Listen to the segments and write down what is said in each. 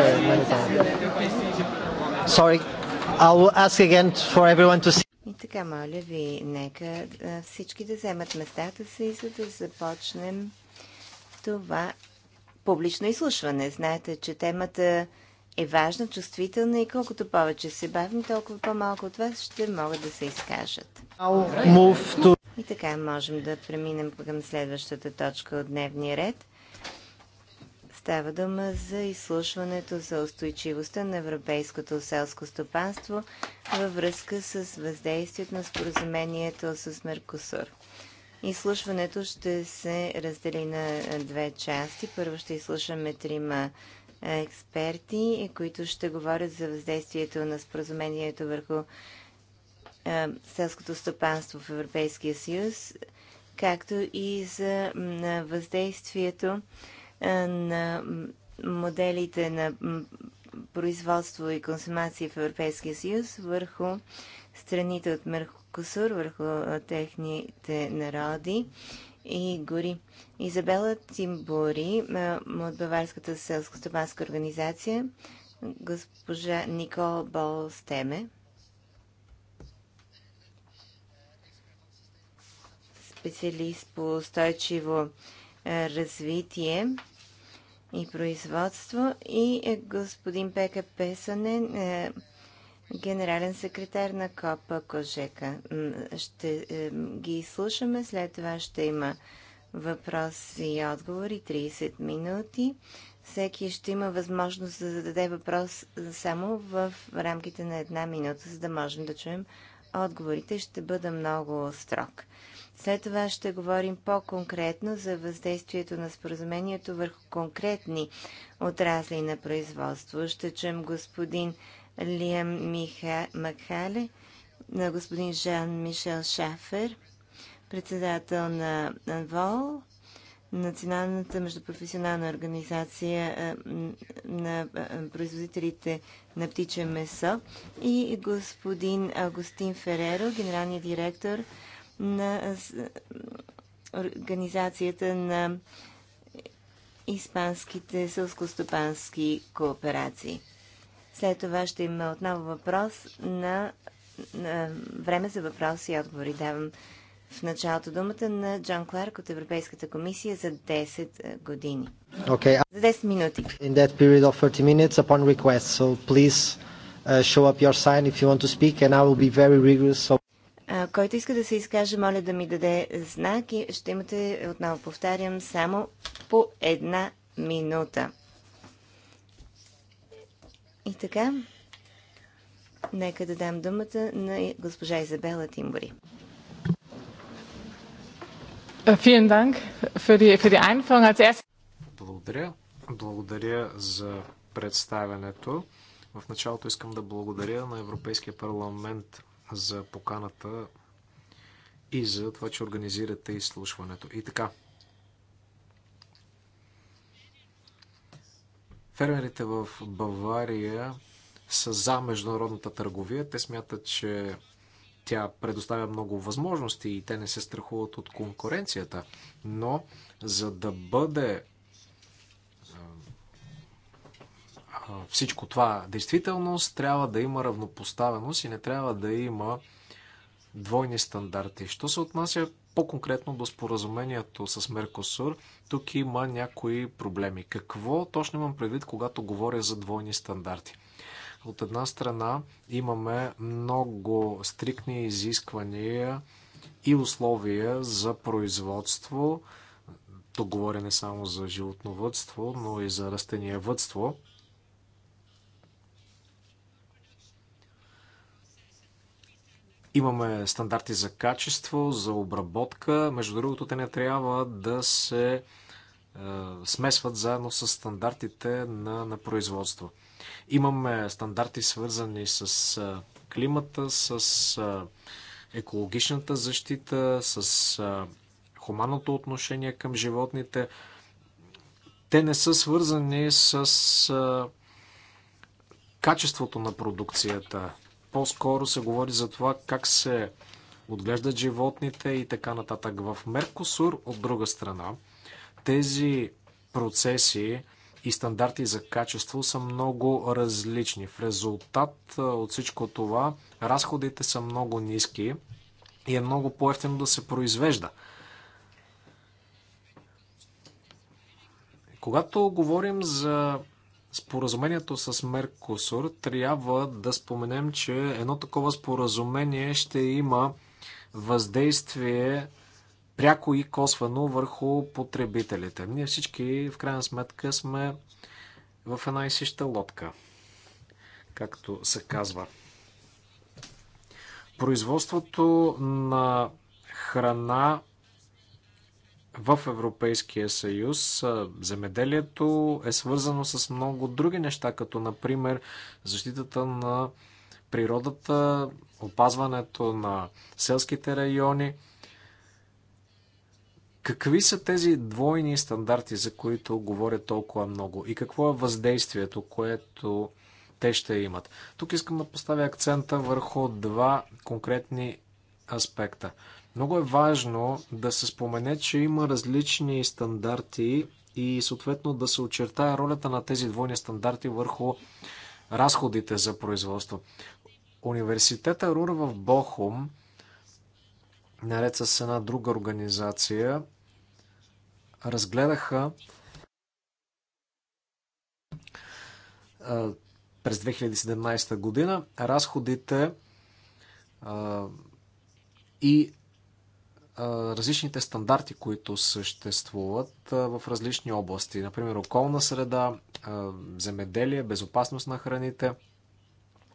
uh, many times. Sorry, I will ask again for everyone to see. И така, моля ви, нека всички да вземат местата си, за да започнем това публично изслушване. Знаете, че темата е важна, чувствителна и колкото повече се бавим, толкова по-малко от вас ще могат да се изкажат. To... И така можем да преминем към следващата точка от дневния ред. Става дума за изслушването за устойчивостта на европейското селско стопанство във връзка с въздействието на споразумението с Меркосур. Изслушването ще се раздели на две части. Първо ще изслушаме трима експерти, които ще говорят за въздействието на споразумението върху селското стопанство в Европейския съюз, както и за въздействието на моделите на производство и консумация в Европейския съюз върху страните от Меркосур, върху техните народи и гори. Изабела Тимбори от Баварската селско-стопанска организация, госпожа Бол Болстеме, специалист по устойчиво развитие и производство и е, господин Пека Песанен, е, генерален секретар на КОПА Кожека. Ще е, ги изслушаме, след това ще има въпроси и отговори 30 минути. Всеки ще има възможност да зададе въпрос само в рамките на една минута, за да можем да чуем отговорите. Ще бъда много строг. След това ще говорим по-конкретно за въздействието на споразумението върху конкретни отрасли на производство. Ще чуем господин Лиам Миха... Макхале, на господин Жан Мишел Шафер, председател на ВОЛ, Националната междупрофесионална организация на производителите на птиче месо и господин Агустин Фереро, генералния директор на Организацията на испанските сълскостопански кооперации. След това ще има отново въпрос на, на време за въпроси и отговори. Давам в началото думата на Джон Кларк от Европейската комисия за 10 е, години. Okay. За 10 минути. In that period of 30 minutes upon request, so please uh, show up your sign if you want to speak and I will be very rigorous. So който иска да се изкаже, моля да ми даде знак и ще имате, отново повтарям, само по една минута. И така, нека да дам думата на госпожа Изабела Тимбори. Е, благодаря. Благодаря за представянето. В началото искам да благодаря на Европейския парламент за поканата и за това, че организирате изслушването. И така. Фермерите в Бавария са за международната търговия. Те смятат, че тя предоставя много възможности и те не се страхуват от конкуренцията. Но за да бъде всичко това е действителност, трябва да има равнопоставеност и не трябва да има двойни стандарти. Що се отнася по-конкретно до споразумението с Меркосур, тук има някои проблеми. Какво точно имам предвид, когато говоря за двойни стандарти? От една страна имаме много стрикни изисквания и условия за производство, то говоря не само за животновътство, но и за растениевътство. Имаме стандарти за качество, за обработка. Между другото, те не трябва да се е, смесват заедно с стандартите на, на производство. Имаме стандарти свързани с е, климата, с е, екологичната защита, с е, хуманното отношение към животните. Те не са свързани с е, качеството на продукцията по-скоро се говори за това как се отглеждат животните и така нататък. В Меркосур, от друга страна, тези процеси и стандарти за качество са много различни. В резултат от всичко това, разходите са много ниски и е много по ефтено да се произвежда. Когато говорим за споразумението с Меркосур, трябва да споменем, че едно такова споразумение ще има въздействие пряко и косвено върху потребителите. Ние всички, в крайна сметка, сме в една и съща лодка, както се казва. Производството на храна в Европейския съюз земеделието е свързано с много други неща, като например защитата на природата, опазването на селските райони. Какви са тези двойни стандарти, за които говоря толкова много и какво е въздействието, което те ще имат? Тук искам да поставя акцента върху два конкретни аспекта. Много е важно да се спомене, че има различни стандарти и съответно да се очертая ролята на тези двойни стандарти върху разходите за производство. Университета Рур в Бохум, наред с една друга организация, разгледаха през 2017 година разходите и различните стандарти, които съществуват в различни области. Например, околна среда, земеделие, безопасност на храните.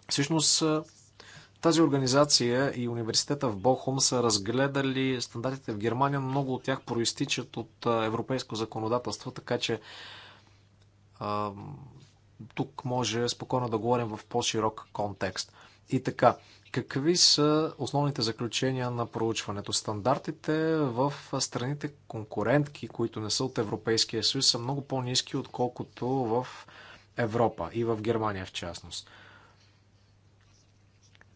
Всъщност, тази организация и университета в Бохум са разгледали стандартите в Германия. Много от тях проистичат от европейско законодателство, така че тук може спокойно да говорим в по-широк контекст. И така, Какви са основните заключения на проучването? Стандартите в страните конкурентки, които не са от Европейския съюз, са много по-низки, отколкото в Европа и в Германия в частност.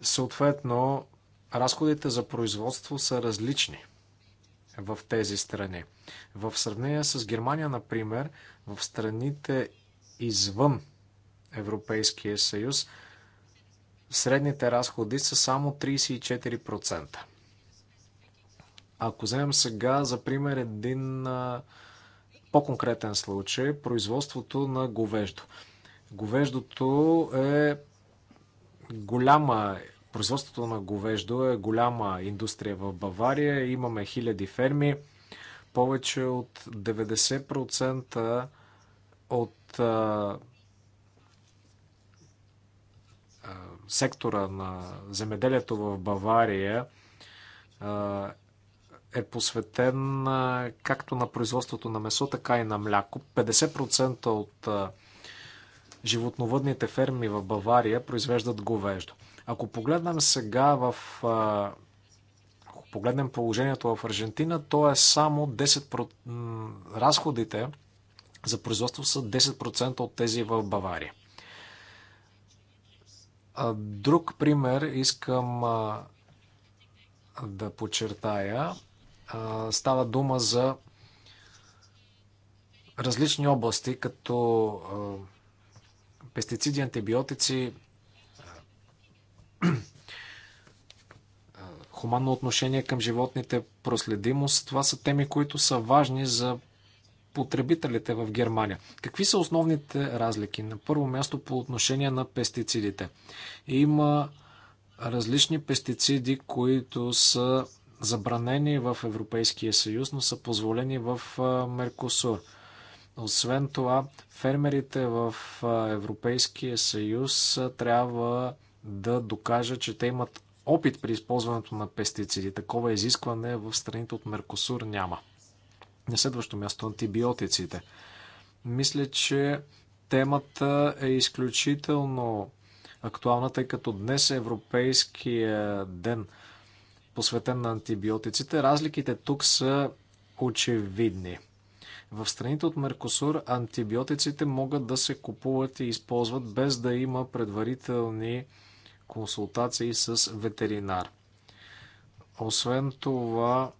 Съответно, разходите за производство са различни в тези страни. В сравнение с Германия, например, в страните извън Европейския съюз, средните разходи са само 34%. Ако вземем сега за пример един по-конкретен случай, производството на говеждо. Говеждото е голяма Производството на говеждо е голяма индустрия в Бавария. Имаме хиляди ферми. Повече от 90% от а, сектора на земеделието в Бавария е посветен както на производството на месо, така и на мляко. 50% от животновъдните ферми в Бавария произвеждат говеждо. Ако погледнем сега в ако погледнем положението в Аржентина, то е само 10% разходите за производство са 10% от тези в Бавария. Друг пример искам да подчертая. Става дума за различни области, като пестициди, антибиотици, хуманно отношение към животните, проследимост. Това са теми, които са важни за потребителите в Германия. Какви са основните разлики? На първо място по отношение на пестицидите. Има различни пестициди, които са забранени в Европейския съюз, но са позволени в Меркосур. Освен това, фермерите в Европейския съюз трябва да докажат, че те имат опит при използването на пестициди. Такова изискване в страните от Меркосур няма. На следващо място антибиотиците. Мисля, че темата е изключително актуална, тъй като днес е Европейския ден посветен на антибиотиците. Разликите тук са очевидни. В страните от Меркосур антибиотиците могат да се купуват и използват без да има предварителни консултации с ветеринар. Освен това,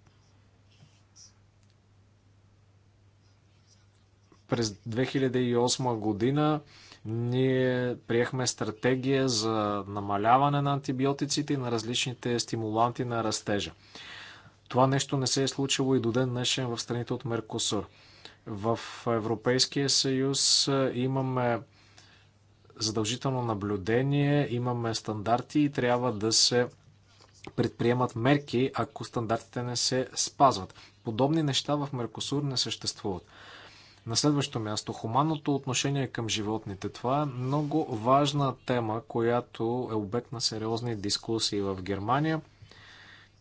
През 2008 година ние приехме стратегия за намаляване на антибиотиците и на различните стимуланти на растежа. Това нещо не се е случило и до ден днешен в страните от Меркосур. В Европейския съюз имаме задължително наблюдение, имаме стандарти и трябва да се предприемат мерки, ако стандартите не се спазват. Подобни неща в Меркосур не съществуват. На следващо място, хуманното отношение към животните. Това е много важна тема, която е обект на сериозни дискусии в Германия.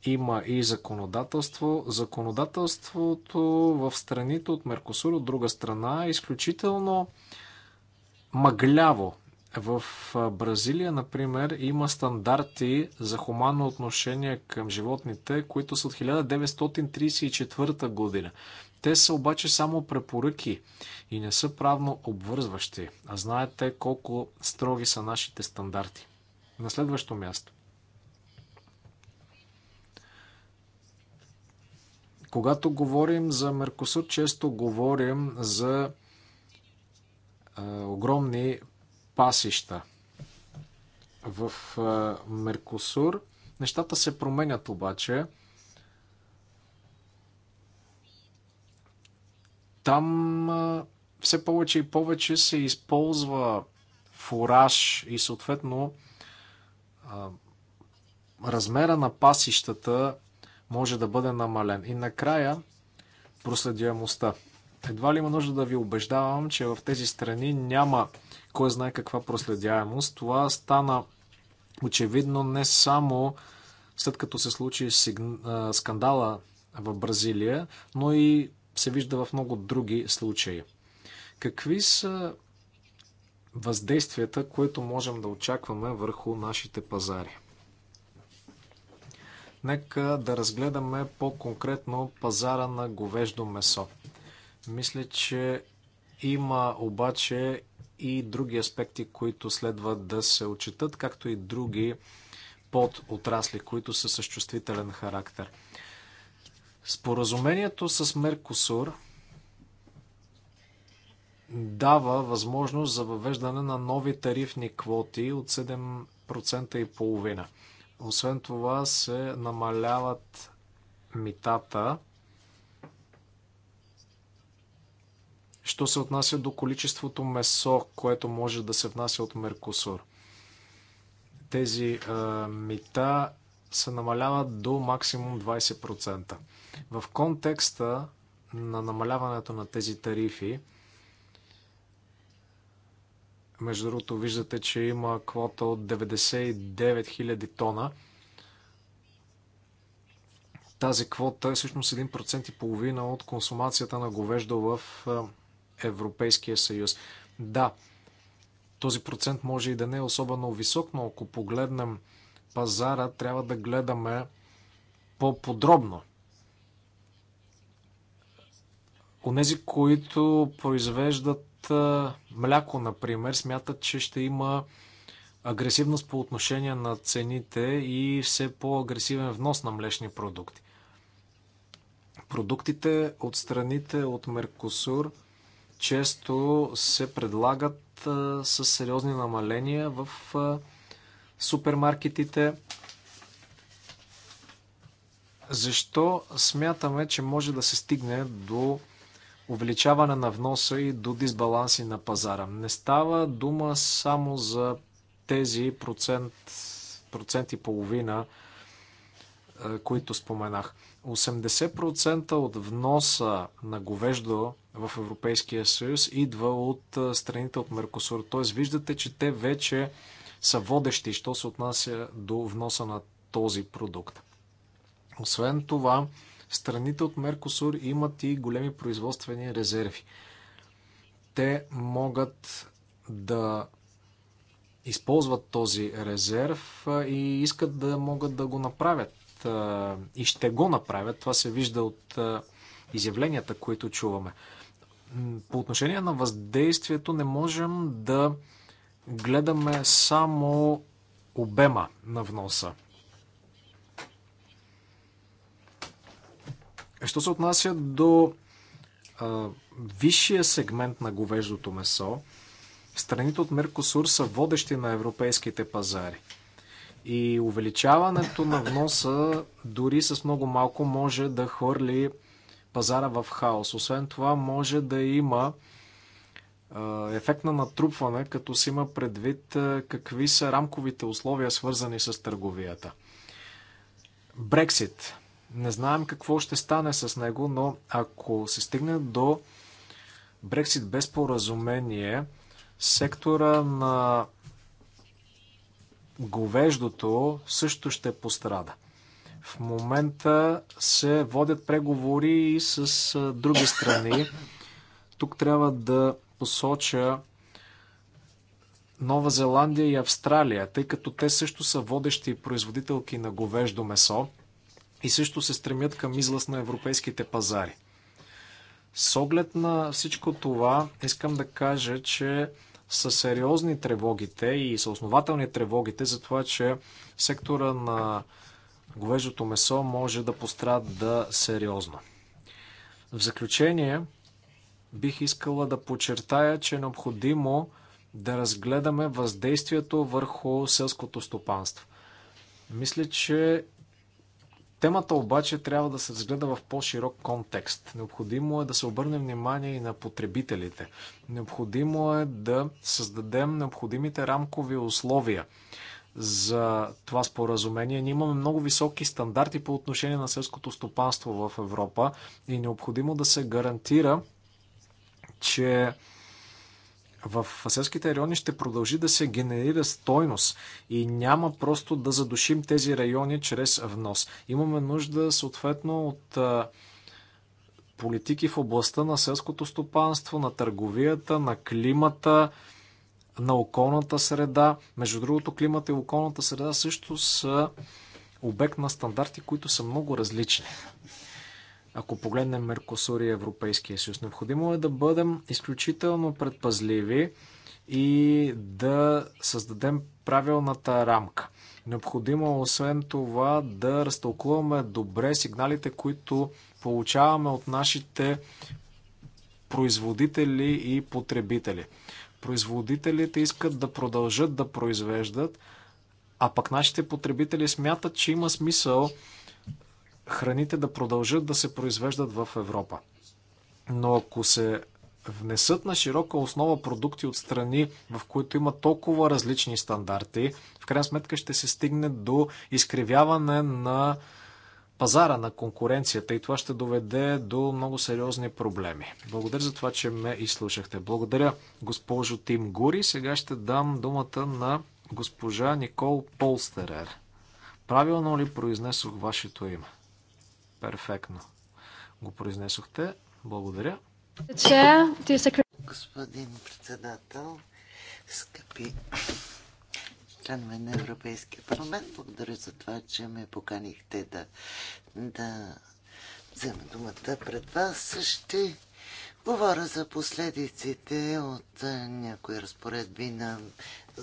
Има и законодателство. Законодателството в страните от Меркосур, от друга страна, е изключително мъгляво. В Бразилия, например, има стандарти за хуманно отношение към животните, които са от 1934 година. Те са обаче само препоръки и не са правно обвързващи, а знаете колко строги са нашите стандарти. На следващо място. Когато говорим за Меркосур, често говорим за е, огромни пасища. В е, Меркосур нещата се променят обаче. Там все повече и повече се използва фураж и съответно размера на пасищата може да бъде намален. И накрая проследяемостта. Едва ли има нужда да ви убеждавам, че в тези страни няма кой знае каква проследяемост. Това стана очевидно не само след като се случи скандала в Бразилия, но и се вижда в много други случаи. Какви са въздействията, които можем да очакваме върху нашите пазари? Нека да разгледаме по-конкретно пазара на говеждо месо. Мисля, че има обаче и други аспекти, които следва да се отчитат, както и други подотрасли, които са с чувствителен характер. Споразумението с Меркосур дава възможност за въвеждане на нови тарифни квоти от 7% и половина. Освен това се намаляват митата. Що се отнася до количеството месо, което може да се внася от Меркосур? Тези е, мита се намаляват до максимум 20%. В контекста на намаляването на тези тарифи, между другото, виждате, че има квота от 99 000 тона. Тази квота е всъщност 1,5% от консумацията на говеждо в Европейския съюз. Да, този процент може и да не е особено висок, но ако погледнем пазара, трябва да гледаме по-подробно Онези, които произвеждат мляко, например, смятат, че ще има агресивност по отношение на цените и все по-агресивен внос на млечни продукти. Продуктите от страните от Меркосур често се предлагат с сериозни намаления в супермаркетите. Защо смятаме, че може да се стигне до увеличаване на вноса и до дисбаланси на пазара. Не става дума само за тези процент, процент и половина, е, които споменах. 80% от вноса на говеждо в Европейския съюз идва от е, страните от Меркосур. Т.е. виждате, че те вече са водещи, що се отнася до вноса на този продукт. Освен това, Страните от Меркосур имат и големи производствени резерви. Те могат да използват този резерв и искат да могат да го направят. И ще го направят. Това се вижда от изявленията, които чуваме. По отношение на въздействието не можем да гледаме само обема на вноса. Е, що се отнася до а, висшия сегмент на говеждото месо, страните от Меркосур са водещи на европейските пазари. И увеличаването на вноса дори с много малко може да хвърли пазара в хаос. Освен това може да има ефект на натрупване, като си има предвид какви са рамковите условия, свързани с търговията. Брексит. Не знаем какво ще стане с него, но ако се стигне до Брексит без поразумение, сектора на говеждото също ще пострада. В момента се водят преговори и с други страни. Тук трябва да посоча Нова Зеландия и Австралия, тъй като те също са водещи производителки на говеждо месо и също се стремят към излъз на европейските пазари. С оглед на всичко това, искам да кажа, че са сериозни тревогите и са основателни тревогите за това, че сектора на говеждото месо може да пострада сериозно. В заключение, бих искала да подчертая, че е необходимо да разгледаме въздействието върху селското стопанство. Мисля, че Темата обаче трябва да се взгледа в по-широк контекст. Необходимо е да се обърне внимание и на потребителите. Необходимо е да създадем необходимите рамкови условия за това споразумение. Ние имаме много високи стандарти по отношение на селското стопанство в Европа и е необходимо да се гарантира, че в селските райони ще продължи да се генерира стойност и няма просто да задушим тези райони чрез внос. Имаме нужда съответно от политики в областта на селското стопанство, на търговията, на климата, на околната среда. Между другото, климата и околната среда също са обект на стандарти, които са много различни ако погледнем Меркосур и Европейския съюз. Необходимо е да бъдем изключително предпазливи и да създадем правилната рамка. Необходимо е освен това да разтълкуваме добре сигналите, които получаваме от нашите производители и потребители. Производителите искат да продължат да произвеждат, а пък нашите потребители смятат, че има смисъл храните да продължат да се произвеждат в Европа. Но ако се внесат на широка основа продукти от страни, в които има толкова различни стандарти, в крайна сметка ще се стигне до изкривяване на пазара, на конкуренцията и това ще доведе до много сериозни проблеми. Благодаря за това, че ме изслушахте. Благодаря, госпожо Тим Гури. Сега ще дам думата на госпожа Никол Полстерер. Правилно ли произнесох вашето име? Перфектно го произнесохте. Благодаря. Господин председател, скъпи членове на Европейския парламент, благодаря за това, че ме поканихте да, да взема думата пред вас. Ще говоря за последиците от някои разпоредби на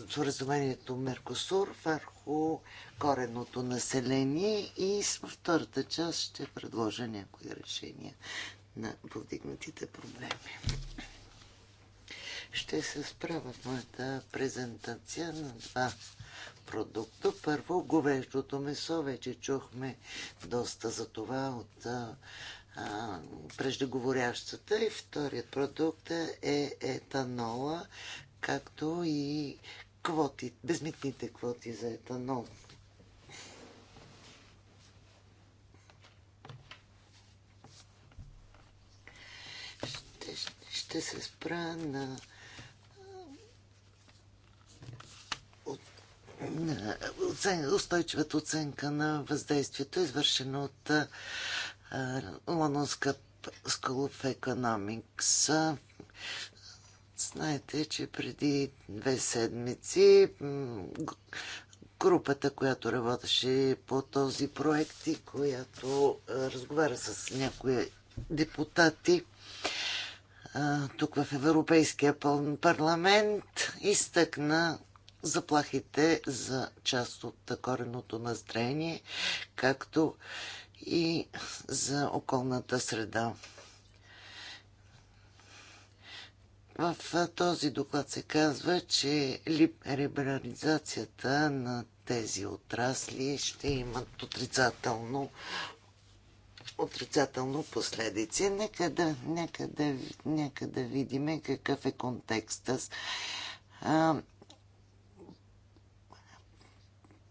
споразумението Меркосур върху коренното население и в втората част ще предложа някои решения на повдигнатите проблеми. Ще се спра в моята презентация на два продукта. Първо, говеждото месо. Вече чухме доста за това от преждеговорящата. И вторият продукт е етанола, както и квоти, безмитните квоти за етанол. Ще, ще се спра на на оцен, устойчивата оценка на въздействието, извършено от Лондонска School of Economics. Знаете, че преди две седмици групата, която работеше по този проект и която разговаря с някои депутати тук в Европейския парламент, изтъкна заплахите за част от кореното настроение, както и за околната среда. В този доклад се казва, че либерализацията на тези отрасли ще имат отрицателно отрицателно последици. Нека да, нека да, нека да видим какъв е контекстът.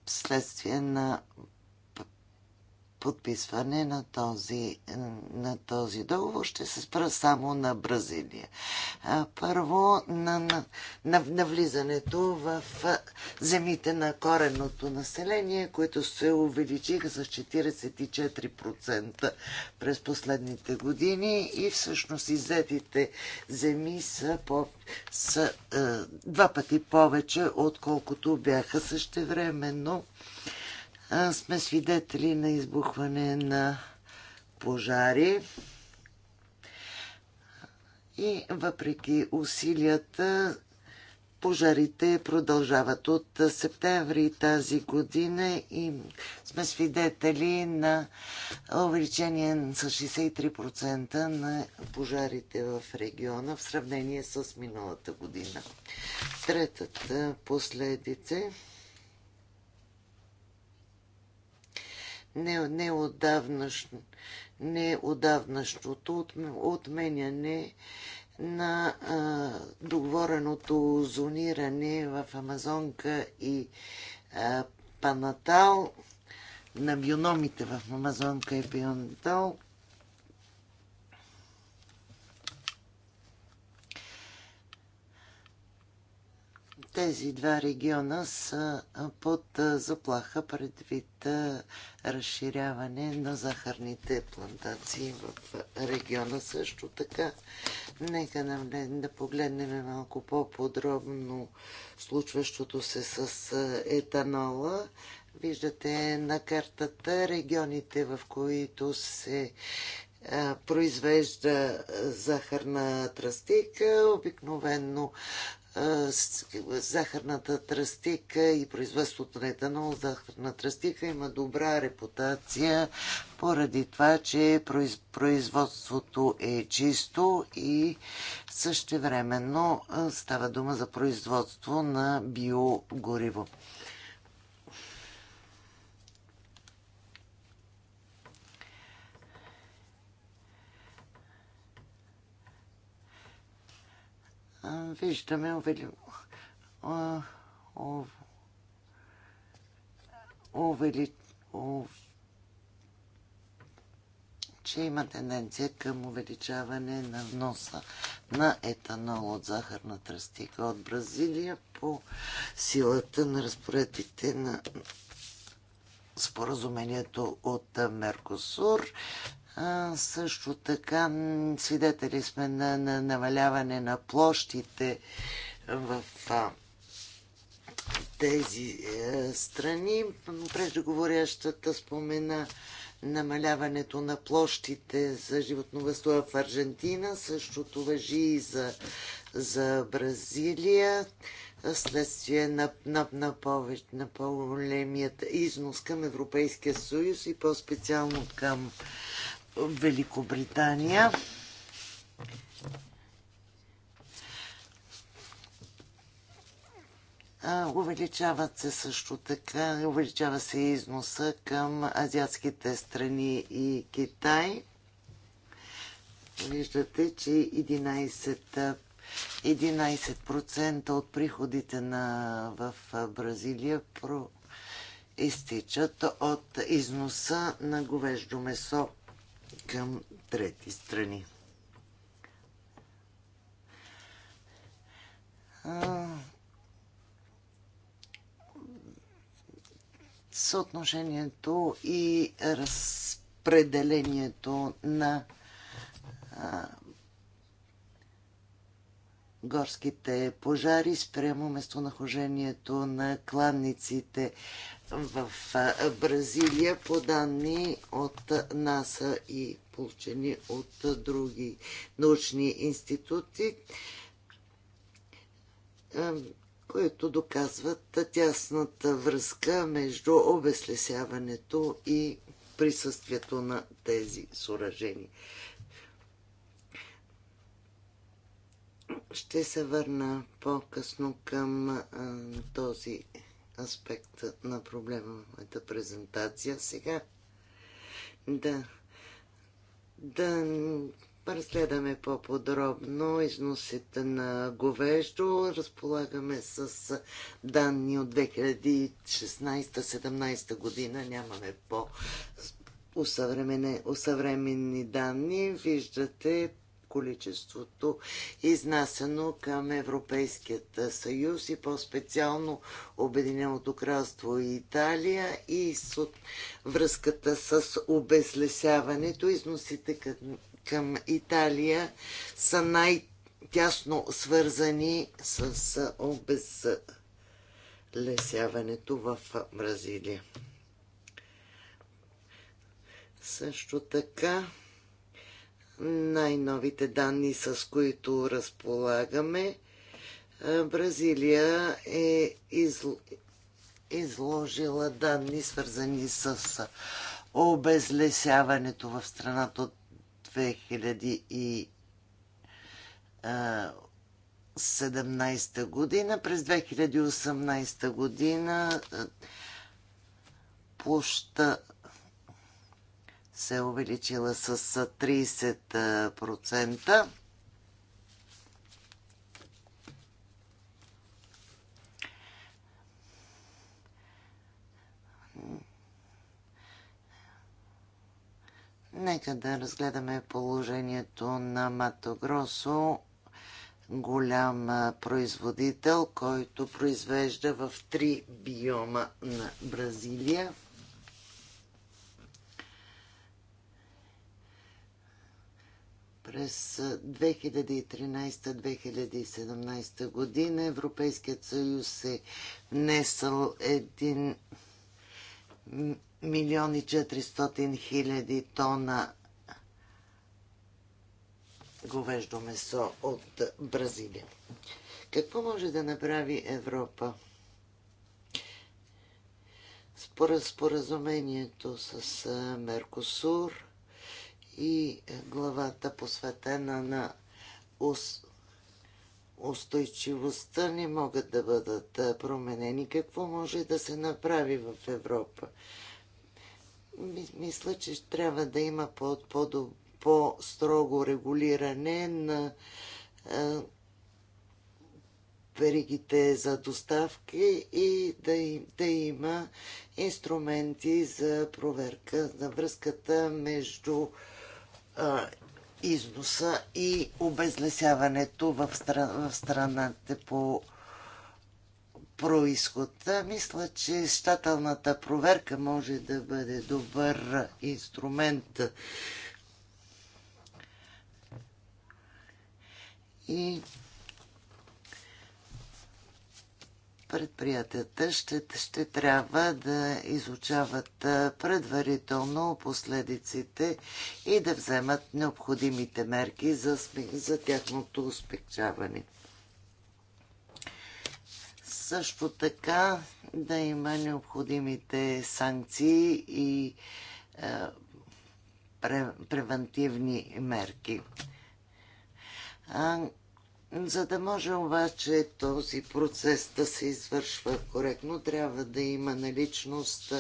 Следствие на подписване на този, на този договор. Ще се спра само на Бразилия. Първо на, на, на, на влизането в земите на коренното население, които се увеличиха с 44% през последните години и всъщност иззетите земи са, по, са е, два пъти повече, отколкото бяха същевременно. времено сме свидетели на избухване на пожари. И въпреки усилията, пожарите продължават от септември тази година и сме свидетели на увеличение с 63% на пожарите в региона в сравнение с миналата година. Третата последица не, не не отменяне на а, договореното зониране в Амазонка и а, Панатал на биономите в Амазонка и Панатал, Тези два региона са под заплаха предвид разширяване на захарните плантации в региона. Също така, нека нам да погледнем малко по-подробно случващото се с етанола. Виждате на картата регионите, в които се произвежда захарна тръстика, обикновено захарната тръстика и производството на етанол от захарна тръстика има добра репутация поради това, че производството е чисто и същевременно става дума за производство на биогориво. виждаме че има тенденция към увеличаване на вноса на етанол от захарна тръстика от Бразилия по силата на разпоредите на споразумението от Меркосур също така свидетели сме на, на наваляване на площите в а, тези а, е, страни. Преждеговорящата спомена намаляването на площите за животновъдство в Аржентина. Същото въжи и за, за Бразилия следствие на, на, на, повече, на по-големият износ към Европейския съюз и по-специално към Великобритания. Увеличават се също така, увеличава се износа към азиатските страни и Китай. Виждате, че 11 11% от приходите на, в Бразилия про, изтичат от износа на говеждо месо към трети страни. Съотношението и разпределението на горските пожари спрямо местонахожението на кланниците в Бразилия по данни от НАСА и получени от други научни институти, които доказват тясната връзка между обезлесяването и присъствието на тези съоръжения. Ще се върна по-късно към а, този Аспекта на проблема в моята презентация сега. Да, да разгледаме по-подробно износите на говеждо. Разполагаме с данни от 2016-17 година. Нямаме по усъвремени данни. Виждате количеството изнасяно към Европейският съюз и по-специално Обединеното кралство и Италия и с връзката с обезлесяването. Износите към, към Италия са най-тясно свързани с обезлесяването в Бразилия. Също така най-новите данни, с които разполагаме, Бразилия е изл... изложила данни, свързани с обезлесяването в страната от 2017 година. През 2018 година площа се е увеличила с 30%. Нека да разгледаме положението на Матогросо, голям производител, който произвежда в три биома на Бразилия. През 2013-2017 година Европейският съюз е внесъл 1 милион и 400 хиляди тона говеждо месо от Бразилия. Какво може да направи Европа? Според споразумението с Меркосур и главата посветена на устойчивостта не могат да бъдат променени. Какво може да се направи в Европа? Мисля, че трябва да има по-строго -по регулиране на веригите за доставки и да, да има инструменти за проверка на връзката между износа и обезлесяването в, в страната по происход. Мисля, че щателната проверка може да бъде добър инструмент. И предприятията ще, ще трябва да изучават предварително последиците и да вземат необходимите мерки за, за тяхното успекчаване. Също така да има необходимите санкции и е, пре, превентивни мерки. За да може обаче този процес да се извършва коректно, трябва да има наличност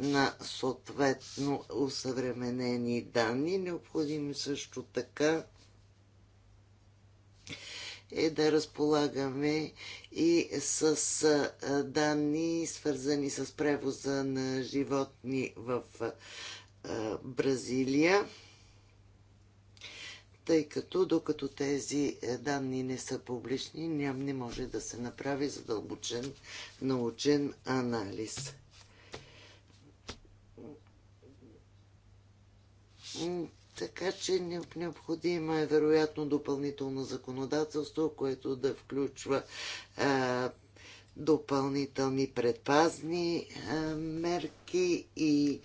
на съответно усъвременени данни. Необходимо също така е да разполагаме и с данни, свързани с превоза на животни в Бразилия тъй като докато тези е, данни не са публични, ням не може да се направи задълбочен научен анализ. Така че необходимо е вероятно допълнително законодателство, което да включва а, е, допълнителни предпазни а, е, мерки и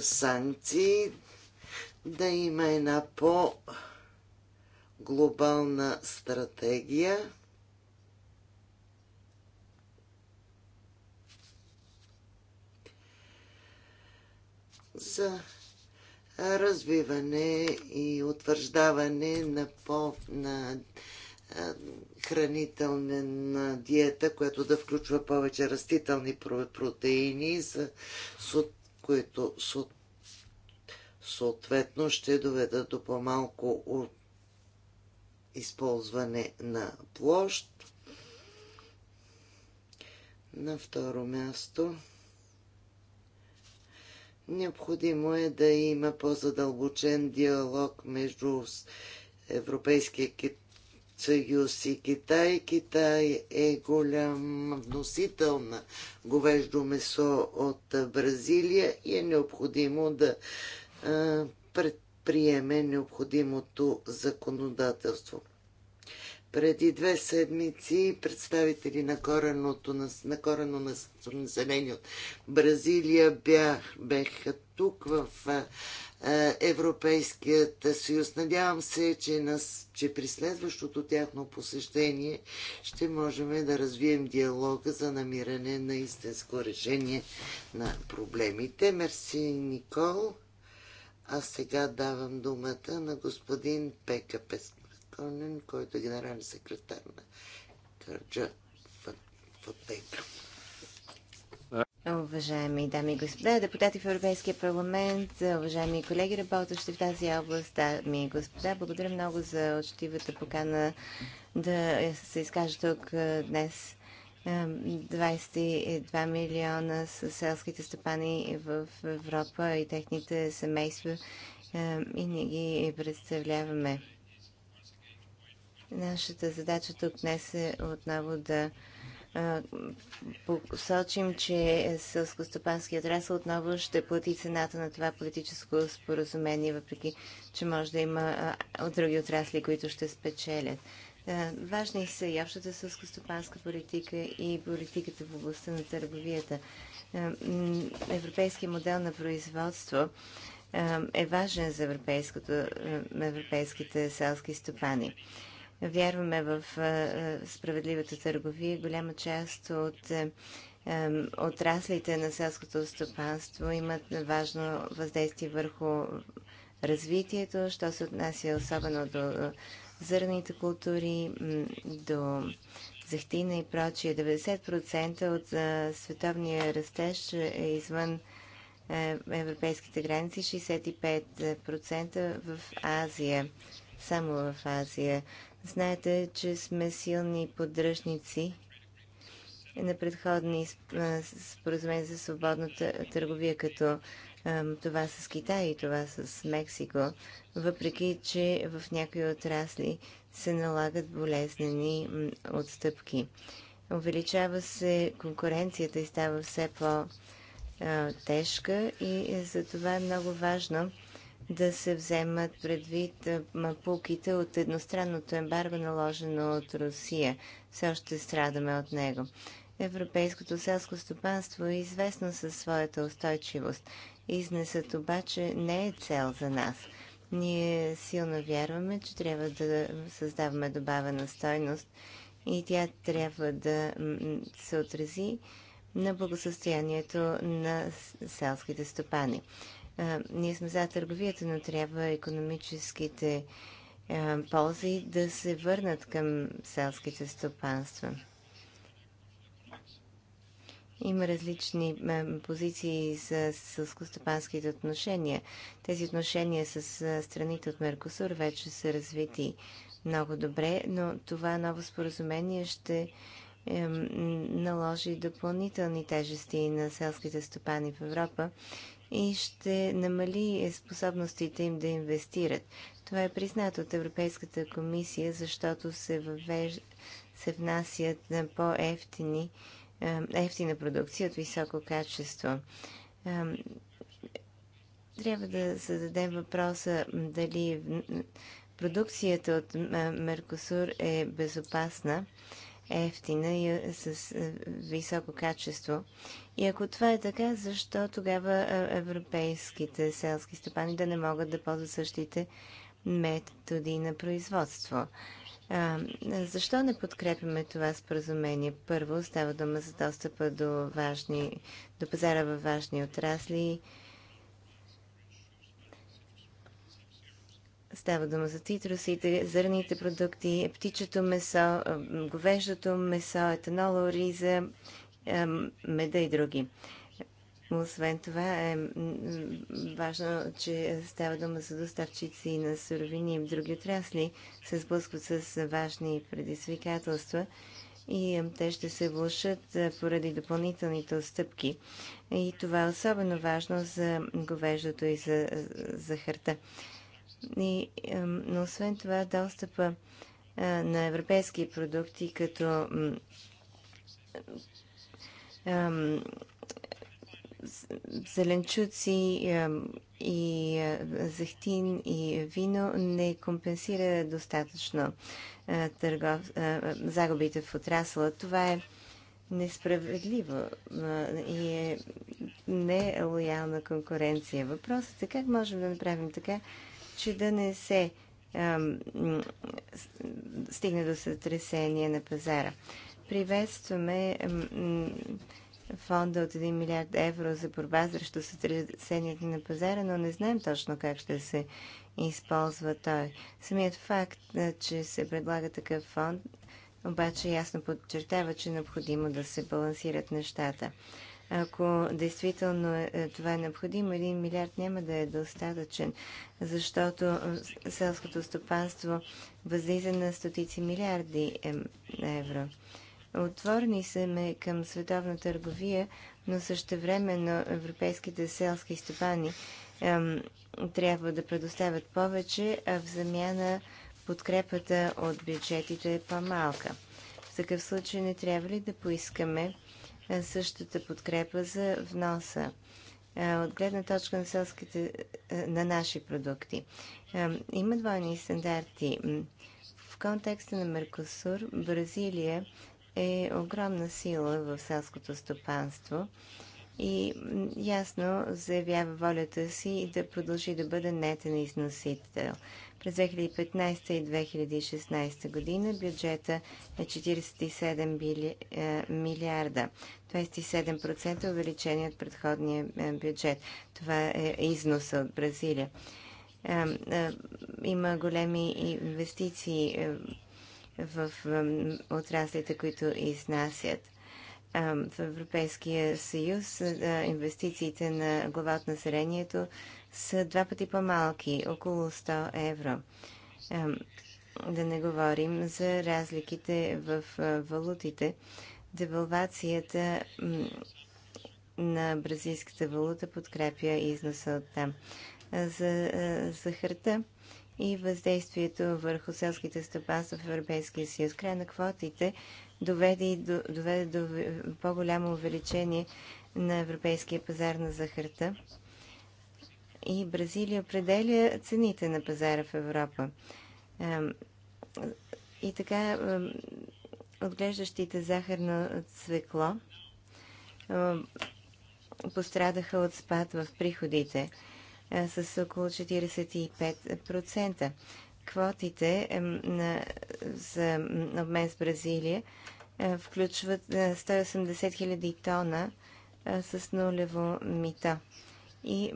санкции, да има една по-глобална стратегия. за развиване и утвърждаване на, по, на хранителна диета, която да включва повече растителни протеини, за, които съответно ще доведат до по-малко използване на площ. На второ място необходимо е да има по-задълбочен диалог между Европейския съюз и Китай. Китай е голям вносител на говеждо месо от Бразилия и е необходимо да е, предприеме необходимото законодателство. Преди две седмици представители на кореното, на, на корено население от Бразилия бях, беха тук в е, е, Европейският съюз. Надявам се, че, нас, че при следващото тяхно посещение ще можем да развием диалога за намиране на истинско решение на проблемите. Мерси, Никол. А сега давам думата на господин Пека Песконен, който е генерален секретар на Кърджа Фотека. Уважаеми дами и господа, депутати в Европейския парламент, уважаеми колеги, работещи в тази област, дами и господа, благодаря много за очтивата покана да се изкажа тук днес 22 милиона са селските стопани в Европа и техните семейства и ние ги представляваме. Нашата задача тук днес е отново да посочим, че сълскостопанският отрасъл отново ще плати цената на това политическо споразумение, въпреки, че може да има от други отрасли, които ще спечелят. Е, важни са и общата сълскостопанска политика и политиката в областта на търговията. Е, европейския модел на производство е, е важен за европейските селски стопани. Вярваме в справедливата търговия. Голяма част от отраслите на селското стопанство имат важно въздействие върху развитието, що се отнася особено до зърните култури до захтина и прочие. 90% от световния растеж е извън европейските граници, 65% в Азия, само в Азия. Знаете, че сме силни поддръжници на предходни споразумения за свободната търговия, като това с Китай и това с Мексико, въпреки че в някои отрасли се налагат болезнени отстъпки. Увеличава се конкуренцията и става все по-тежка и за това е много важно да се вземат предвид мапуките от едностранното ембарго, наложено от Русия. Все още страдаме от него. Европейското селско стопанство е известно със своята устойчивост. Изнесът обаче не е цел за нас. Ние силно вярваме, че трябва да създаваме добавена стойност и тя трябва да се отрази на благосъстоянието на селските стопани. Ние сме за търговията, но трябва економическите ползи да се върнат към селските стопанства. Има различни позиции с сълскостопанските отношения. Тези отношения с страните от Меркосур вече са развити много добре, но това ново споразумение ще наложи допълнителни тежести на селските стопани в Европа и ще намали способностите им да инвестират. Това е признато от Европейската комисия, защото се, въвеж... се внасят по-ефтини е, ефтина продукция от високо качество. Е, трябва да зададем въпроса дали продукцията от е, Меркосур е безопасна, ефтина и с високо качество. И ако това е така, защо тогава европейските селски стопани да не могат да ползват същите методи на производство? А, защо не подкрепяме това споразумение? Първо, става дума за достъпа до, важни, до пазара във важни отрасли. Става дума за цитрусите, зърните продукти, птичето месо, говеждото месо, етанола, риза, меда и други. Освен това е важно, че става дума за доставчици на суровини и други отрасли се сблъскват с важни предизвикателства и те ще се влушат поради допълнителните отстъпки. И това е особено важно за говеждото и за захарта. И, но освен това, достъпа на европейски продукти като зеленчуци и е, захтин и вино не компенсира достатъчно е, търгов... Е, загубите в отрасъла. Това е несправедливо и е нелоялна конкуренция. Въпросът е как можем да направим така, че да не се стигне до сътресение на пазара. Приветстваме фонда от 1 милиард евро за борба срещу сътресенията на пазара, но не знаем точно как ще се използва той. Самият факт, че се предлага такъв фонд, обаче ясно подчертава, че е необходимо да се балансират нещата. Ако действително е, е, това е необходимо, един милиард няма да е достатъчен, защото селското стопанство възлиза на стотици милиарди евро. Отворени ме към световна търговия, но също на европейските селски стопани ем, трябва да предоставят повече, а в замяна подкрепата от бюджетите е по-малка. В такъв случай не трябва ли да поискаме същата подкрепа за вноса от гледна точка на селските, на наши продукти. Има двойни стандарти. В контекста на Меркосур, Бразилия е огромна сила в селското стопанство и ясно заявява волята си да продължи да бъде нетен износител. През 2015 и 2016 година бюджета е 47 е, милиарда, 27% е увеличение от предходния е, бюджет. Това е износа от Бразилия. има големи инвестиции в отраслите, които изнасят. В Европейския съюз инвестициите на глава от населението са два пъти по-малки, около 100 евро. Да не говорим за разликите в валутите. Девалвацията на бразилската валута подкрепя износа от там. За захарта и въздействието върху селските стопанства в Европейския съюз. Край на квотите доведе, и до, доведе до по-голямо увеличение на европейския пазар на захарта. И Бразилия определя цените на пазара в Европа. И така, отглеждащите захарно цвекло пострадаха от спад в приходите. Е, с около 45%. Квотите е, за обмен с Бразилия е, включват 180 000 тона с нулево мита, И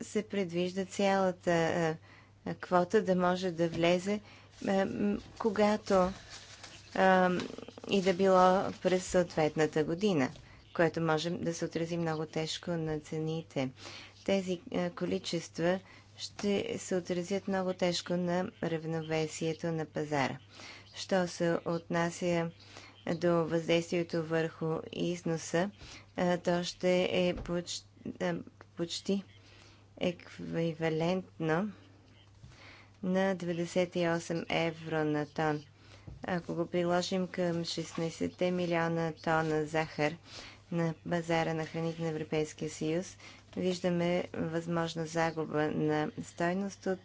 се предвижда цялата квота да може да влезе, когато и да било през съответната година което може да се отрази много тежко на цените. Тези количества ще се отразят много тежко на равновесието на пазара. Що се отнася до въздействието върху износа, то ще е почти, почти еквивалентно на 98 евро на тон. Ако го приложим към 16 милиона тона захар, на базара на храните на Европейския съюз, виждаме възможна загуба на стойност от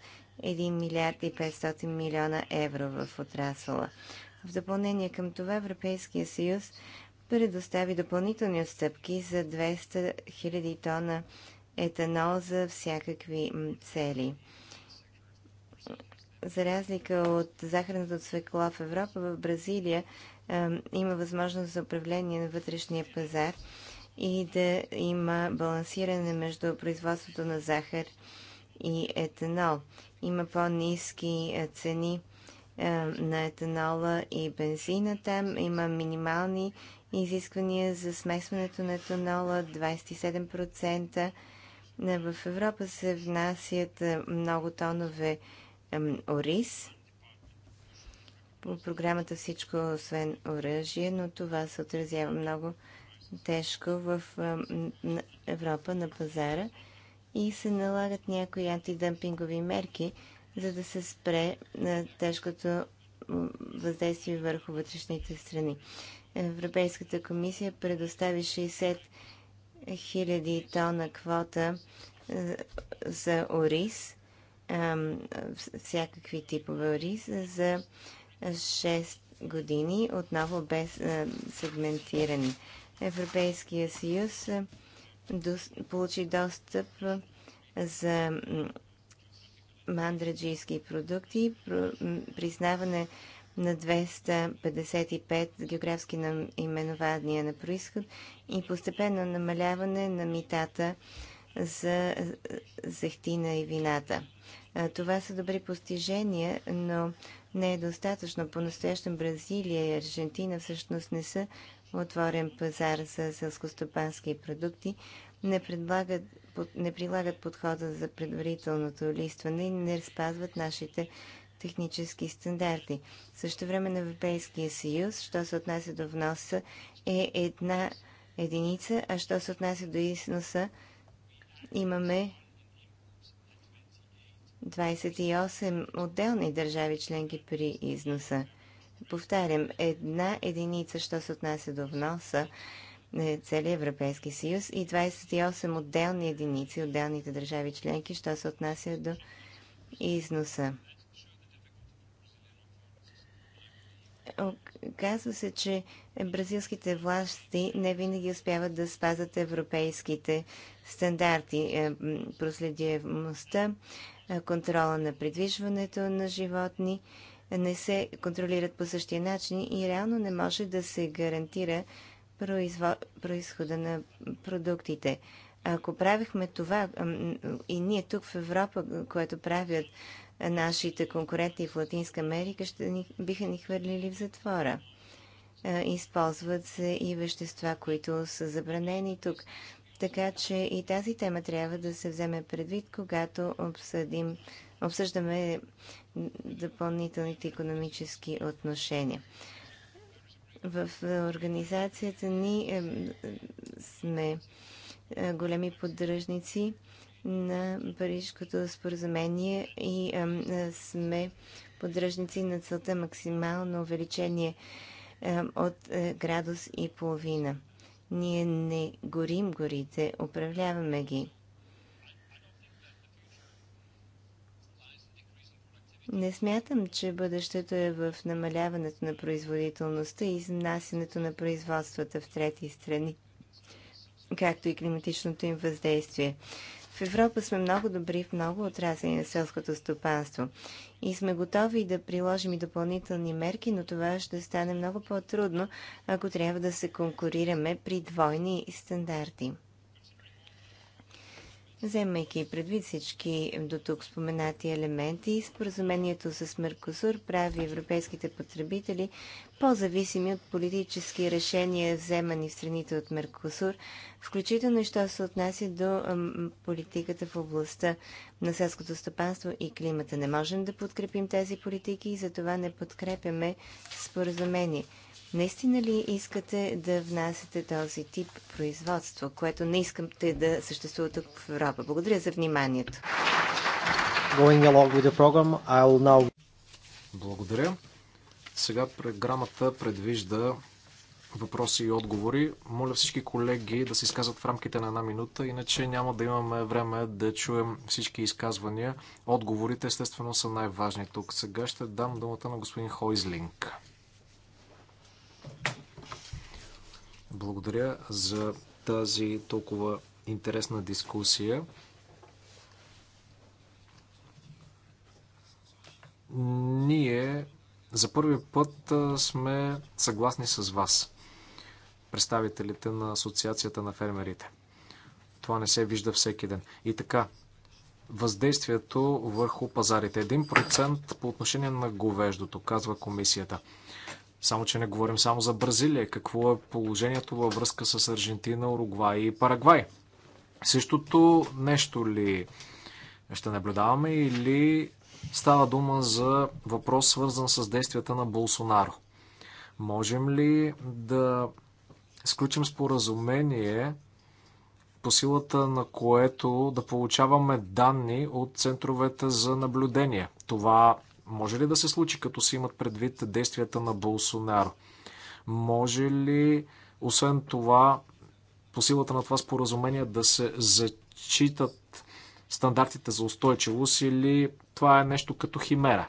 1 милиард и 500 милиона евро в отрасъла. В допълнение към това Европейския съюз предостави допълнителни отстъпки за 200 000 тона етанол за всякакви цели. За разлика от захарната свекло в Европа, в Бразилия има възможност за управление на вътрешния пазар и да има балансиране между производството на захар и етанол. Има по-низки цени на етанола и бензина там. Има минимални изисквания за смесването на етанола 27%. В Европа се внасят много тонове ориз по програмата Всичко освен оръжие, но това се отразява много тежко в Европа на пазара и се налагат някои антидъмпингови мерки, за да се спре на тежкото въздействие върху вътрешните страни. Европейската комисия предостави 60 000 тона квота за ориз, всякакви типове ориз, за 6 години, отново без е, сегментиране. Европейския съюз е, получи достъп е, за мандраджийски продукти, признаване на 255 географски именования на происход и постепенно намаляване на митата за зехтина и вината. Това са добри постижения, но не е достатъчно. По-настоящем Бразилия и Аржентина всъщност не са отворен пазар за селскостопански продукти, не, предлагат, не прилагат подхода за предварителното листване и не спазват нашите технически стандарти. Също време на Европейския съюз, що се отнася до вноса, е една единица, а що се отнася до износа, имаме 28 отделни държави членки при износа. Повтарям, една единица, що се отнася до вноса, е целият Европейски съюз и 28 отделни единици, отделните държави членки, що се отнася до износа. Казва се, че бразилските власти не винаги успяват да спазат европейските стандарти. Е, проследяемостта, е, контрола на придвижването на животни не се контролират по същия начин и реално не може да се гарантира произхода на продуктите. Ако правихме това и ние тук в Европа, което правят нашите конкуренти в Латинска Америка ще ни, биха ни хвърлили в затвора. Е, използват се и вещества, които са забранени тук. Така че и тази тема трябва да се вземе предвид, когато обсъдим, обсъждаме допълнителните економически отношения. В организацията ни е, сме е, големи поддръжници на парижското споразумение и а, сме поддръжници на целта максимално увеличение а, от а, е, градус и половина. Ние не горим горите, управляваме ги. Не смятам, че бъдещето е в намаляването на производителността и изнасянето на производствата в трети страни, както и климатичното им въздействие. В Европа сме много добри в много отрасли на селското стопанство и сме готови да приложим и допълнителни мерки, но това ще стане много по-трудно, ако трябва да се конкурираме при двойни стандарти. Вземайки предвид всички до тук споменати елементи, споразумението с Меркосур прави европейските потребители по-зависими от политически решения, вземани в страните от Меркосур, включително и що се отнася до политиката в областта на селското стопанство и климата. Не можем да подкрепим тези политики и затова не подкрепяме споразумение. Наистина ли искате да внасяте този тип производство, което не искате да съществува тук в Европа? Благодаря за вниманието. Program, now... Благодаря. Сега програмата предвижда въпроси и отговори. Моля всички колеги да се изказват в рамките на една минута, иначе няма да имаме време да чуем всички изказвания. Отговорите естествено са най-важни тук. Сега ще дам думата на господин Хойзлинг. Благодаря за тази толкова интересна дискусия. Ние за първи път сме съгласни с вас, представителите на Асоциацията на фермерите. Това не се вижда всеки ден. И така, въздействието върху пазарите. 1% по отношение на говеждото, казва комисията. Само, че не говорим само за Бразилия. Какво е положението във връзка с Аржентина, Уругвай и Парагвай? Същото нещо ли ще наблюдаваме или става дума за въпрос свързан с действията на Болсонаро? Можем ли да сключим споразумение по силата на което да получаваме данни от центровете за наблюдение? Това може ли да се случи, като се имат предвид действията на болсонар? Може ли, освен това, по силата на това споразумение да се зачитат стандартите за устойчивост или това е нещо като химера?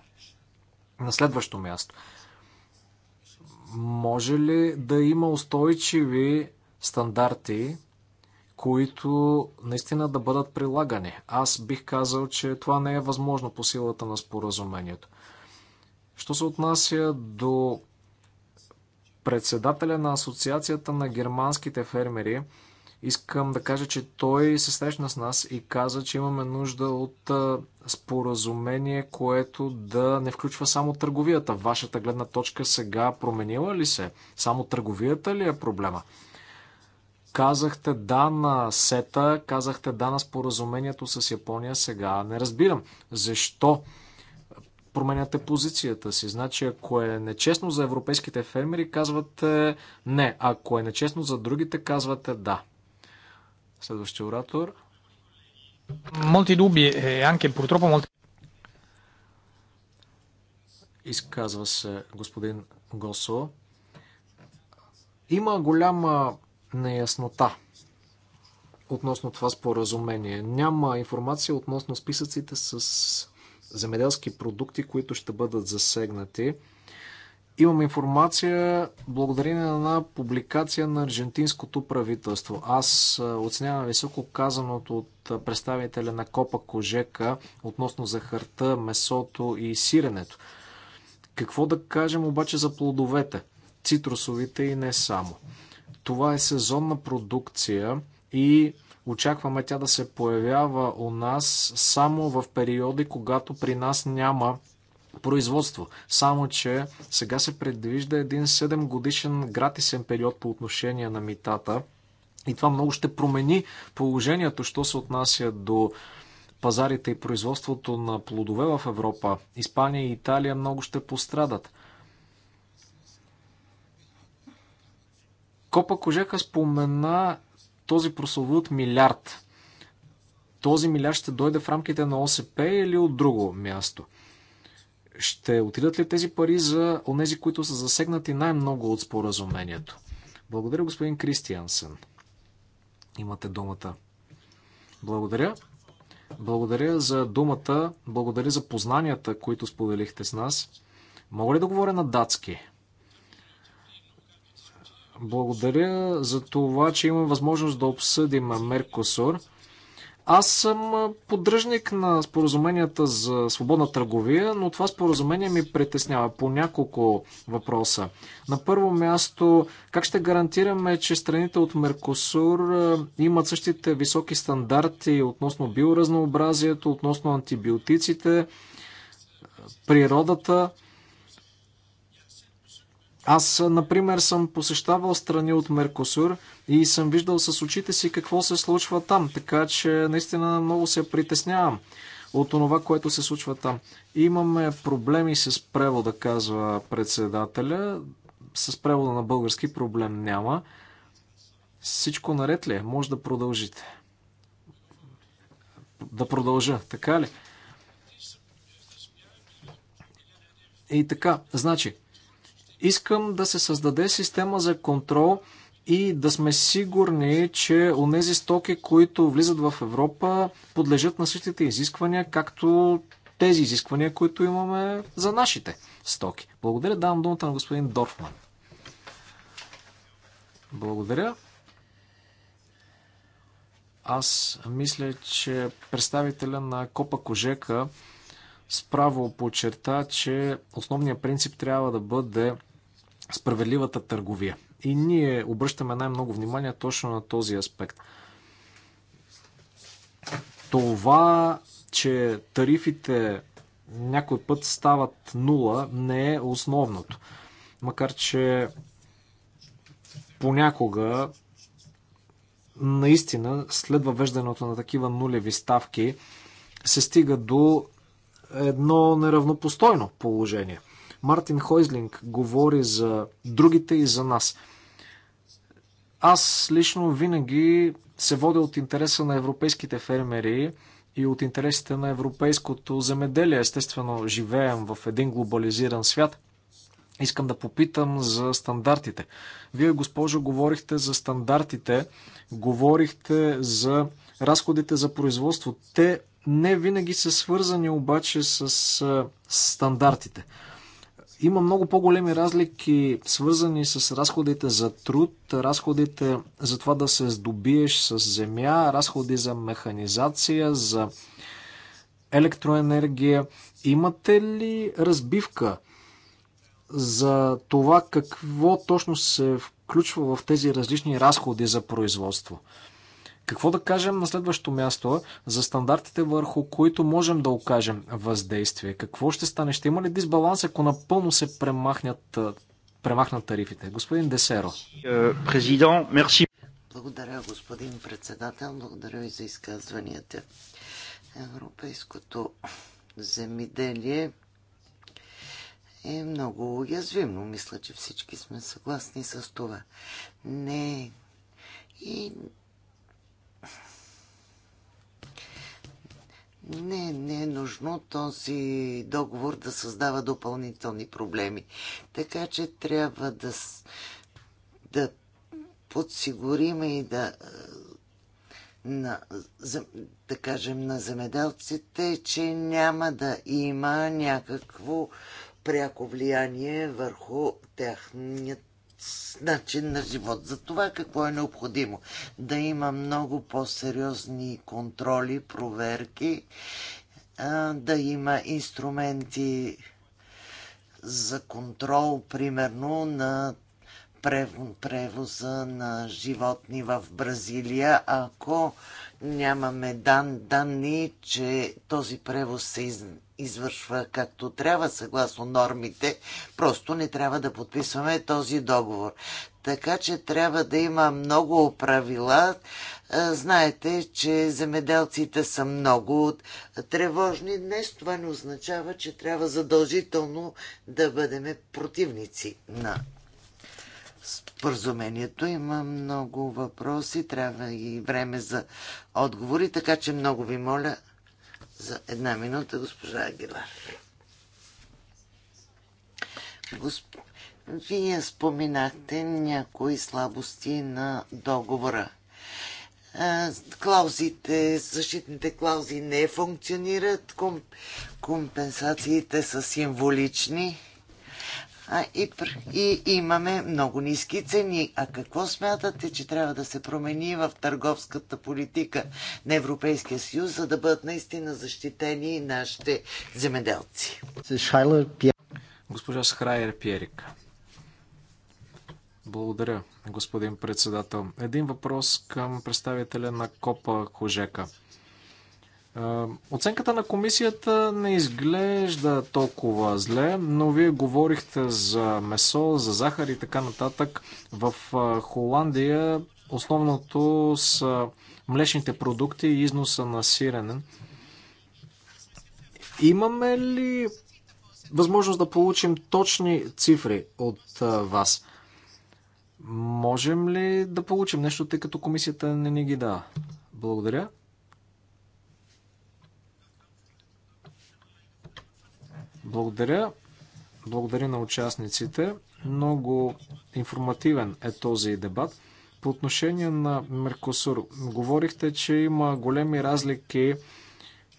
На следващо място. Може ли да има устойчиви стандарти които наистина да бъдат прилагани. Аз бих казал, че това не е възможно по силата на споразумението. Що се отнася до председателя на Асоциацията на германските фермери, искам да кажа, че той се срещна с нас и каза, че имаме нужда от споразумение, което да не включва само търговията. Вашата гледна точка сега променила ли се? Само търговията ли е проблема? Казахте да на сета, казахте да на споразумението с Япония сега. Не разбирам защо променяте позицията си. Значи, ако е нечестно за европейските фермери, казвате не. Ако е нечестно за другите, казвате да. Следващия оратор. Молти дуби, е, Анке, протропа, молти... Изказва се господин Госо. Има голяма неяснота относно това споразумение. Няма информация относно списъците с земеделски продукти, които ще бъдат засегнати. Имам информация благодарение на публикация на аржентинското правителство. Аз оценявам високо казаното от представителя на Копа Кожека относно захарта, месото и сиренето. Какво да кажем обаче за плодовете, цитрусовите и не само? Това е сезонна продукция и очакваме тя да се появява у нас само в периоди, когато при нас няма производство. Само, че сега се предвижда един 7 годишен гратисен период по отношение на митата. И това много ще промени положението, що се отнася до пазарите и производството на плодове в Европа. Испания и Италия много ще пострадат. Копа Кожека спомена този прословут милиард. Този милиард ще дойде в рамките на ОСП или от друго място? Ще отидат ли тези пари за онези, които са засегнати най-много от споразумението? Благодаря, господин Кристиансен. Имате думата. Благодаря. Благодаря за думата, благодаря за познанията, които споделихте с нас. Мога ли да говоря на датски? Благодаря за това, че имам възможност да обсъдим Меркосур. Аз съм поддръжник на споразуменията за свободна търговия, но това споразумение ми притеснява по няколко въпроса. На първо място, как ще гарантираме, че страните от Меркосур е, имат същите високи стандарти относно биоразнообразието, относно антибиотиците, е, природата? Аз, например, съм посещавал страни от Меркосур и съм виждал с очите си какво се случва там, така че наистина много се притеснявам от това, което се случва там. Имаме проблеми с превода, казва председателя. С превода на български проблем няма. Всичко наред ли е? Може да продължите. Да продължа, така ли? И така, значи, Искам да се създаде система за контрол и да сме сигурни, че онези стоки, които влизат в Европа, подлежат на същите изисквания, както тези изисквания, които имаме за нашите стоки. Благодаря, давам думата на господин Дорфман. Благодаря. Аз мисля, че представителя на Копа Кожека справо подчерта, че основният принцип трябва да бъде справедливата търговия. И ние обръщаме най-много внимание точно на този аспект. Това, че тарифите някой път стават нула, не е основното. Макар, че понякога наистина след въвеждането на такива нулеви ставки се стига до едно неравнопостойно положение. Мартин Хойзлинг говори за другите и за нас. Аз лично винаги се водя от интереса на европейските фермери и от интересите на европейското земеделие. Естествено, живеем в един глобализиран свят. Искам да попитам за стандартите. Вие, госпожо, говорихте за стандартите, говорихте за разходите за производство. Те не винаги са свързани обаче с стандартите. Има много по-големи разлики, свързани с разходите за труд, разходите за това да се здобиеш с земя, разходи за механизация, за електроенергия. Имате ли разбивка за това какво точно се включва в тези различни разходи за производство? Какво да кажем на следващо място за стандартите върху които можем да окажем въздействие? Какво ще стане? Ще има ли дисбаланс, ако напълно се премахнат, премахнат тарифите? Господин Десеро. мерси. Благодаря, господин председател. Благодаря ви за изказванията. Европейското земеделие е много уязвимо. Мисля, че всички сме съгласни с това. Не. И не, не е нужно този договор да създава допълнителни проблеми. Така че трябва да, да подсигурим и да е, на, да кажем на земеделците, че няма да има някакво пряко влияние върху тяхният начин на живот. За това какво е необходимо? Да има много по-сериозни контроли, проверки, да има инструменти за контрол, примерно на превоза на животни в Бразилия, ако нямаме дан, данни, че този превоз се из, извършва както трябва, съгласно нормите. Просто не трябва да подписваме този договор. Така че трябва да има много правила. Знаете, че земеделците са много тревожни. Днес това не означава, че трябва задължително да бъдем противници на споразумението. Има много въпроси, трябва и време за отговори, така че много ви моля, за една минута, госпожа Агилар. Госп... Вие споменахте някои слабости на договора. Клаузите, защитните клаузи не функционират, комп... компенсациите са символични а, и, и имаме много ниски цени. А какво смятате, че трябва да се промени в търговската политика на Европейския съюз, за да бъдат наистина защитени нашите земеделци? Госпожа Схрайер Пиерик. Благодаря, господин председател. Един въпрос към представителя на Копа Хожека. Оценката на комисията не изглежда толкова зле, но вие говорихте за месо, за захар и така нататък. В Холандия основното са млечните продукти и износа на сиренен. Имаме ли възможност да получим точни цифри от вас? Можем ли да получим нещо, тъй като комисията не ни ги дава? Благодаря. Благодаря. Благодаря на участниците. Много информативен е този дебат. По отношение на Меркосур, говорихте, че има големи разлики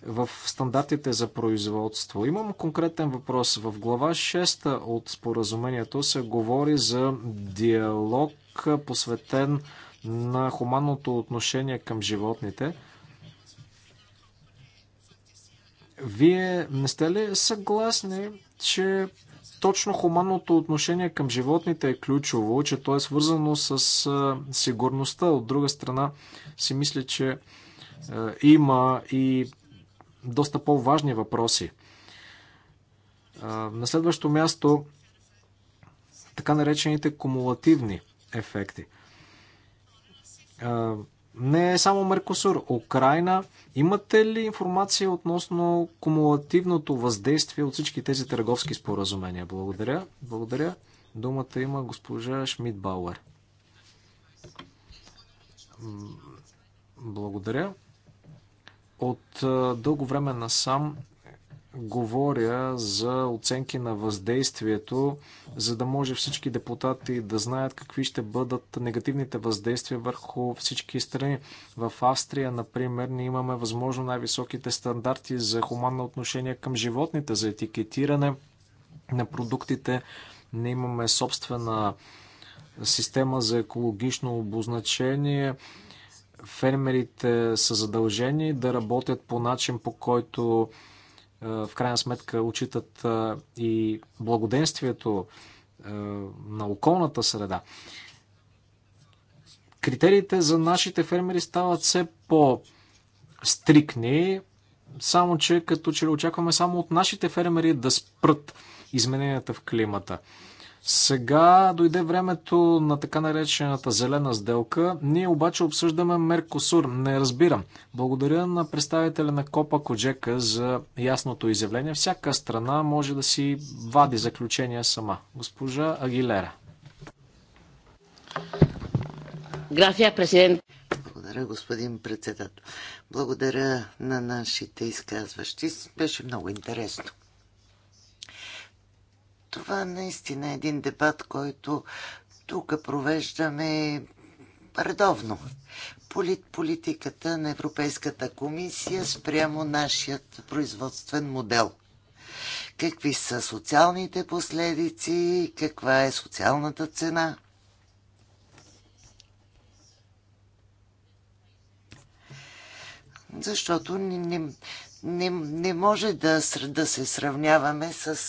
в стандартите за производство. Имам конкретен въпрос. В глава 6 от споразумението се говори за диалог, посветен на хуманното отношение към животните. Вие не сте ли съгласни, че точно хуманното отношение към животните е ключово, че то е свързано с сигурността? От друга страна си мисля, че има и доста по-важни въпроси. На следващо място така наречените кумулативни ефекти не е само Меркосур, Украина. Имате ли информация относно кумулативното въздействие от всички тези търговски споразумения? Благодаря. Благодаря. Думата има госпожа Шмидбауер. Благодаря. От дълго време насам говоря за оценки на въздействието, за да може всички депутати да знаят какви ще бъдат негативните въздействия върху всички страни. В Австрия, например, ние имаме възможно най-високите стандарти за хуманно отношение към животните, за етикетиране на продуктите. Не имаме собствена система за екологично обозначение фермерите са задължени да работят по начин, по който е, в крайна сметка учитат е, и благоденствието е, на околната среда. Критериите за нашите фермери стават все по-стрикни, само че като че ли очакваме само от нашите фермери да спрат измененията в климата. Сега дойде времето на така наречената зелена сделка. Ние обаче обсъждаме Меркосур. Не разбирам. Благодаря на представителя на Копа Коджека за ясното изявление. Всяка страна може да си вади заключения сама. Госпожа Агилера. Грация, президент. Благодаря, господин председател. Благодаря на нашите изказващи. Беше много интересно. Това наистина е един дебат, който тук провеждаме редовно. Полит, политиката на Европейската комисия спрямо нашият производствен модел. Какви са социалните последици, каква е социалната цена? Защото не, не, не може да, да се сравняваме с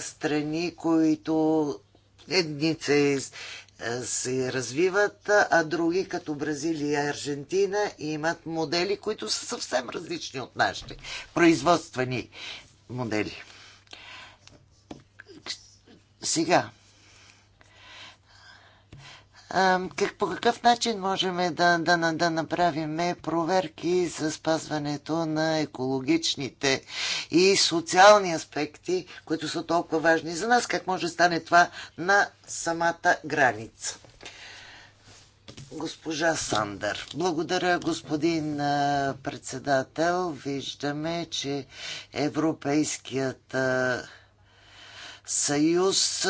страни, които едни се, се развиват, а други, като Бразилия и Аржентина, имат модели, които са съвсем различни от нашите производствени модели. Сега, как, по какъв начин можем да, да, да направим проверки за спазването на екологичните и социални аспекти, които са толкова важни за нас? Как може да стане това на самата граница? Госпожа Сандър. Благодаря, господин председател. Виждаме, че Европейският съюз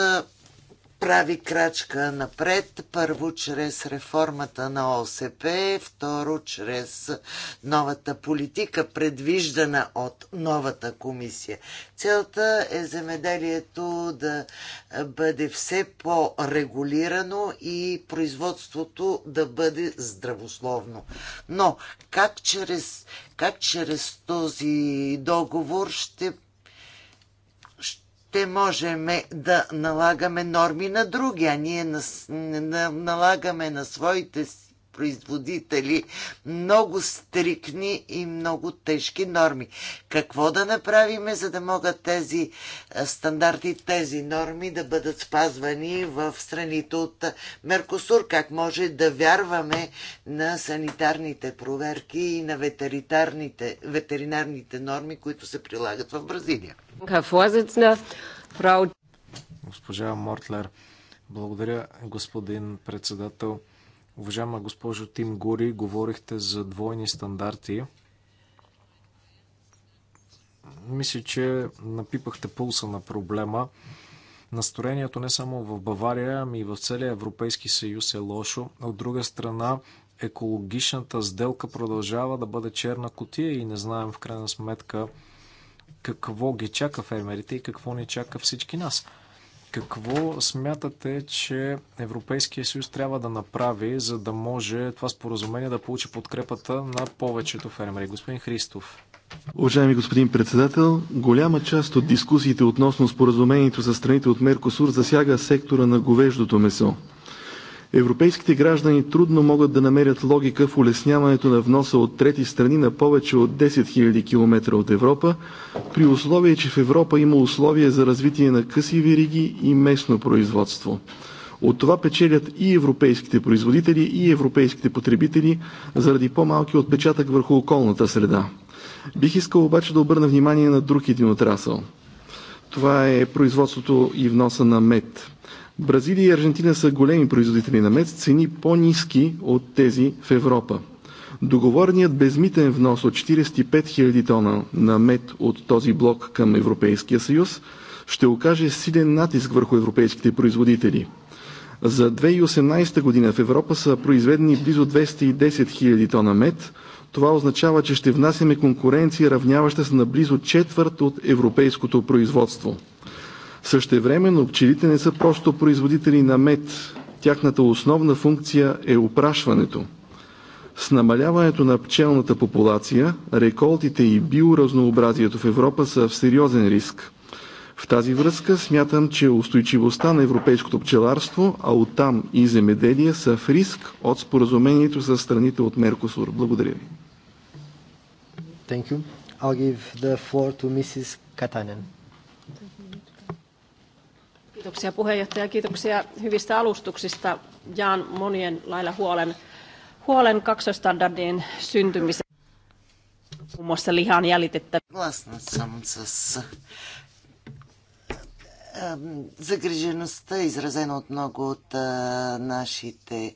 прави крачка напред, първо чрез реформата на ОСП, второ чрез новата политика, предвиждана от новата комисия. Целта е земеделието да бъде все по-регулирано и производството да бъде здравословно. Но как чрез, как чрез този договор ще ще можем да налагаме норми на други, а ние налагаме на своите си производители много стрикни и много тежки норми. Какво да направиме, за да могат тези е, стандарти, тези норми да бъдат спазвани в страните от Меркосур? Как може да вярваме на санитарните проверки и на ветеринарните, ветеринарните норми, които се прилагат в Бразилия? Госпожа Мортлер, благодаря, господин председател. Уважаема госпожо Тим Гори, говорихте за двойни стандарти. Мисля, че напипахте пулса на проблема. Настроението не само в Бавария, ами и в целия Европейски съюз е лошо. От друга страна, екологичната сделка продължава да бъде черна котия и не знаем в крайна сметка какво ги чака фермерите и какво ни чака всички нас. Какво смятате, че Европейския съюз трябва да направи, за да може това споразумение да получи подкрепата на повечето фермери? Господин Христов. Уважаеми господин председател, голяма част от дискусиите относно споразумението за страните от Меркосур засяга сектора на говеждото месо. Европейските граждани трудно могат да намерят логика в улесняването на вноса от трети страни на повече от 10 000 км от Европа, при условие, че в Европа има условия за развитие на къси вериги и местно производство. От това печелят и европейските производители, и европейските потребители заради по-малки отпечатък върху околната среда. Бих искал обаче да обърна внимание на друг един отрасъл. Това е производството и вноса на мед. Бразилия и Аржентина са големи производители на мед с цени по-низки от тези в Европа. Договорният безмитен внос от 45 000 тона на мед от този блок към Европейския съюз ще окаже силен натиск върху европейските производители. За 2018 година в Европа са произведени близо 210 000 тона мед. Това означава, че ще внасяме конкуренция, равняваща се на близо четвърт от европейското производство. Същевременно пчелите не са просто производители на мед. Тяхната основна функция е опрашването. С намаляването на пчелната популация, реколтите и биоразнообразието в Европа са в сериозен риск. В тази връзка смятам, че устойчивостта на европейското пчеларство, а оттам и земеделие са в риск от споразумението с страните от Меркосур. Благодаря ви. Thank you. I'll give the floor to Mrs. Kiitoksia puheenjohtaja, kiitoksia hyvistä alustuksista. Jaan monien lailla huolen, huolen kaksoistandardien syntymisen, muun muassa lihan jäljitettä. Властна съм загрижеността, изразена от много от нашите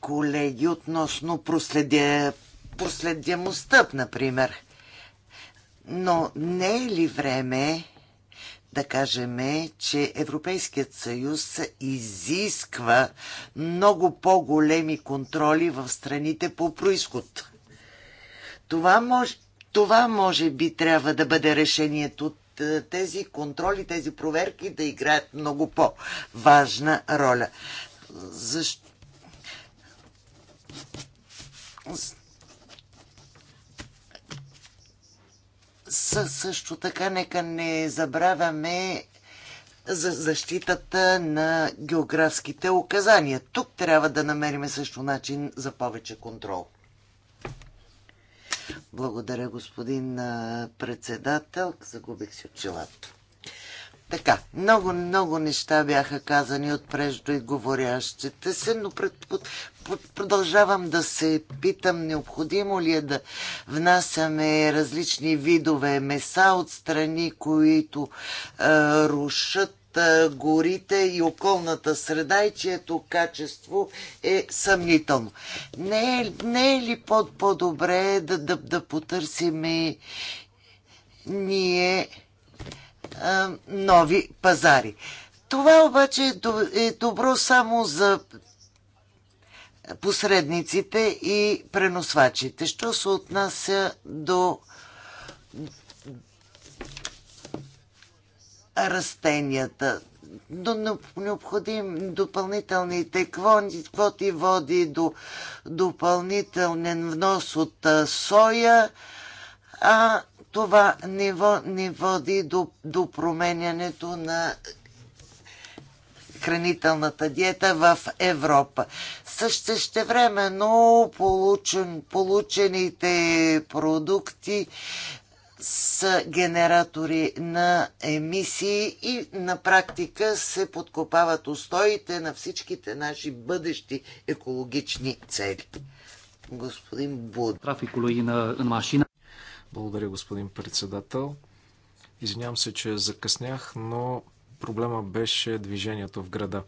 колеги относно проследя, проследямостта, например. Но не е ли време да кажем, е, че Европейският съюз изисква много по-големи контроли в страните по происход. Това може, това може би трябва да бъде решението. Е, тези контроли, тези проверки да играят много по-важна роля. Защо? също така нека не забравяме за защитата на географските указания. Тук трябва да намерим също начин за повече контрол. Благодаря, господин председател. Загубих си очилата. Така, много, много неща бяха казани от говорящите се, но пред, под, под, продължавам да се питам, необходимо ли е да внасяме различни видове меса от страни, които е, рушат е, горите и околната среда и чието качество е съмнително. Не е, не е ли по-добре да, да, да потърсим ние а, нови пазари. Това обаче е, е добро само за посредниците и преносвачите. Що се отнася до растенията, до необходим допълнителните квоти води до допълнителен внос от соя, а това ниво не води до, до променянето на хранителната диета в Европа. Същевременно получен, получените продукти са генератори на емисии и на практика се подкопават устоите на всичките наши бъдещи екологични цели. Господин Буд. колеги на на машина. Благодаря, господин председател. Извинявам се, че закъснях, но проблема беше движението в града.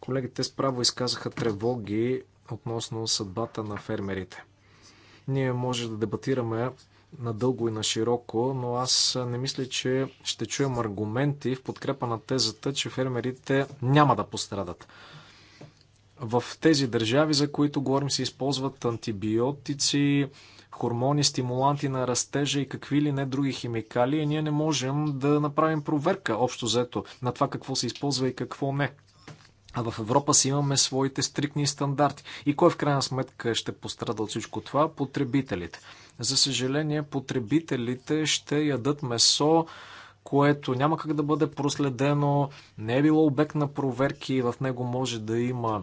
Колегите справо изказаха тревоги относно съдбата на фермерите. Ние може да дебатираме надълго и на широко, но аз не мисля, че ще чуем аргументи в подкрепа на тезата, че фермерите няма да пострадат. В тези държави, за които говорим, се използват антибиотици, хормони, стимуланти на растежа и какви ли не други химикали и ние не можем да направим проверка общо взето на това какво се използва и какво не. А в Европа си имаме своите стрикни стандарти. И кой в крайна сметка ще пострада от всичко това? Потребителите. За съжаление, потребителите ще ядат месо, което няма как да бъде проследено, не е било обект на проверки, в него може да има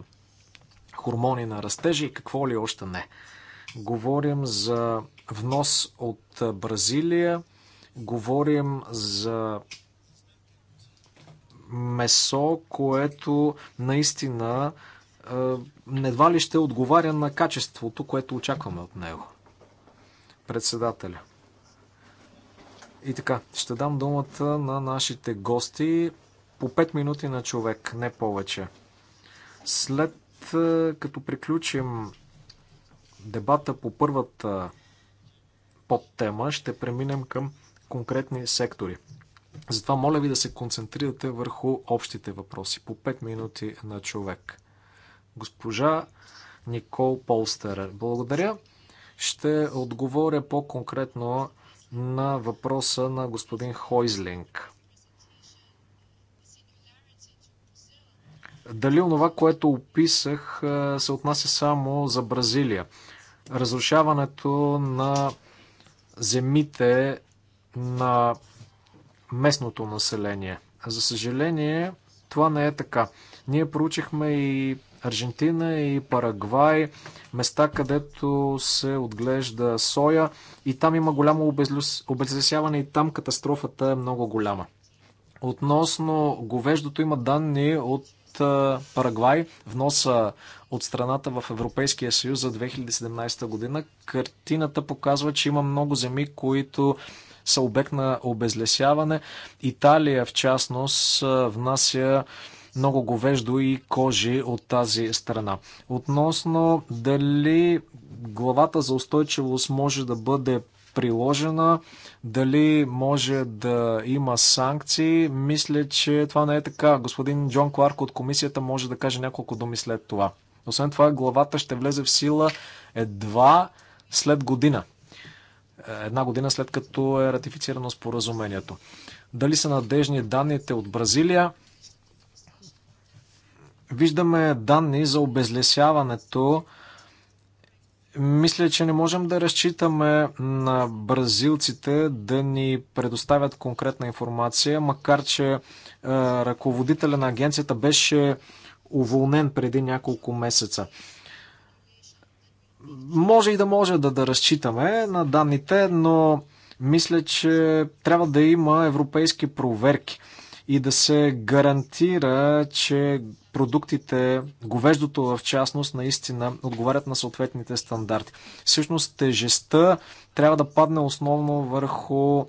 хормони на растежа и какво ли още не говорим за внос от Бразилия, говорим за месо, което наистина е, едва ли ще отговаря на качеството, което очакваме от него. Председателя. И така, ще дам думата на нашите гости по 5 минути на човек, не повече. След е, като приключим дебата по първата подтема ще преминем към конкретни сектори. Затова моля ви да се концентрирате върху общите въпроси по 5 минути на човек. Госпожа Никол Полстер, благодаря. Ще отговоря по-конкретно на въпроса на господин Хойзлинг. Дали онова, което описах, се отнася само за Бразилия? Разрушаването на земите на местното население. За съжаление, това не е така. Ние проучихме и Аржентина и Парагвай, места където се отглежда соя и там има голямо обезлесяване и там катастрофата е много голяма. Относно говеждото има данни от Парагвай, вноса от страната в Европейския съюз за 2017 година. Картината показва, че има много земи, които са обект на обезлесяване. Италия, в частност, внася много говеждо и кожи от тази страна. Относно дали главата за устойчивост може да бъде приложена, дали може да има санкции. Мисля, че това не е така. Господин Джон Кларк от комисията може да каже няколко думи след това. Освен това, главата ще влезе в сила едва след година. Една година след като е ратифицирано споразумението. Дали са надежни данните от Бразилия? Виждаме данни за обезлесяването мисля, че не можем да разчитаме на бразилците да ни предоставят конкретна информация, макар че е, ръководителя на агенцията беше уволнен преди няколко месеца. Може и да може да, да разчитаме на данните, но мисля, че трябва да има европейски проверки и да се гарантира, че продуктите, говеждото в частност, наистина отговарят на съответните стандарти. Всъщност тежестта трябва да падне основно върху е,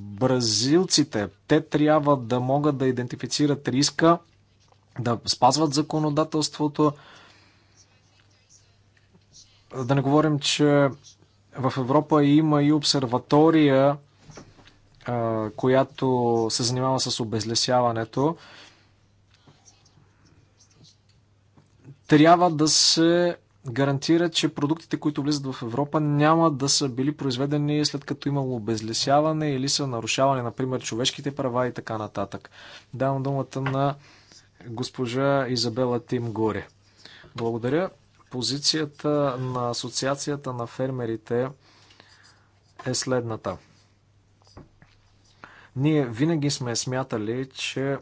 бразилците. Те трябва да могат да идентифицират риска, да спазват законодателството. Да не говорим, че в Европа има и обсерватория която се занимава с обезлесяването, трябва да се гарантира, че продуктите, които влизат в Европа, няма да са били произведени след като е имало обезлесяване или са нарушавани, например, човешките права и така нататък. Давам думата на госпожа Изабела Тим Горе. Благодаря. Позицията на Асоциацията на фермерите е следната. Ние винаги сме смятали, че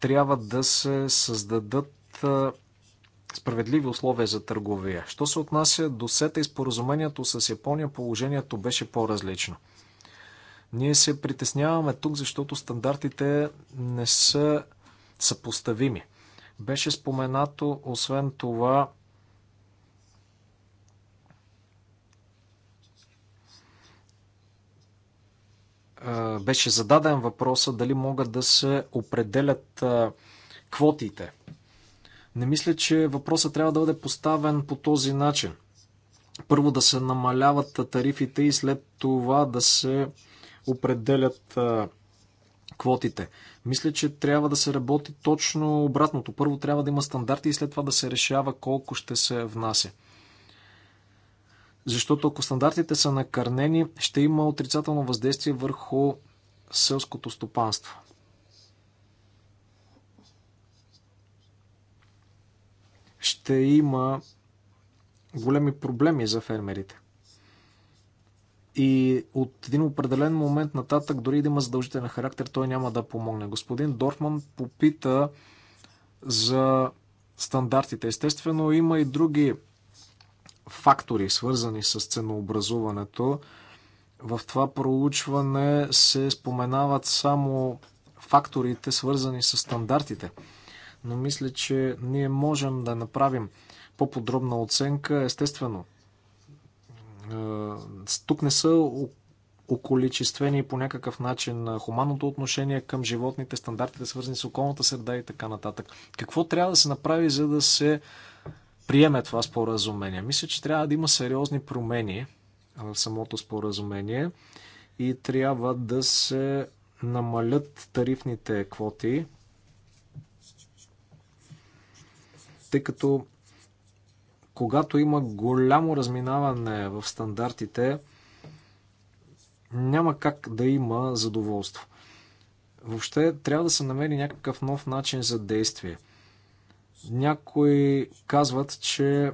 трябва да се създадат справедливи условия за търговия. Що се отнася до сета и споразумението с Япония, положението беше по-различно. Ние се притесняваме тук, защото стандартите не са съпоставими. Беше споменато, освен това, беше зададен въпроса дали могат да се определят квотите. Не мисля, че въпросът трябва да бъде поставен по този начин. Първо да се намаляват тарифите и след това да се определят квотите. Мисля, че трябва да се работи точно обратното. Първо трябва да има стандарти и след това да се решава колко ще се внася. Защото ако стандартите са накърнени, ще има отрицателно въздействие върху селското стопанство. Ще има големи проблеми за фермерите. И от един определен момент нататък, дори да има задължителен характер, той няма да помогне. Господин Дорфман попита за стандартите. Естествено, има и други фактори, свързани с ценообразуването. В това проучване се споменават само факторите, свързани с стандартите. Но мисля, че ние можем да направим по-подробна оценка. Естествено, е, тук не са околичествени по някакъв начин хуманното отношение към животните, стандартите, свързани с околната среда и така нататък. Какво трябва да се направи, за да се приеме това споразумение. Мисля, че трябва да има сериозни промени в самото споразумение и трябва да се намалят тарифните квоти, тъй като когато има голямо разминаване в стандартите, няма как да има задоволство. Въобще трябва да се намери някакъв нов начин за действие – някои казват, че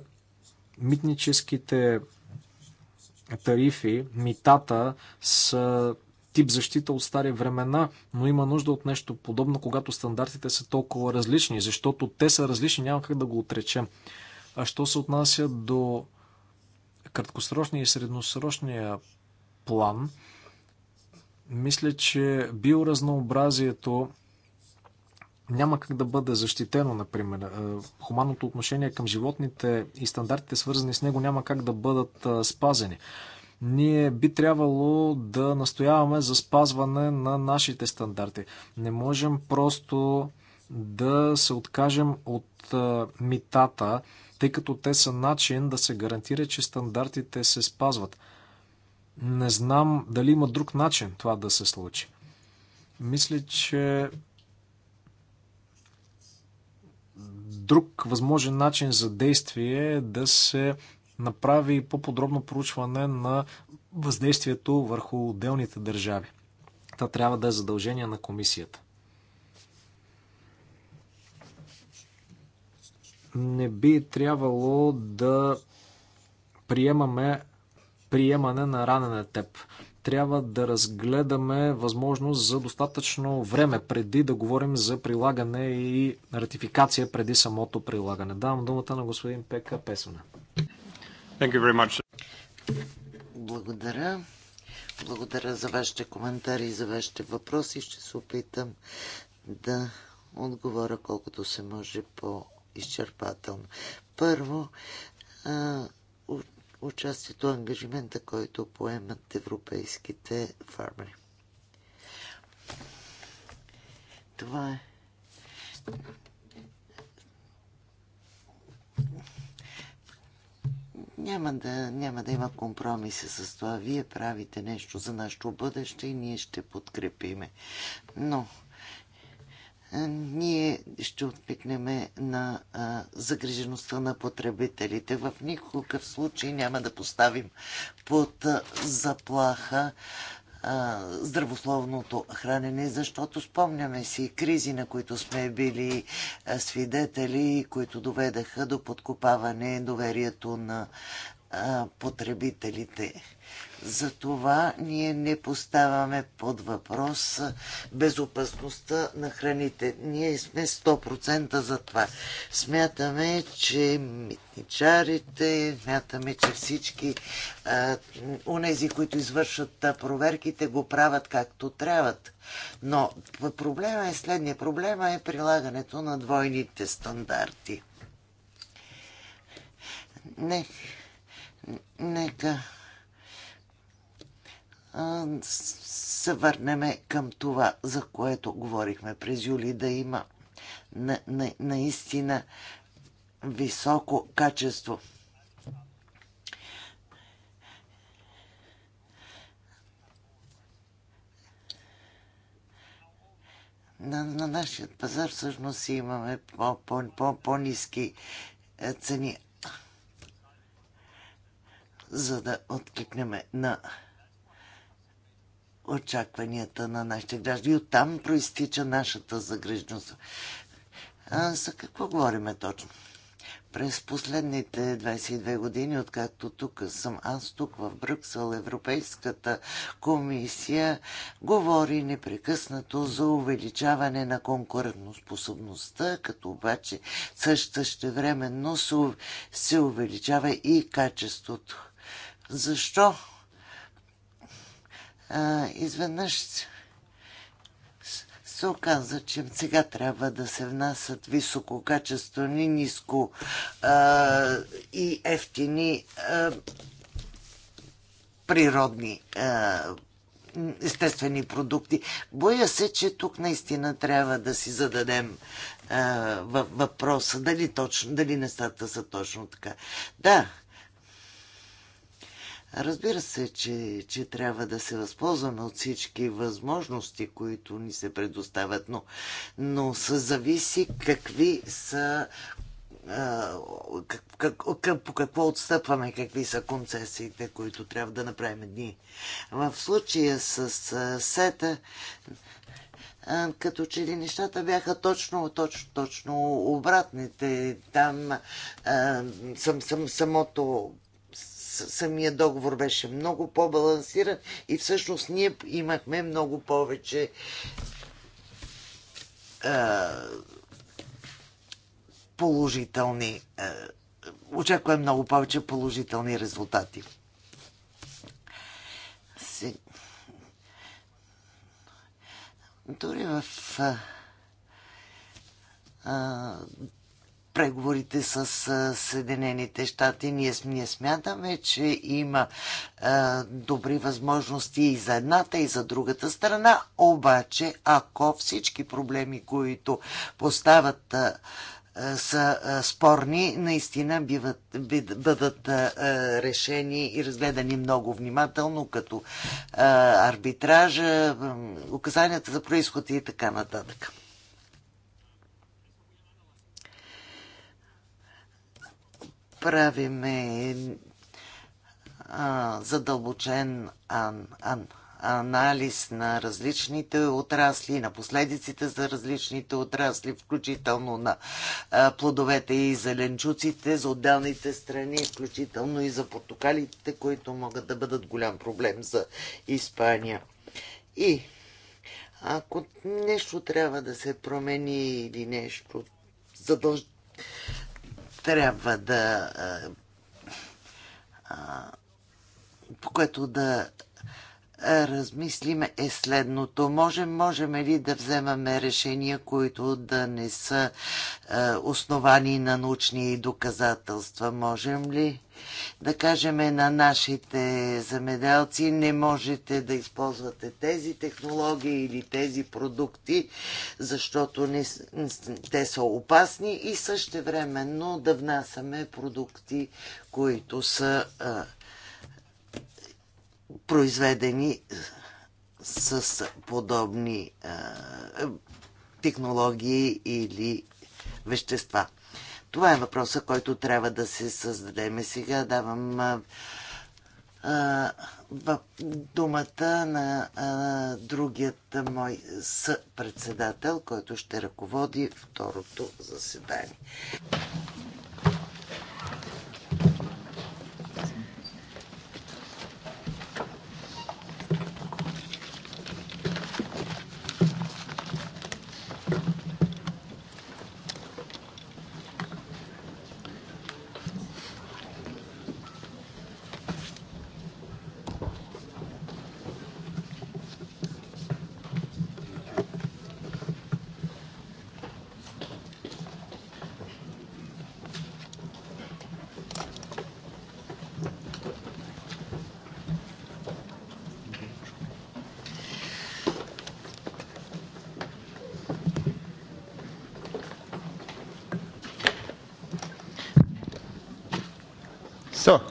митническите тарифи, митата са тип защита от стари времена, но има нужда от нещо подобно, когато стандартите са толкова различни, защото те са различни, няма как да го отречем. А що се отнася до краткосрочния и средносрочния план, мисля, че биоразнообразието няма как да бъде защитено, например. Е, хуманното отношение към животните и стандартите, свързани с него, няма как да бъдат е, спазени. Ние би трябвало да настояваме за спазване на нашите стандарти. Не можем просто да се откажем от е, митата, тъй като те са начин да се гарантира, че стандартите се спазват. Не знам дали има друг начин това да се случи. Мисля, че Друг възможен начин за действие е да се направи по-подробно проучване на въздействието върху отделните държави. Та трябва да е задължение на комисията. Не би трябвало да приемаме приемане на ранен теб трябва да разгледаме възможност за достатъчно време преди да говорим за прилагане и ратификация преди самото прилагане. Давам думата на господин Пека Песона. Благодаря. Благодаря за вашите коментари и за вашите въпроси. Ще се опитам да отговоря колкото се може по-изчерпателно. Първо, участието, ангажимента, който поемат европейските фармери. Това е. Няма да, няма да има компромиси с това. Вие правите нещо за нашето бъдеще и ние ще подкрепиме. Но е, ние ще откликнем на е, загрижеността на потребителите. В никакъв случай няма да поставим под е, заплаха здравословното хранене, защото спомняме си кризи, на които сме били свидетели, които доведаха до подкопаване доверието на потребителите. Затова ние не поставяме под въпрос безопасността на храните. Ние сме 100% за това. Смятаме, че митничарите, смятаме, че всички онези, унези, които извършват проверките, го правят както трябват. Но проблема е следния. Проблема е прилагането на двойните стандарти. Не. Нека се върнем към това, за което говорихме през юли, да има на, на, наистина високо качество. На, на нашия пазар всъщност имаме по-низки по, по, по е, цени за да откликнем на очакванията на нашите граждани. Оттам проистича нашата загрижност. за какво говориме точно? През последните 22 години, откакто тук съм аз, тук в Брюксел, Европейската комисия говори непрекъснато за увеличаване на конкурентоспособността, като обаче същевременно се увеличава и качеството защо а, изведнъж се оказа, че сега трябва да се внасят висококачествени, ниско а, и ефтини а, природни а, естествени продукти. Боя се, че тук наистина трябва да си зададем а, въпроса дали, точно, дали нещата са точно така. Да, Разбира се, че, че трябва да се възползваме от всички възможности, които ни се предоставят, но, но се зависи какви са. как, как, по какво отстъпваме, какви са концесиите, които трябва да направим дни. В случая с сета, като че ли нещата бяха точно, точно, точно обратните. Там а, съм, съм, самото самия договор беше много по-балансиран и всъщност ние имахме много повече а, положителни. А, очакваме много повече положителни резултати. Дори в а, преговорите с Съединените щати. Ние, ние смятаме, че има е, добри възможности и за едната, и за другата страна. Обаче, ако всички проблеми, които поставят е, са е, спорни, наистина биват, бид, бъдат е, решени и разгледани много внимателно, като е, арбитража, указанията за происход и така нататък. правиме задълбочен ан, ан, анализ на различните отрасли, на последиците за различните отрасли, включително на плодовете и зеленчуците, за отделните страни, включително и за портокалите, които могат да бъдат голям проблем за Испания. И ако нещо трябва да се промени или нещо задълж трябва да А, по което да размислим е следното. Можем, можем ли да вземаме решения, които да не са е, основани на научни доказателства? Можем ли да кажем на нашите замеделци, не можете да използвате тези технологии или тези продукти, защото не, те са опасни и същевременно да внасяме продукти, които са е, произведени с подобни а, технологии или вещества. Това е въпроса, който трябва да се създадеме. Сега давам а, а, думата на а, другият мой съпредседател, който ще ръководи второто заседание.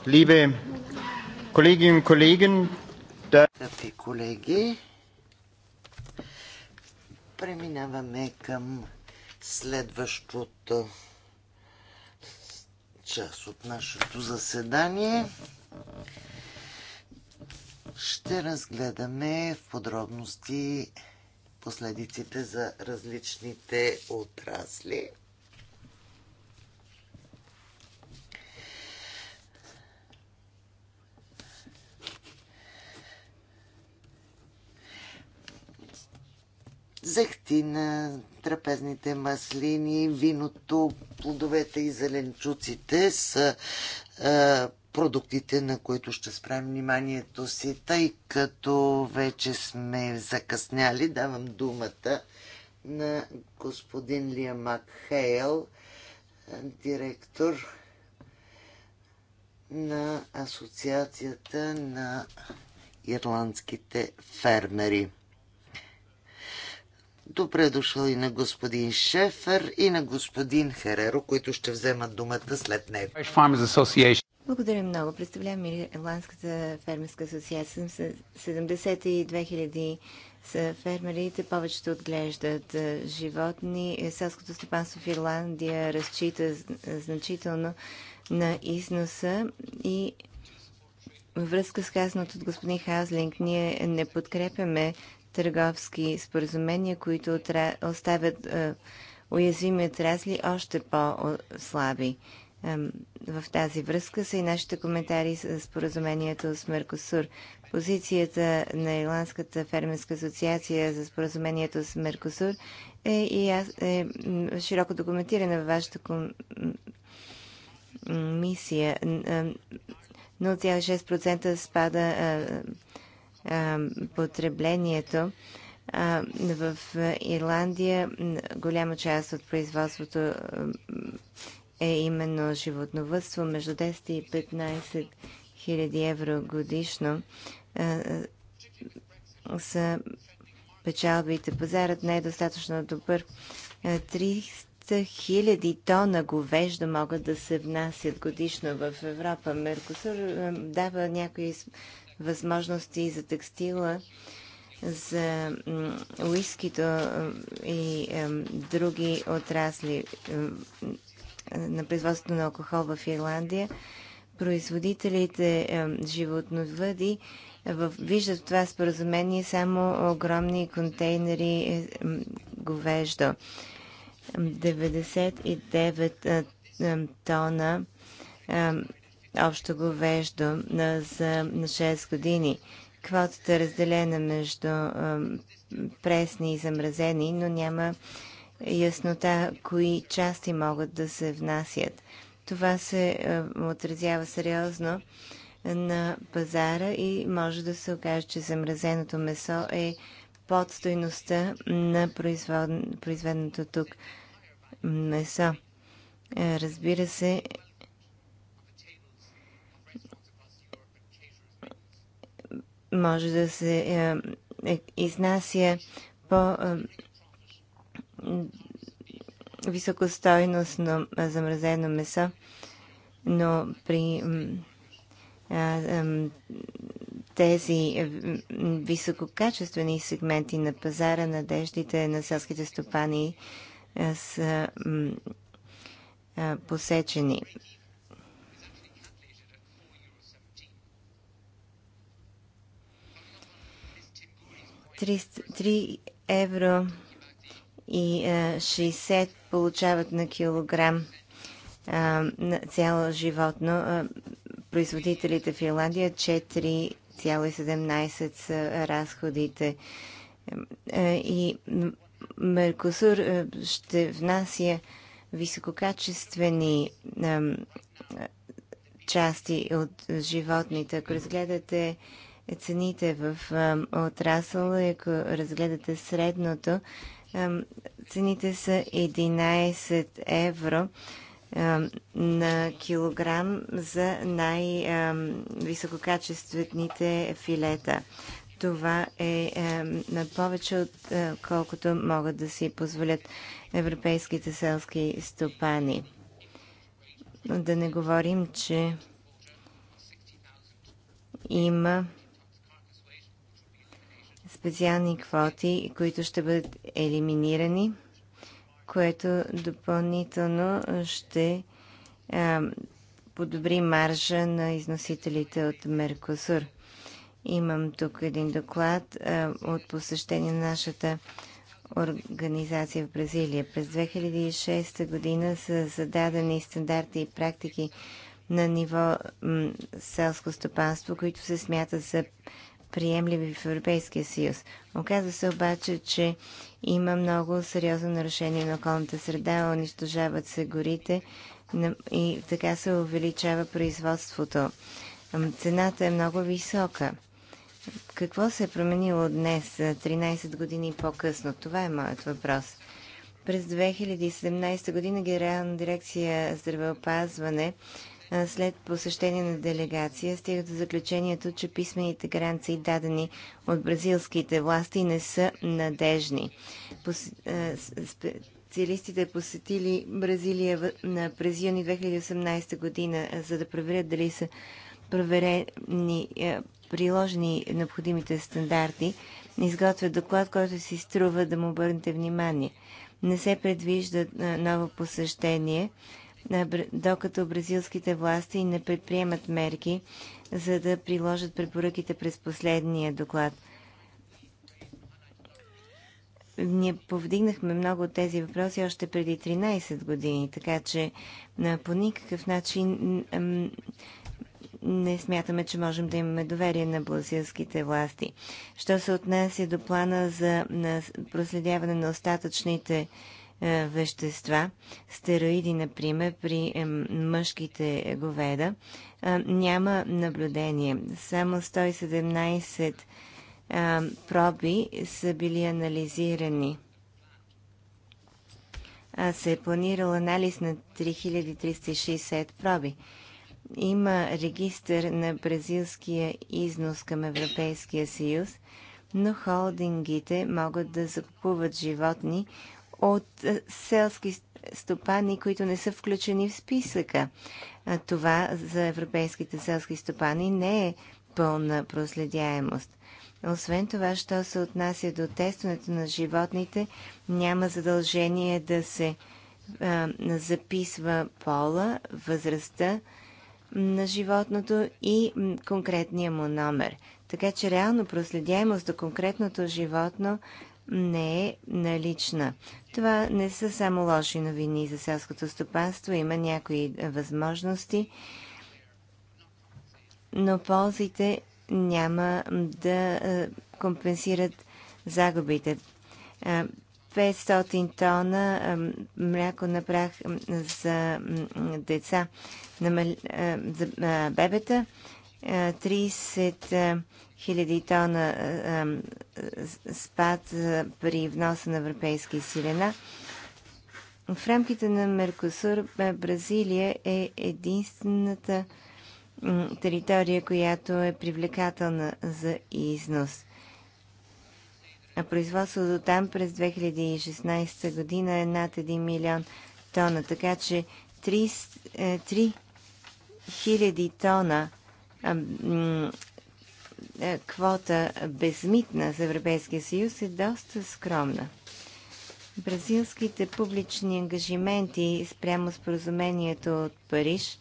Liebe Kolleginnen und Kollegen, da... колеги, преминаваме към следващото част от нашето заседание. Ще разгледаме в подробности последиците за различните отрасли. зехтина, трапезните маслини, виното, плодовете и зеленчуците са е, продуктите, на които ще спрем вниманието си, тъй като вече сме закъсняли. Давам думата на господин Лия Хейл, директор на Асоциацията на ирландските фермери. Добре е дошъл и на господин Шефер и на господин Хереро, които ще вземат думата след него. Благодаря много. Представлявам Ирландската фермерска асоциация. 72 000 са фермерите. Повечето отглеждат животни. Селското стопанство в Ирландия разчита значително на износа и във връзка с казаното от господин Хазлинг, ние не подкрепяме търговски споразумения, които оставят е, уязвими отрасли още по-слаби. в тази връзка са и нашите коментари с споразумението с Меркосур. Позицията на Ирландската фермерска асоциация за споразумението с Меркосур е, и аз, е широко документирана във вашата комисия. мисия. 0,6% спада потреблението. В Ирландия голяма част от производството е именно животновътство, между 10 и 15 хиляди евро годишно са печалбите. Пазарът не е достатъчно добър. 300 хиляди тона говеждо могат да се внасят годишно в Европа. Меркосур дава някои възможности за текстила, за уискито и други отрасли на производството на алкохол в Ирландия, производителите животновъди виждат в това споразумение само огромни контейнери е, говеждо. 99 тона общо го веждо за 6 години. Квотата е разделена между пресни и замразени, но няма яснота кои части могат да се внасят. Това се отразява сериозно на пазара и може да се окаже, че замразеното месо е под стойността на производ... произведеното тук месо. Разбира се, може да се е, е, изнася по е, високостойностно замразено месо, но при тези висококачествени сегменти на пазара, надеждите на селските стопани са посечени. 3 евро и 60 е, получават на килограм е, на цяло животно. Е, производителите в Ирландия 4,17 са разходите. И Меркосур ще внася висококачествени части от животните. Ако разгледате е цените в отрасъл. ако разгледате средното, цените са 11 евро на килограм за най-висококачествените филета. Това е на повече от колкото могат да си позволят европейските селски стопани. Да не говорим, че има специални квоти, които ще бъдат елиминирани, което допълнително ще а, подобри маржа на износителите от Меркосур. Имам тук един доклад а, от посещение на нашата организация в Бразилия. През 2006 година са зададени стандарти и практики на ниво селско стопанство, които се смятат за приемливи в Европейския съюз. Оказва се обаче, че има много сериозно нарушение на околната среда, унищожават се горите и така се увеличава производството. Цената е много висока. Какво се е променило днес, 13 години по-късно? Това е моят въпрос. През 2017 година Генерална дирекция здравеопазване след посещение на делегация стига до заключението, че писмените гаранции, дадени от бразилските власти, не са надежни. Специалистите посетили Бразилия през юни 2018 година, за да проверят дали са проверени, приложени необходимите стандарти. Изготвят доклад, който си струва да му обърнете внимание. Не се предвижда ново посещение докато бразилските власти не предприемат мерки, за да приложат препоръките през последния доклад. Ние повдигнахме много от тези въпроси още преди 13 години, така че по никакъв начин не смятаме, че можем да имаме доверие на бразилските власти. Що се отнася до плана за проследяване на остатъчните е, вещества, стероиди, например, при е, мъжките говеда, е, няма наблюдение. Само 117 проби са били анализирани. А се е планирал анализ на 3360 проби. Има регистър на бразилския износ към Европейския съюз, но холдингите могат да закупуват животни от е, селски стопани, които не са включени в списъка. Това за европейските селски стопани не е пълна проследяемост. Освен това, що се отнася до тестването на животните, няма задължение да се а, записва пола, възрастта на животното и конкретния му номер. Така че реално проследяемост до конкретното животно не е налична. Това не са само лоши новини за селското стопанство. Има някои възможности, но ползите няма да е, компенсират загубите. 500 е, тона е, мляко на прах за деца, за бебета, 30 Хиляди тона е, е, спад е, при вноса на европейски силена. В рамките на Меркосур Бразилия е единствената територия, която е привлекателна за износ. А производството там през 2016 година е над 1 милион тона, така че 3 хиляди тона е, квота безмитна за Европейския съюз е доста скромна. Бразилските публични ангажименти спрямо споразумението от Париж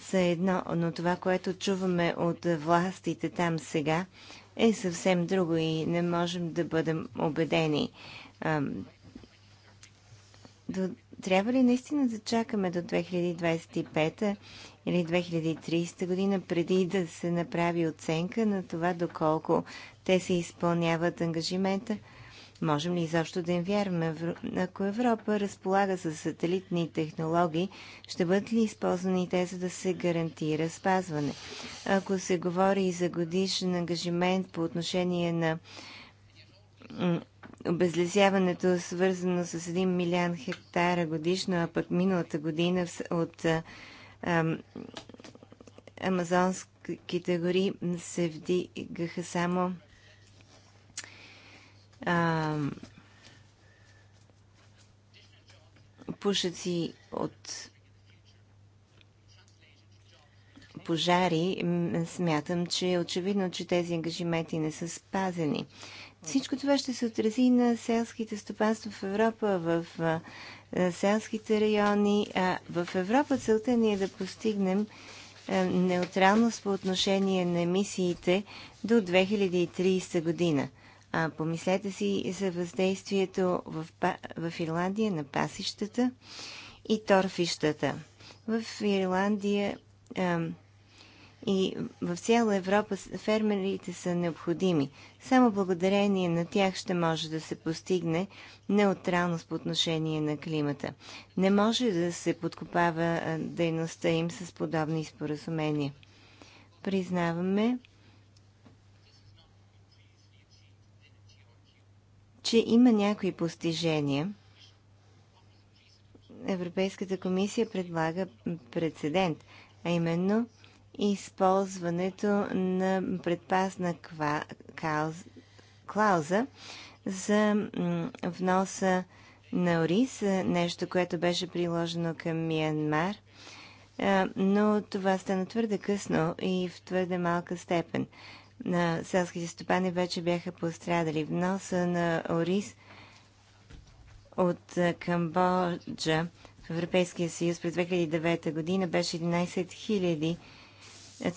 са едно, но това, което чуваме от властите там сега, е съвсем друго и не можем да бъдем убедени. До трябва ли наистина да чакаме до 2025 или 2030 година преди да се направи оценка на това доколко те се изпълняват ангажимента? Можем ли изобщо да им вярваме? Ако Европа разполага с сателитни технологии, ще бъдат ли използвани те, за да се гарантира спазване? Ако се говори и за годишен ангажимент по отношение на обезлесяването е свързано с 1 милиан хектара годишно, а пък миналата година от амазонските гори се вдигаха само ам, пушъци от пожари, смятам, че е очевидно, че тези ангажименти не са спазени. Всичко това ще се отрази на селските стопанства в Европа, в селските райони. А в Европа целта ни е да постигнем неутралност по отношение на емисиите до 2030 година. А, помислете си за въздействието в, в Ирландия на пасищата и торфищата. В Ирландия и в цяла Европа фермерите са необходими. Само благодарение на тях ще може да се постигне неутралност по отношение на климата. Не може да се подкопава дейността им с подобни споразумения. Признаваме, че има някои постижения. Европейската комисия предлага прецедент, а именно – използването на предпазна клауза за вноса на ориз, е нещо, което беше приложено към Миянмар, е, но това стана твърде късно и в твърде малка степен. На селските стопани вече бяха пострадали. Вноса на ориз от е, Камбоджа в Европейския съюз през 2009 година беше 11 000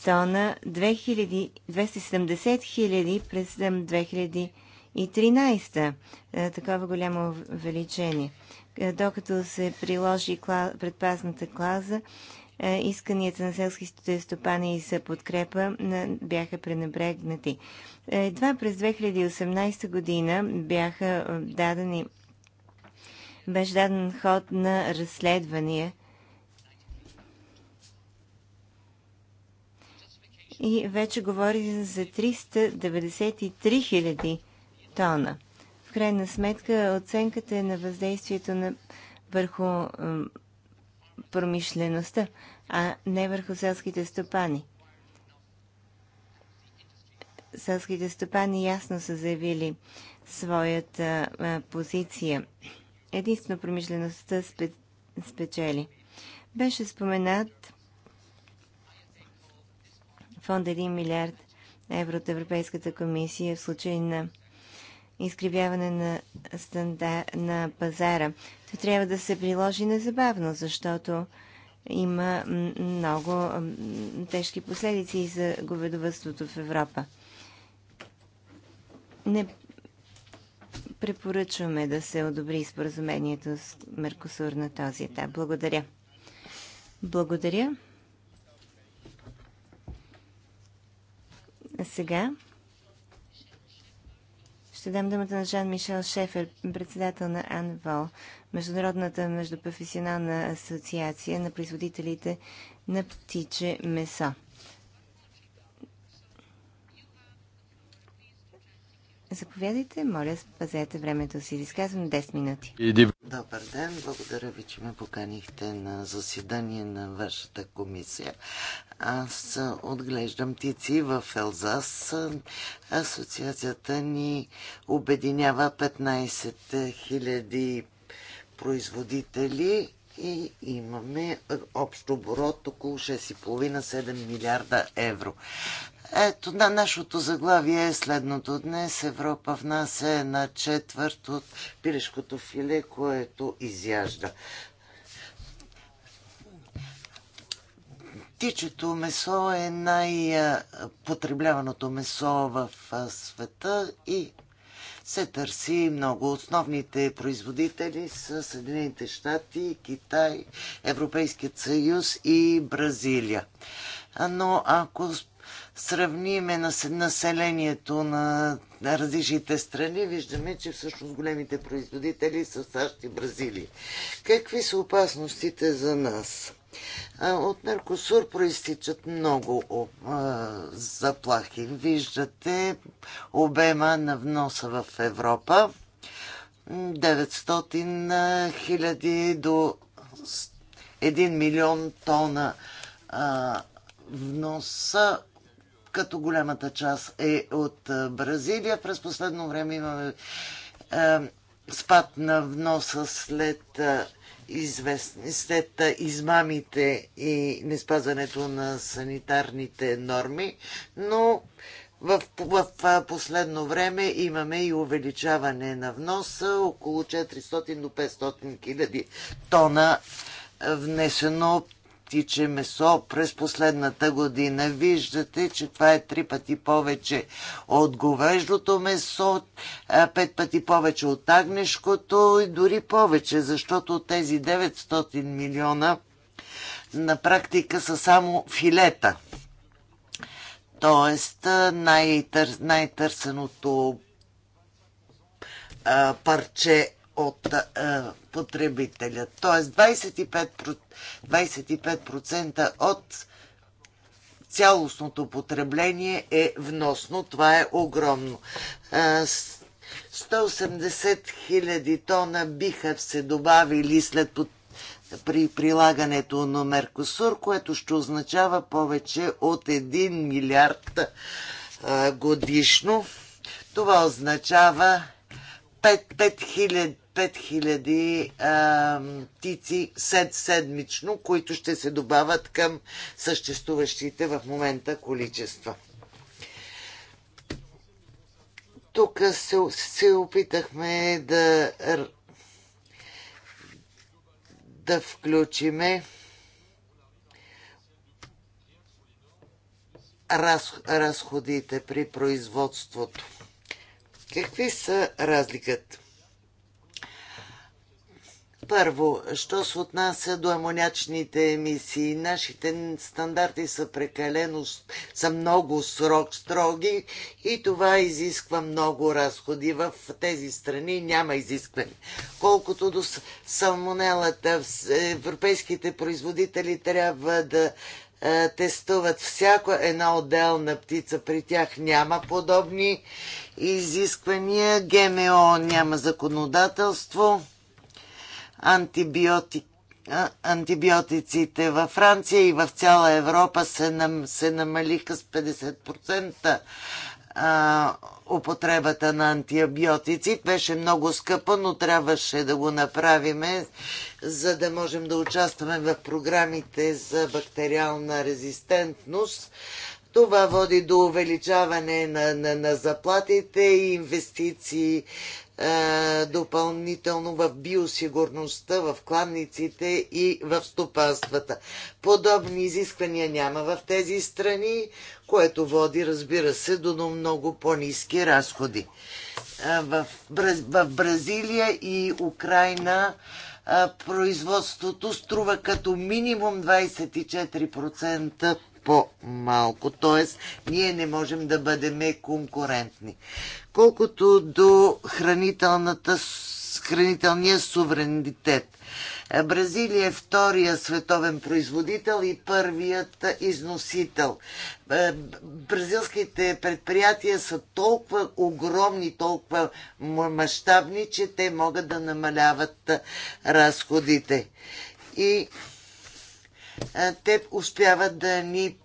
тона, 270 хиляди през 2013. Е, такова голямо увеличение. Е, докато се приложи предпазната клауза, е, исканията на селските стопани за подкрепа бяха пренебрегнати. Едва през 2018 година бяха дадени беше даден ход на разследвания – и вече говори за 393 000 тона. В крайна сметка оценката е на въздействието на върху промишлеността, а не върху селските стопани. Селските стопани ясно са заявили своята позиция. Единствено промишлеността спечели. Беше споменат фонд 1 милиард евро от Европейската комисия в случай на изкривяване на, станда... на пазара. Това трябва да се приложи незабавно, защото има много тежки последици за говедовътството в Европа. Не препоръчваме да се одобри споразумението с Меркосур на този етап. Благодаря. Благодаря. А сега ще дам думата на Жан-Мишел Шефер, председател на АНВОЛ, Международната междупрофесионална асоциация на производителите на птиче месо. Заповядайте, моля, спазете времето си. Изказвам 10 минути. Добър ден, благодаря ви, че ме поканихте на заседание на вашата комисия. Аз отглеждам птици в Елзас. Асоциацията ни обединява 15 000 производители и имаме общо оборот около 6,5-7 милиарда евро. Ето, да, нашото заглавие е следното. Днес Европа внася е на четвърт от пилешкото филе, което изяжда. Птичето месо е най-потребляваното месо в света и се търси много. Основните производители са Съединените щати, Китай, Европейският съюз и Бразилия. Но ако сравниме населението на различните страни, виждаме, че всъщност големите производители са САЩ и Бразилия. Какви са опасностите за нас? От Меркосур проистичат много заплахи. Виждате обема на вноса в Европа. 900 хиляди до 1 милион тона вноса като голямата част е от Бразилия. През последно време имаме е, спад на вноса след, е, известни, след е, измамите и неспазването на санитарните норми, но в, в, в последно време имаме и увеличаване на вноса около 400 до 500 хиляди тона внесено птиче месо през последната година. Виждате, че това е три пъти повече от говеждото месо, пет пъти повече от агнешкото и дори повече, защото тези 900 милиона на практика са само филета. Тоест най-тър, най-търсеното парче от а, потребителя. Тоест 25%, 25% от цялостното потребление е вносно. Това е огромно. 180 хиляди тона биха се добавили след под при прилагането на Меркосур, което ще означава повече от 1 милиард годишно. Това означава 5000 птици сед, седмично, които ще се добавят към съществуващите в момента количества. Тук се, се опитахме да, да включиме раз, разходите при производството. Какви са разликата? Първо, що се отнася до амонячните емисии, нашите стандарти са прекалено, са много срок, строги и това изисква много разходи. В тези страни няма изискване. Колкото до салмонелата, европейските производители трябва да е, тестуват всяко една отделна птица. При тях няма подобни изисквания. ГМО няма законодателство. Антибиотик, антибиотиците във Франция и в цяла Европа се, нам, се намалиха с 50% а, употребата на антибиотици. Беше много скъпа, но трябваше да го направиме, за да можем да участваме в програмите за бактериална резистентност. Това води до увеличаване на, на, на заплатите и инвестиции е, допълнително в биосигурността, в кладниците и в стопанствата. Подобни изисквания няма в тези страни, което води, разбира се, до много по-низки разходи. Е, в, в Бразилия и Украина е, производството струва като минимум 24% по-малко. Тоест, ние не можем да бъдем конкурентни. Колкото до хранителната, хранителния суверенитет. Е, Бразилия е втория световен производител и първият износител. Е, бразилските предприятия са толкова огромни, толкова мащабни, че те могат да намаляват е, разходите. И те успяват да ни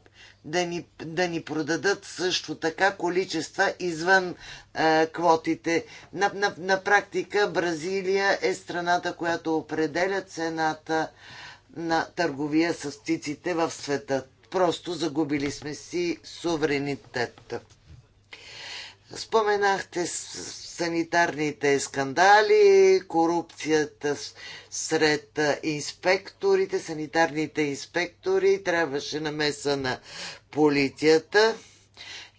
да ни, да ни продадат също така количества извън е, квотите. На, на, на практика Бразилия е страната, която определя цената на търговия с птиците в света. Просто загубили сме си суверенитет. Споменахте санитарните скандали, корупцията сред инспекторите, санитарните инспектори, трябваше намеса на полицията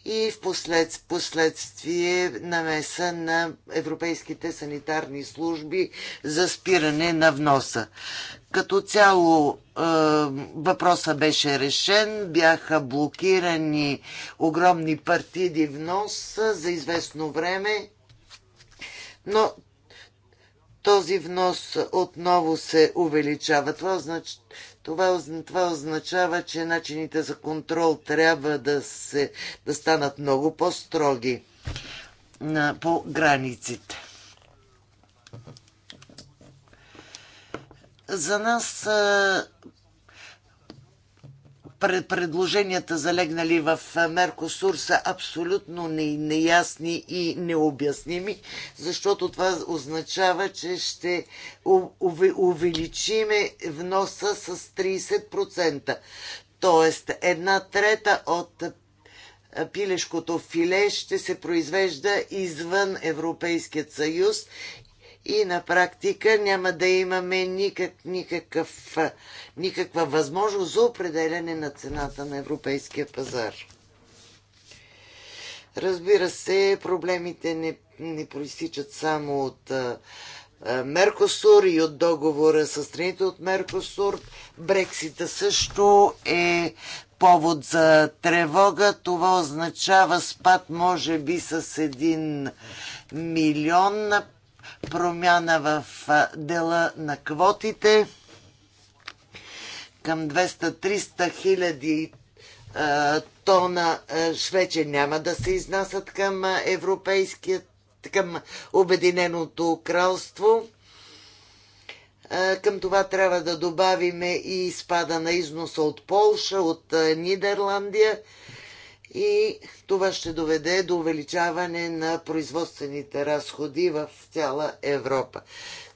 и в послед, последствие намеса на европейските санитарни служби за спиране на вноса. Като цяло е, въпроса беше решен, бяха блокирани огромни партиди внос за известно време но този внос отново се увеличава. Това означава, това, това означава че начините за контрол трябва да, се, да станат много по-строги по границите. За нас предложенията залегнали в Меркосур са абсолютно неясни и необясними, защото това означава, че ще увеличиме вноса с 30%. Тоест една трета от пилешкото филе ще се произвежда извън Европейският съюз и на практика няма да имаме никак, никакъв, никаква възможност за определене на цената на европейския пазар. Разбира се, проблемите не, не проистичат само от а, Меркосур и от договора с страните от Меркосур. Брексита също е повод за тревога. Това означава спад, може би, с един милион на промяна в дела на квотите към 200-300 хиляди тона швече няма да се изнасят към европейският, към Обединеното кралство. Към това трябва да добавиме и спада на износа от Полша, от Нидерландия – и това ще доведе до увеличаване на производствените разходи в цяла Европа.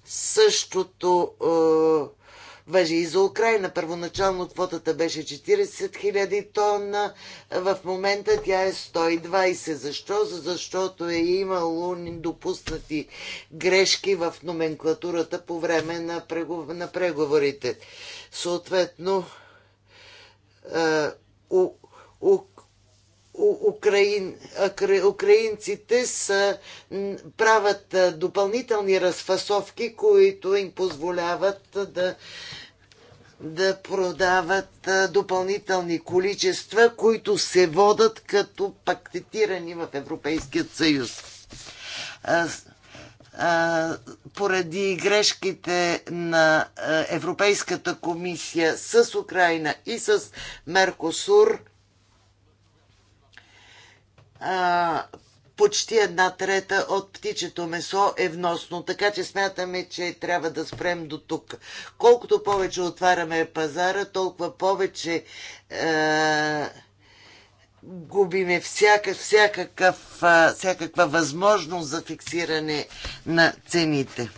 Същото е, въжи и за Украина. Първоначално квотата беше 40 000 тона, в момента тя е 120. Защо? Защото е имало допуснати грешки в номенклатурата по време на, прегов... на преговорите. Съответно, е, у... У украин, украинците са, правят допълнителни разфасовки, които им позволяват да, да продават допълнителни количества, които се водат като пактетирани в Европейския съюз. А, а, поради грешките на Европейската комисия с Украина и с Меркосур, а, почти една трета от птичето месо е вносно, така че смятаме, че трябва да спрем до тук. Колкото повече отваряме пазара, толкова повече е, губиме всяка, всякакъв, всякаква възможност за фиксиране на цените.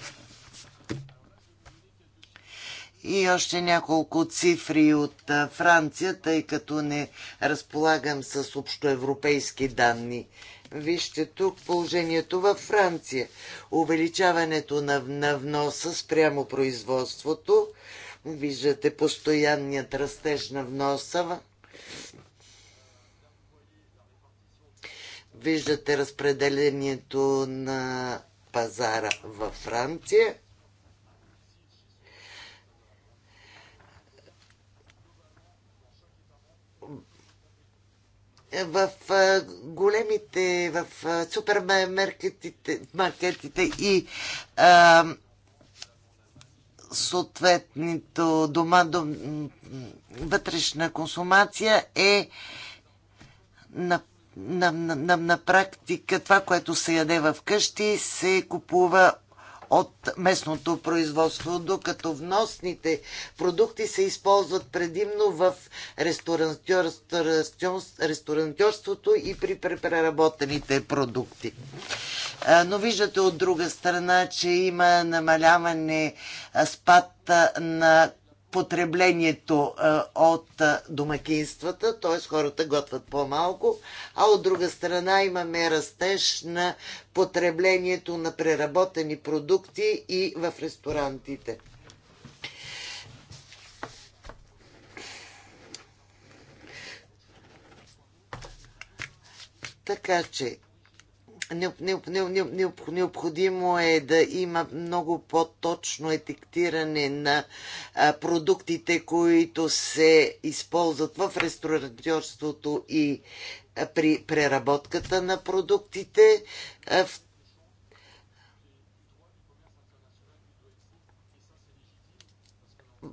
И още няколко цифри от Франция, тъй като не разполагам с общоевропейски данни. Вижте тук положението във Франция. Увеличаването на, на вноса спрямо производството. Виждате постоянният растеж на вноса. Виждате разпределението на пазара във Франция. в големите, в супермаркетите маркетите и а, съответното дома, до вътрешна консумация е на, на, на, на, на практика това, което се яде в къщи, се купува от местното производство, докато вносните продукти се използват предимно в ресторантьорството и при преработените продукти. Но виждате от друга страна, че има намаляване, спад на потреблението е, от е, домакинствата, т.е. хората готвят по-малко, а от друга страна имаме растеж на потреблението на преработени продукти и в ресторантите. Така че необходимо е да има много по-точно етиктиране на продуктите, които се използват в ресторантьорството и при преработката на продуктите.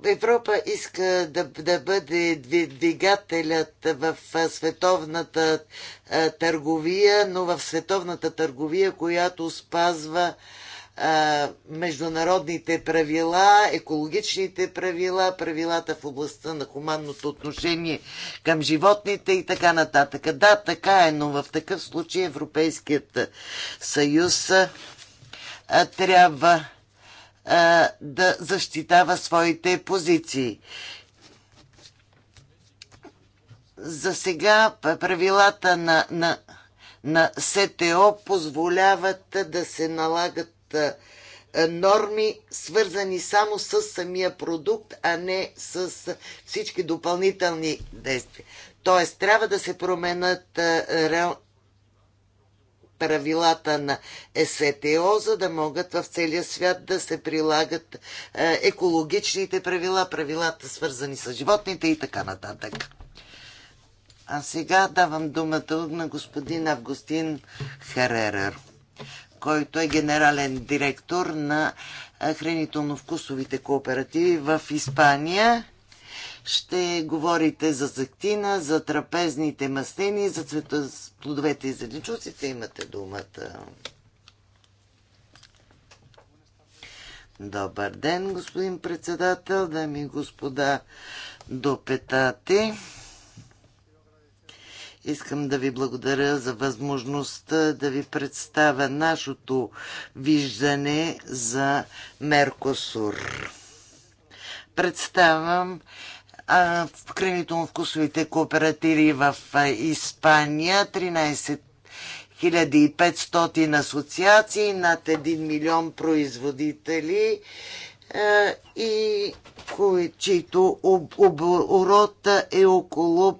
Европа иска да, да бъде двигателят в световната търговия, но в световната търговия, която спазва международните правила, екологичните правила, правилата в областта на хуманното отношение към животните и така нататък. Да, така е, но в такъв случай Европейският съюз трябва да защитава своите позиции. За сега правилата на, на, на СТО позволяват да се налагат норми, свързани само с самия продукт, а не с всички допълнителни действия. Тоест, трябва да се променят правилата на СТО, за да могат в целия свят да се прилагат е, екологичните правила, правилата свързани с животните и така нататък. А сега давам думата на господин Августин Херерер, който е генерален директор на е, хранително-вкусовите кооперативи в Испания ще говорите за зактина, за трапезните маслини, за цвета с плодовете и зеленчуците. Имате думата. Добър ден, господин председател, дами и господа допетати. Искам да ви благодаря за възможността да ви представя нашето виждане за Меркосур. Представям в хранително-вкусовите кооперативи в Испания, 13 асоциации, над 1 милион производители и чието оборот е около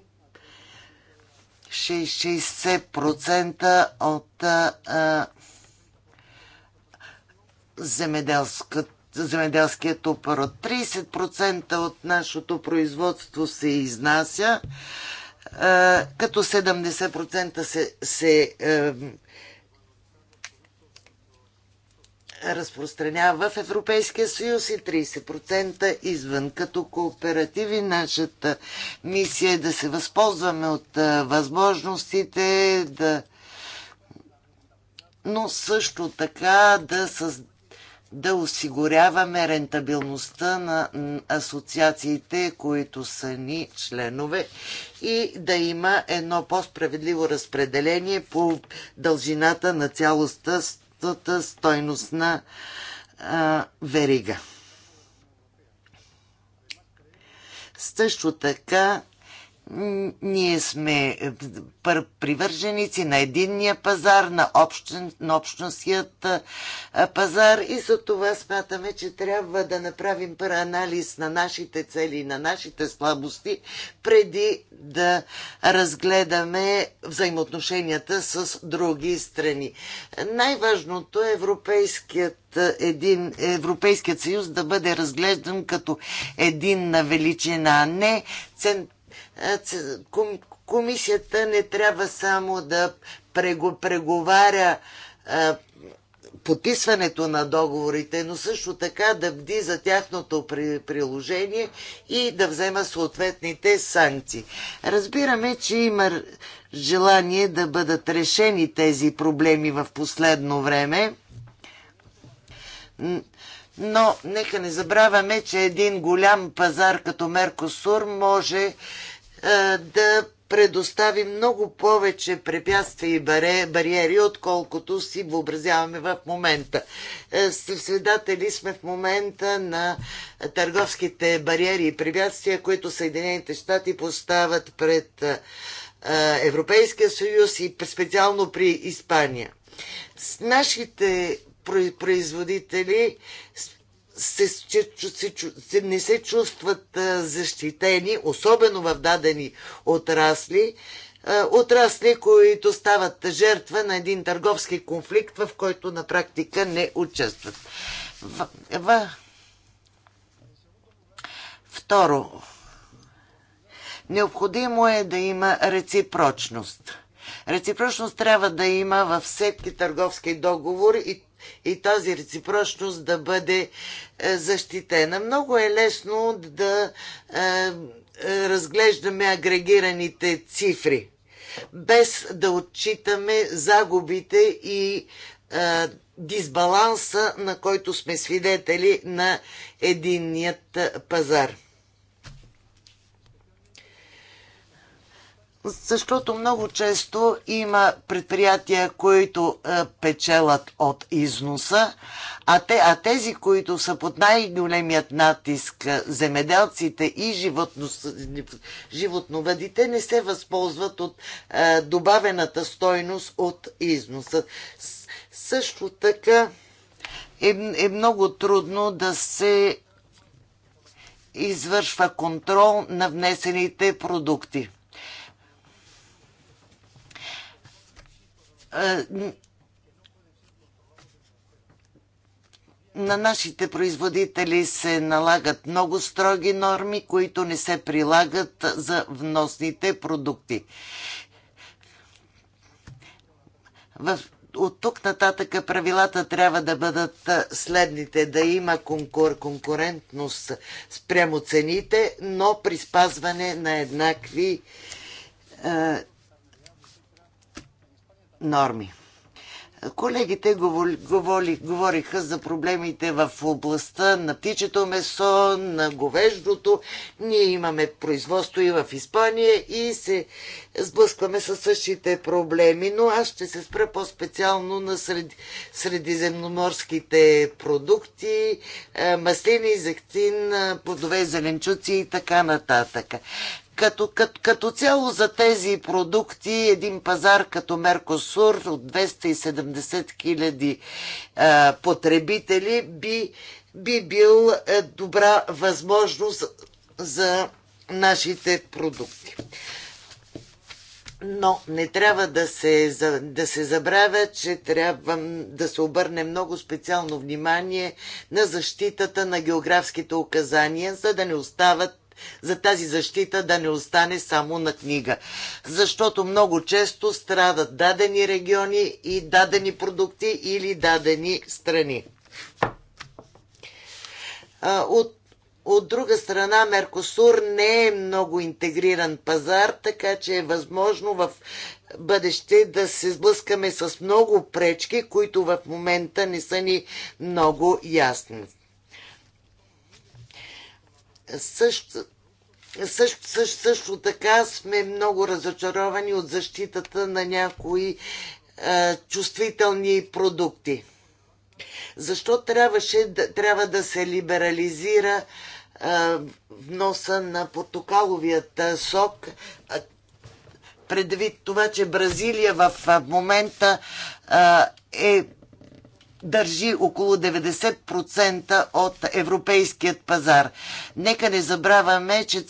60% от а, земеделската за земеделският оборот. 30% от нашето производство се изнася, е, като 70% се, се се разпространява в Европейския съюз и 30% извън. Като кооперативи нашата мисия е да се възползваме от е, възможностите, да но също така да, съз да осигуряваме рентабилността на асоциациите, които са ни членове и да има едно по-справедливо разпределение по дължината на цялостта, стойност на а, верига. Също така ние сме привърженици на единния пазар, на, общен, на общностият пазар и за това смятаме, че трябва да направим анализ на нашите цели и на нашите слабости, преди да разгледаме взаимоотношенията с други страни. Най-важното е европейският един Европейският съюз да бъде разглеждан като на величина, а не цен, комисията не трябва само да преговаря подписването на договорите, но също така да бди за тяхното приложение и да взема съответните санкции. Разбираме, че има желание да бъдат решени тези проблеми в последно време, но нека не забравяме, че един голям пазар като Меркосур може да предостави много повече препятствия и бариери, отколкото си въобразяваме в момента. Е, Свидатели сме в момента на търговските бариери и препятствия, които Съединените щати поставят пред Европейския съюз и специално при Испания. С нашите производители се, се, се, се, не се чувстват а, защитени, особено в дадени отрасли, а, отрасли, които стават жертва на един търговски конфликт, в който на практика не участват. В, в... Второ, необходимо е да има реципрочност. Реципрочност трябва да има във всеки търговски договор и и тази реципрочност да бъде е, защитена. Много е лесно да е, е, разглеждаме агрегираните цифри, без да отчитаме загубите и дисбаланса, на който сме свидетели на единният пазар. защото много често има предприятия, които е, печелят от износа, а, те, а тези, които са под най-големият натиск, е, земеделците и животно, животновъдите, не се възползват от е, добавената стойност от износа. също така е, е много трудно да се извършва контрол на внесените продукти. на нашите производители се налагат много строги норми, които не се прилагат за вносните продукти. В, от тук нататък правилата трябва да бъдат следните, да има конкур, конкурентност спрямо цените, но при спазване на еднакви е, норми. Колегите говори, говориха за проблемите в областта на птичето месо, на говеждото. Ние имаме производство и в Испания и се сблъскваме със същите проблеми, но аз ще се спра по-специално на сред, средиземноморските продукти, е, маслини, зехтин, е, плодове, зеленчуци и така нататък. Като, като, като цяло за тези продукти един пазар като Меркосур от 270 хиляди потребители би, би бил е, добра възможност за нашите продукти. Но не трябва да се, да се забравя, че трябва да се обърне много специално внимание на защитата на географските указания, за да не остават за тази защита да не остане само на книга. Защото много често страдат дадени региони и дадени продукти или дадени страни. От от друга страна, Меркосур не е много интегриран пазар, така че е възможно в бъдеще да се сблъскаме с много пречки, които в момента не са ни много ясни. Също, също, също, също така сме много разочаровани от защитата на някои е, чувствителни продукти. Защо трябваше, да, трябва да се либерализира е, вноса на портокаловият е, сок, е, предвид това, че Бразилия в момента е, е държи около 90% от европейският пазар. Нека не забравяме, че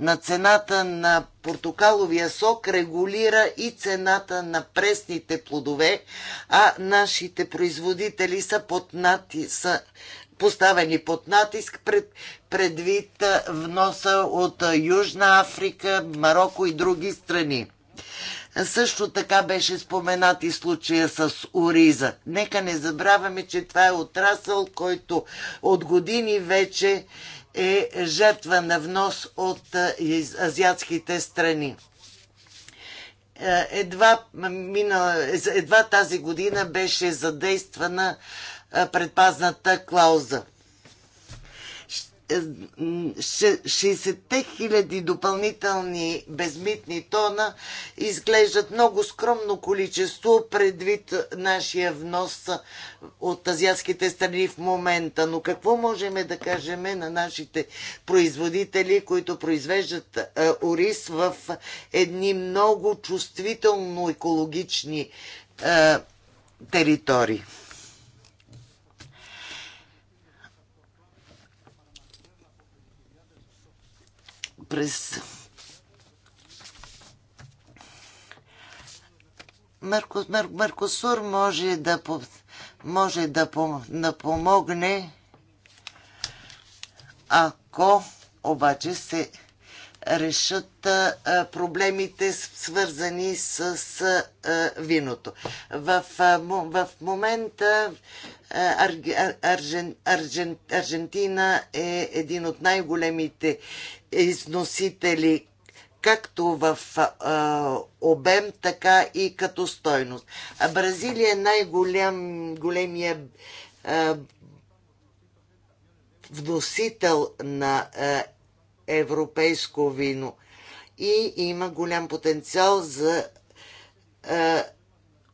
на цената на портокаловия сок регулира и цената на пресните плодове, а нашите производители са под натиса поставени под натиск пред, предвид вноса от Южна Африка, Марокко и други страни. Също така беше споменат и случая с Ориза. Нека не забравяме, че това е отрасъл, който от години вече е жертва на внос от азиатските страни. Е, едва, минала, е, едва тази година беше задействана предпазната клауза. 60-те е, хиляди допълнителни безмитни тона изглеждат много скромно количество предвид нашия внос от азиатските страни в момента. Но какво можем да кажем на нашите производители, които произвеждат е, ориз в едни много чувствително екологични е, територии? през Меркосур може да, може да, да помогне, ако обаче се решат проблемите, свързани с виното. В, в момента е, Аржен, Аржен, Аржентина е един от най-големите износители както в а, обем, така и като стойност. А Бразилия е най-големия вносител на а, европейско вино и има голям потенциал за а,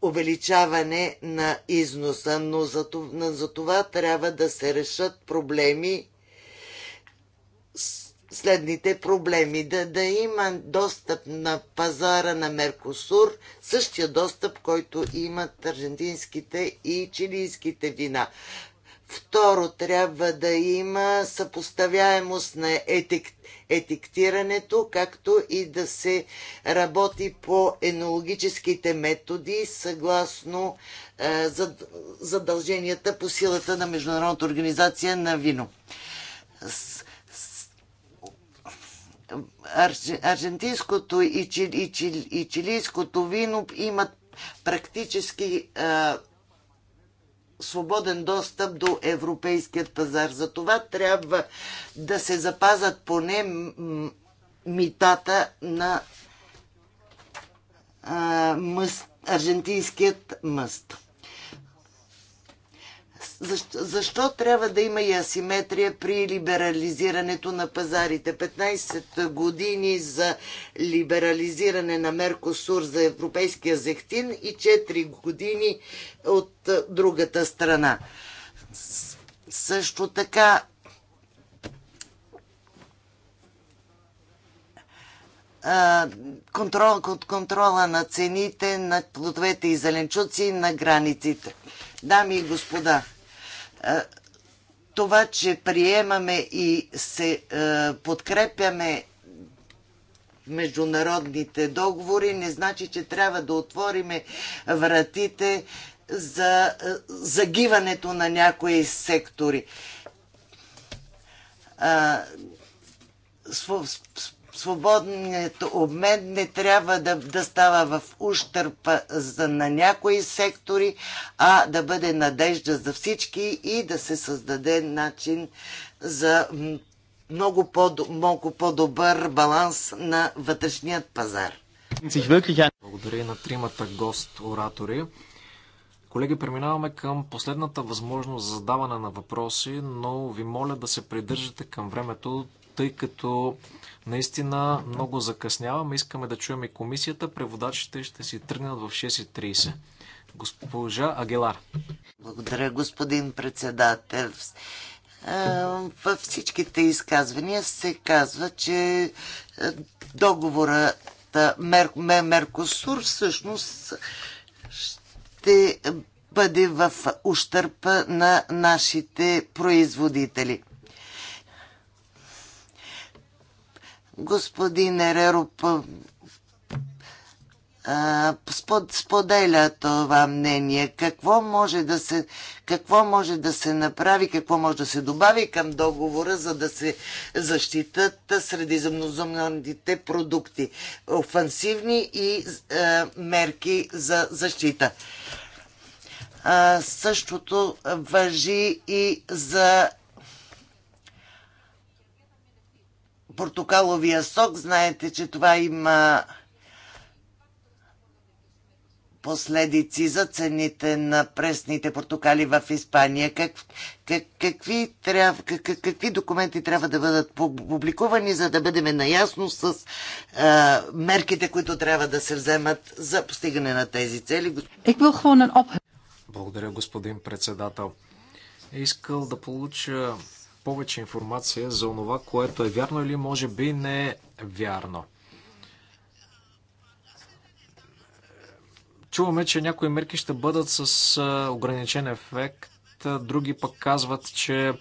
увеличаване на износа, но за това, за това трябва да се решат проблеми следните проблеми. Да, да има достъп на пазара на Меркосур, същия достъп, който имат аржентинските и чилийските вина. Второ, трябва да има съпоставяемост на етик, етиктирането, както и да се работи по енологическите методи, съгласно е, зад, задълженията по силата на Международната организация на вино. С, с, аржентинското и, чили, и, чили, и чилийското вино имат практически е, свободен достъп до европейският пазар. За това трябва да се запазат поне митата на а, мъст, аржентинският мъст защо, защо трябва да има и асиметрия при либерализирането на пазарите? 15 години за либерализиране на Меркосур за европейския зехтин и 4 години от другата страна. Също така контрол, контрола на цените на плодовете и зеленчуци на границите. Дами и господа, това, че приемаме и се подкрепяме международните договори, не значи, че трябва да отвориме вратите за загиването на някои сектори свободният обмен не трябва да, да става в ущърп за, на някои сектори, а да бъде надежда за всички и да се създаде начин за много, по, много по-добър баланс на вътрешният пазар. Благодаря и на тримата гост-оратори. Колеги, преминаваме към последната възможност за задаване на въпроси, но ви моля да се придържате към времето, тъй като наистина много закъсняваме. Искаме да чуем и комисията. Преводачите ще си тръгнат в 6.30. Госпожа Агелар. Благодаря, господин председател. Е, във всичките изказвания се казва, че е, договора Мер, Меркосур всъщност ще бъде в ущърпа на нашите производители. господин Ереро споделя това мнение. Какво може, да се, какво може да се направи, какво може да се добави към договора, за да се защитат средиземноземните продукти? Офансивни и а, мерки за защита. А, същото въжи и за портокаловия сок. Знаете, че това има последици за цените на пресните портокали в Испания. Как, как, какви, трябва, как, какви документи трябва да бъдат публикувани, за да бъдем наясно с а, мерките, които трябва да се вземат за постигане на тези цели? Благодаря, господин председател. Искал да получа повече информация за това, което е вярно или може би не е вярно. Чуваме, че някои мерки ще бъдат с ограничен ефект, други пък казват, че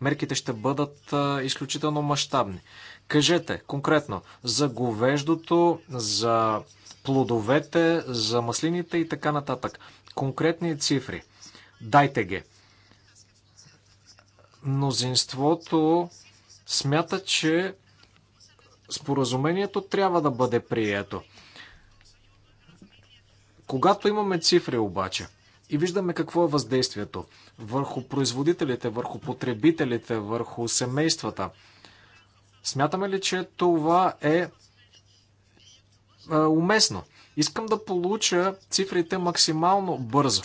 мерките ще бъдат изключително мащабни. Кажете конкретно за говеждото, за плодовете, за маслините и така нататък. Конкретни цифри. Дайте ги мнозинството смята, че споразумението трябва да бъде прието. Когато имаме цифри обаче и виждаме какво е въздействието върху производителите, върху потребителите, върху семействата, смятаме ли, че това е, е уместно? Искам да получа цифрите максимално бързо,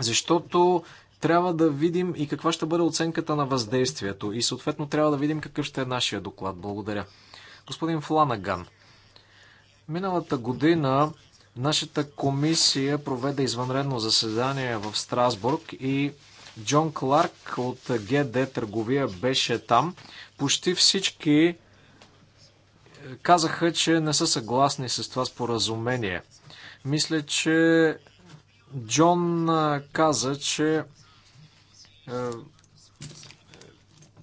защото трябва да видим и каква ще бъде оценката на въздействието и съответно трябва да видим какъв ще е нашия доклад. Благодаря. Господин Фланаган, миналата година нашата комисия проведе извънредно заседание в Страсбург и Джон Кларк от ГД Търговия беше там. Почти всички е, казаха, че не са съгласни с това споразумение. Мисля, че Джон е, каза, че е,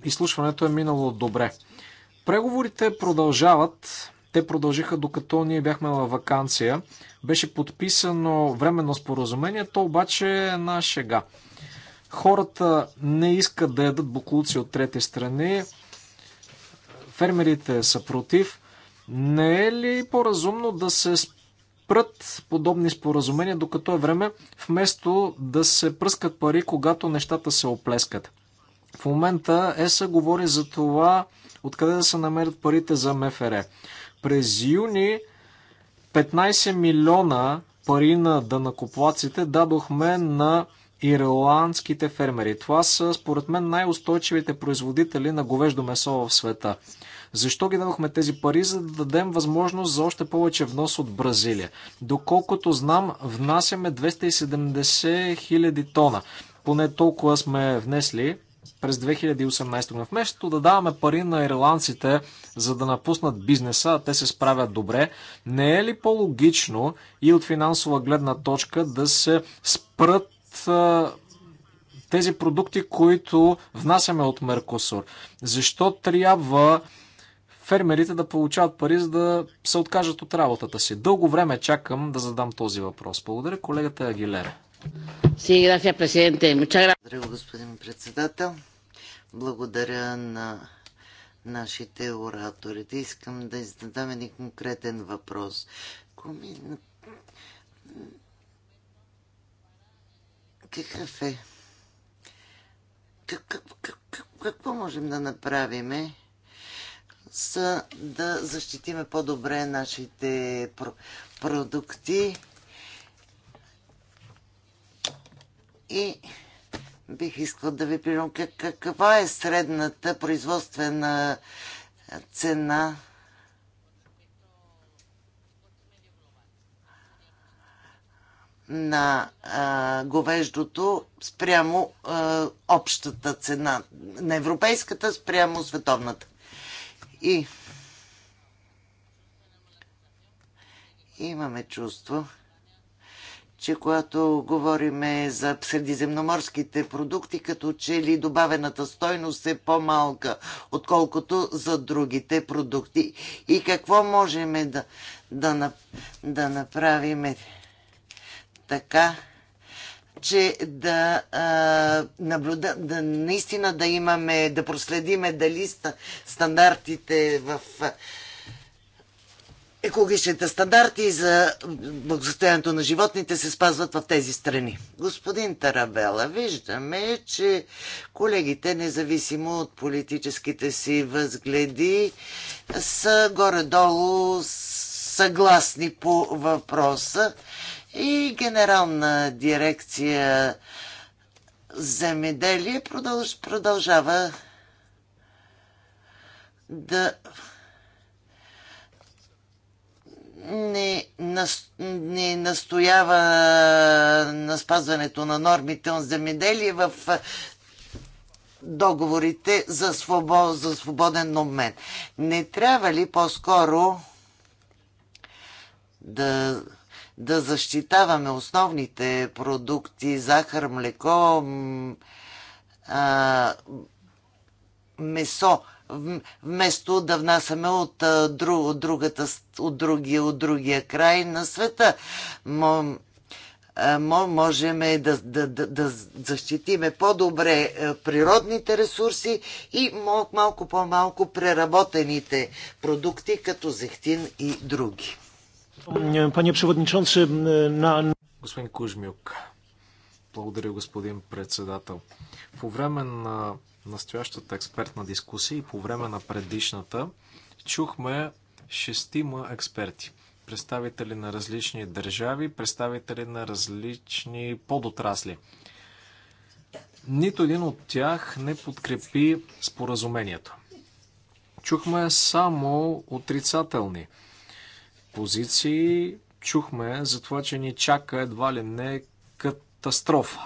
изслушването е минало добре. Преговорите продължават. Те продължиха докато ние бяхме във вакансия. Беше подписано временно споразумение, то обаче е на шега. Хората не искат да ядат буклуци от трети страни. Фермерите са против. Не е ли по-разумно да се спрат подобни споразумения, докато е време, вместо да се пръскат пари, когато нещата се оплескат. В момента ЕСА говори за това, откъде да се намерят парите за МФР. През юни 15 милиона пари на дънакоплаците дадохме на ирландските фермери. Това са, според мен, най-устойчивите производители на говеждо месо в света. Защо ги дадохме тези пари? За да дадем възможност за още повече внос от Бразилия. Доколкото знам, внасяме 270 хиляди тона. Поне толкова сме внесли през 2018 година. Вместо да даваме пари на ирландците, за да напуснат бизнеса, а те се справят добре, не е ли по-логично и от финансова гледна точка да се спрат тези продукти, които внасяме от Меркосур? Защо трябва фермерите да получават пари, за да се откажат от работата си? Дълго време чакам да задам този въпрос. Благодаря колегата Агилера. Благодаря, господин председател. Благодаря на нашите оратори. Искам да издадам един конкретен въпрос. Коми... Какъв е? Как, какво можем да направиме? са да защитиме по-добре нашите продукти и бих искал да ви пирам каква е средната производствена цена на а, говеждото спрямо а, общата цена на европейската спрямо световната. И имаме чувство, че когато говориме за средиземноморските продукти, като че ли добавената стойност е по-малка, отколкото за другите продукти. И какво можем да, да, да направим така, че да а, наблюда, да, наистина да имаме, да проследиме дали стандартите в екологичните стандарти за благосостоянието на животните се спазват в тези страни. Господин Тарабела, виждаме, че колегите, независимо от политическите си възгледи, са горе-долу съгласни по въпроса и генерална дирекция земеделие продълж, продължава да не, нас, не настоява на спазването на нормите на земеделие в договорите за, свобо, за свободен обмен. Не трябва ли по-скоро да да защитаваме основните продукти, захар, млеко, месо, вместо да внасяме от, друг, от, другата, от, другия, от другия край на света. можем да, да, да, да защитиме по-добре природните ресурси и малко по-малко преработените продукти, като зехтин и други. Господин Кужмюк, благодаря, господин председател. По време на настоящата експертна дискусия и по време на предишната чухме шестима експерти. Представители на различни държави, представители на различни подотрасли. Нито един от тях не подкрепи споразумението. Чухме само отрицателни позиции. Чухме за това, че ни чака едва ли не катастрофа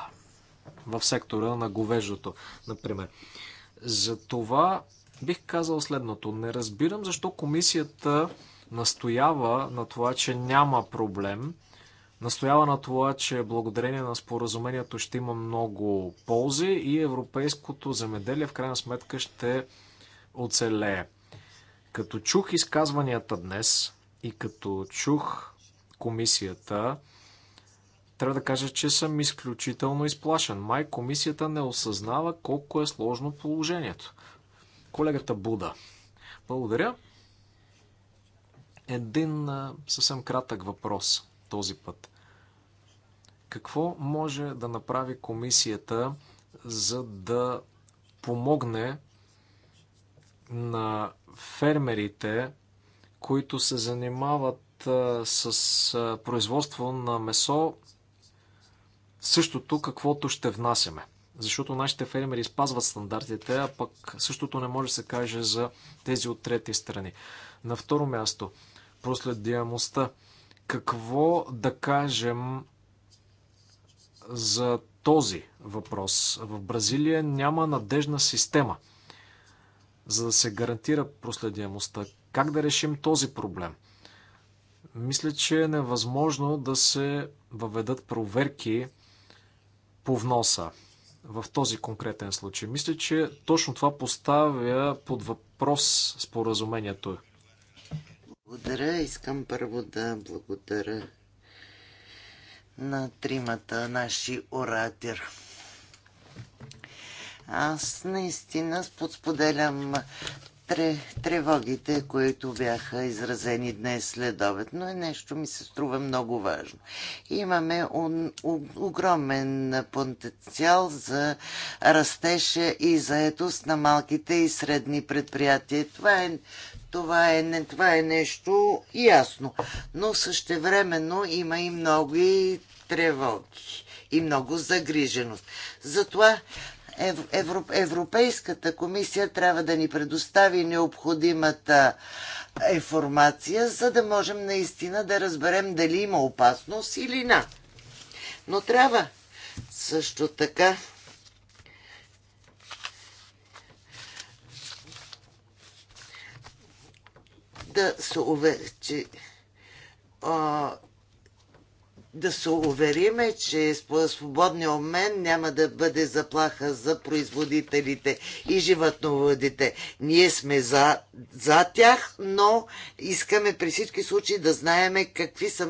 в сектора на говеждото, например. За това бих казал следното. Не разбирам защо комисията настоява на това, че няма проблем, настоява на това, че благодарение на споразумението ще има много ползи и европейското земеделие в крайна сметка ще оцелее. Като чух изказванията днес, и като чух комисията, трябва да кажа, че съм изключително изплашен. Май комисията не осъзнава колко е сложно положението. Колегата Буда. Благодаря. Един съвсем кратък въпрос този път. Какво може да направи комисията, за да помогне на фермерите които се занимават с производство на месо, същото каквото ще внасяме. Защото нашите фермери спазват стандартите, а пък същото не може да се каже за тези от трети страни. На второ място, проследяемостта. Какво да кажем за този въпрос? В Бразилия няма надежна система, за да се гарантира проследяемостта. Как да решим този проблем? Мисля, че е невъзможно да се въведат проверки по вноса в този конкретен случай. Мисля, че точно това поставя под въпрос споразумението. Благодаря. Искам първо да благодаря на тримата наши оратир. Аз наистина споделям тревогите, които бяха изразени днес след обед, но е нещо ми се струва много важно. Имаме огромен потенциал за растеж и заетост на малките и средни предприятия. Това е, това е, не, това е нещо ясно, но същевременно има и много и тревоги и много загриженост. Затова Европейската комисия трябва да ни предостави необходимата информация, за да можем наистина да разберем дали има опасност или не. Но трябва също така да се увери, че да се увериме, че свободния обмен няма да бъде заплаха за производителите и животноводите. Ние сме за, за тях, но искаме при всички случаи да знаеме какви са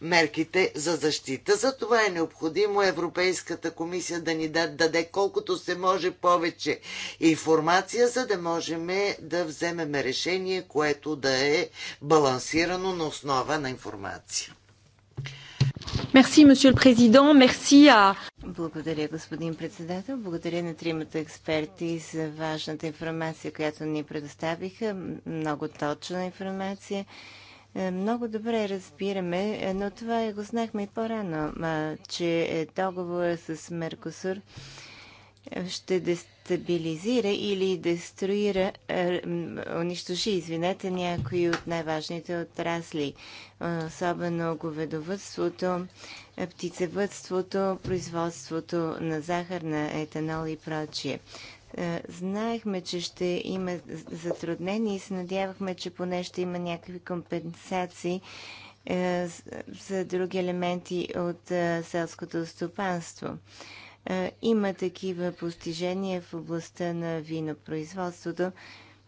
мерките за защита. За това е необходимо Европейската комисия да ни даде колкото се може повече информация, за да можем да вземем решение, което да е балансирано на основа на информация. Благодаря, господин председател. Благодаря на тримата експерти за важната информация, която ни предоставиха. Много точна информация. Е, много добре разбираме, е, но това го знахме и по-рано, е, че договора с Меркосур ще дестабилизира или деструира, е, унищожи, извинете, някои от най-важните отрасли, е, особено говедовътството, е, птицевътството, производството на захар, на етанол и прочие. Знаехме, че ще има затруднения и се надявахме, че поне ще има някакви компенсации за други елементи от селското стопанство. Е, има такива постижения в областта на винопроизводството,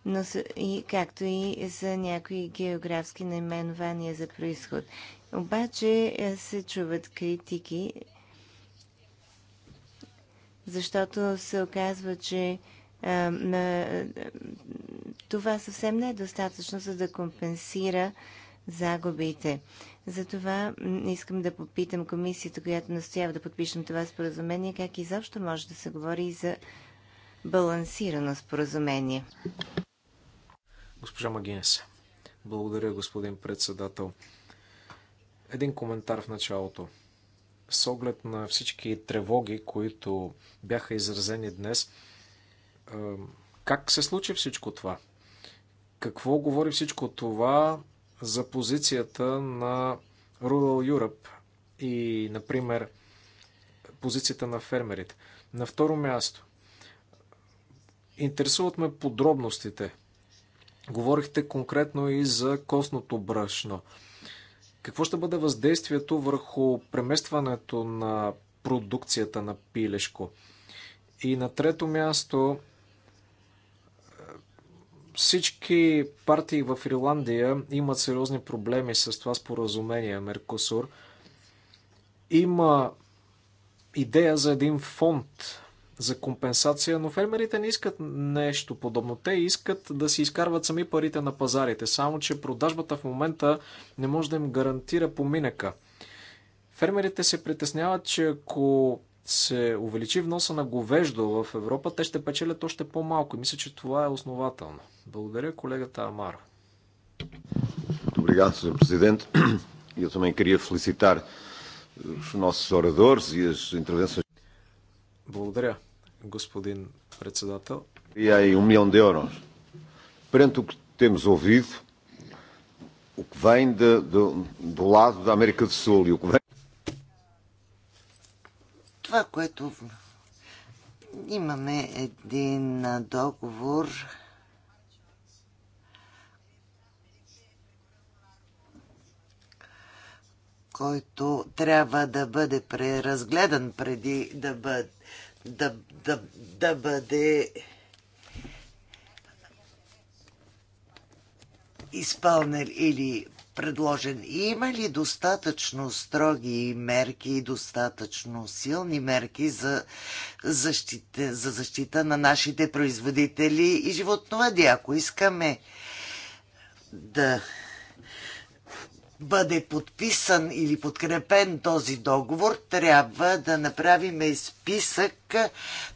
но и, както и за някои географски наименования за происход. Обаче е, се чуват критики, защото се оказва, че е, това съвсем не е достатъчно, за да компенсира загубите. Затова искам да попитам комисията, която настоява да подпишем това споразумение, как изобщо може да се говори и за балансирано споразумение. Госпожа Магинес, благодаря господин председател. Един коментар в началото. С оглед на всички тревоги, които бяха изразени днес, как се случи всичко това? Какво говори всичко това за позицията на Rural Europe и, например, позицията на фермерите. На второ място, интересуват ме подробностите. Говорихте конкретно и за костното брашно. Какво ще бъде въздействието върху преместването на продукцията на пилешко? И на трето място, всички партии в Ирландия имат сериозни проблеми с това споразумение Меркосур. Има идея за един фонд за компенсация, но фермерите не искат нещо подобно. Те искат да си изкарват сами парите на пазарите, само че продажбата в момента не може да им гарантира поминъка. Фермерите се притесняват, че ако се увеличи вноса на говеждо в Европа, те ще печелят още по-малко. Мисля, че това е основателно. Благодаря, колегата Амаро. Obrigado, Sr. Presidente. Eu também queria felicitar os nossos oradores e as intervenções. Благодаря, господин председател. E aí, um milhão de euros. Perante o que temos ouvido, o que vem de, de, do lado da América do Sul e o que vem това, което имаме един договор, който трябва да бъде преразгледан преди да бъде, да, да, да бъде изпълнен или предложен. Има ли достатъчно строги мерки и достатъчно силни мерки за защита, за защита на нашите производители и животновъди? Ако искаме да бъде подписан или подкрепен този договор, трябва да направим списък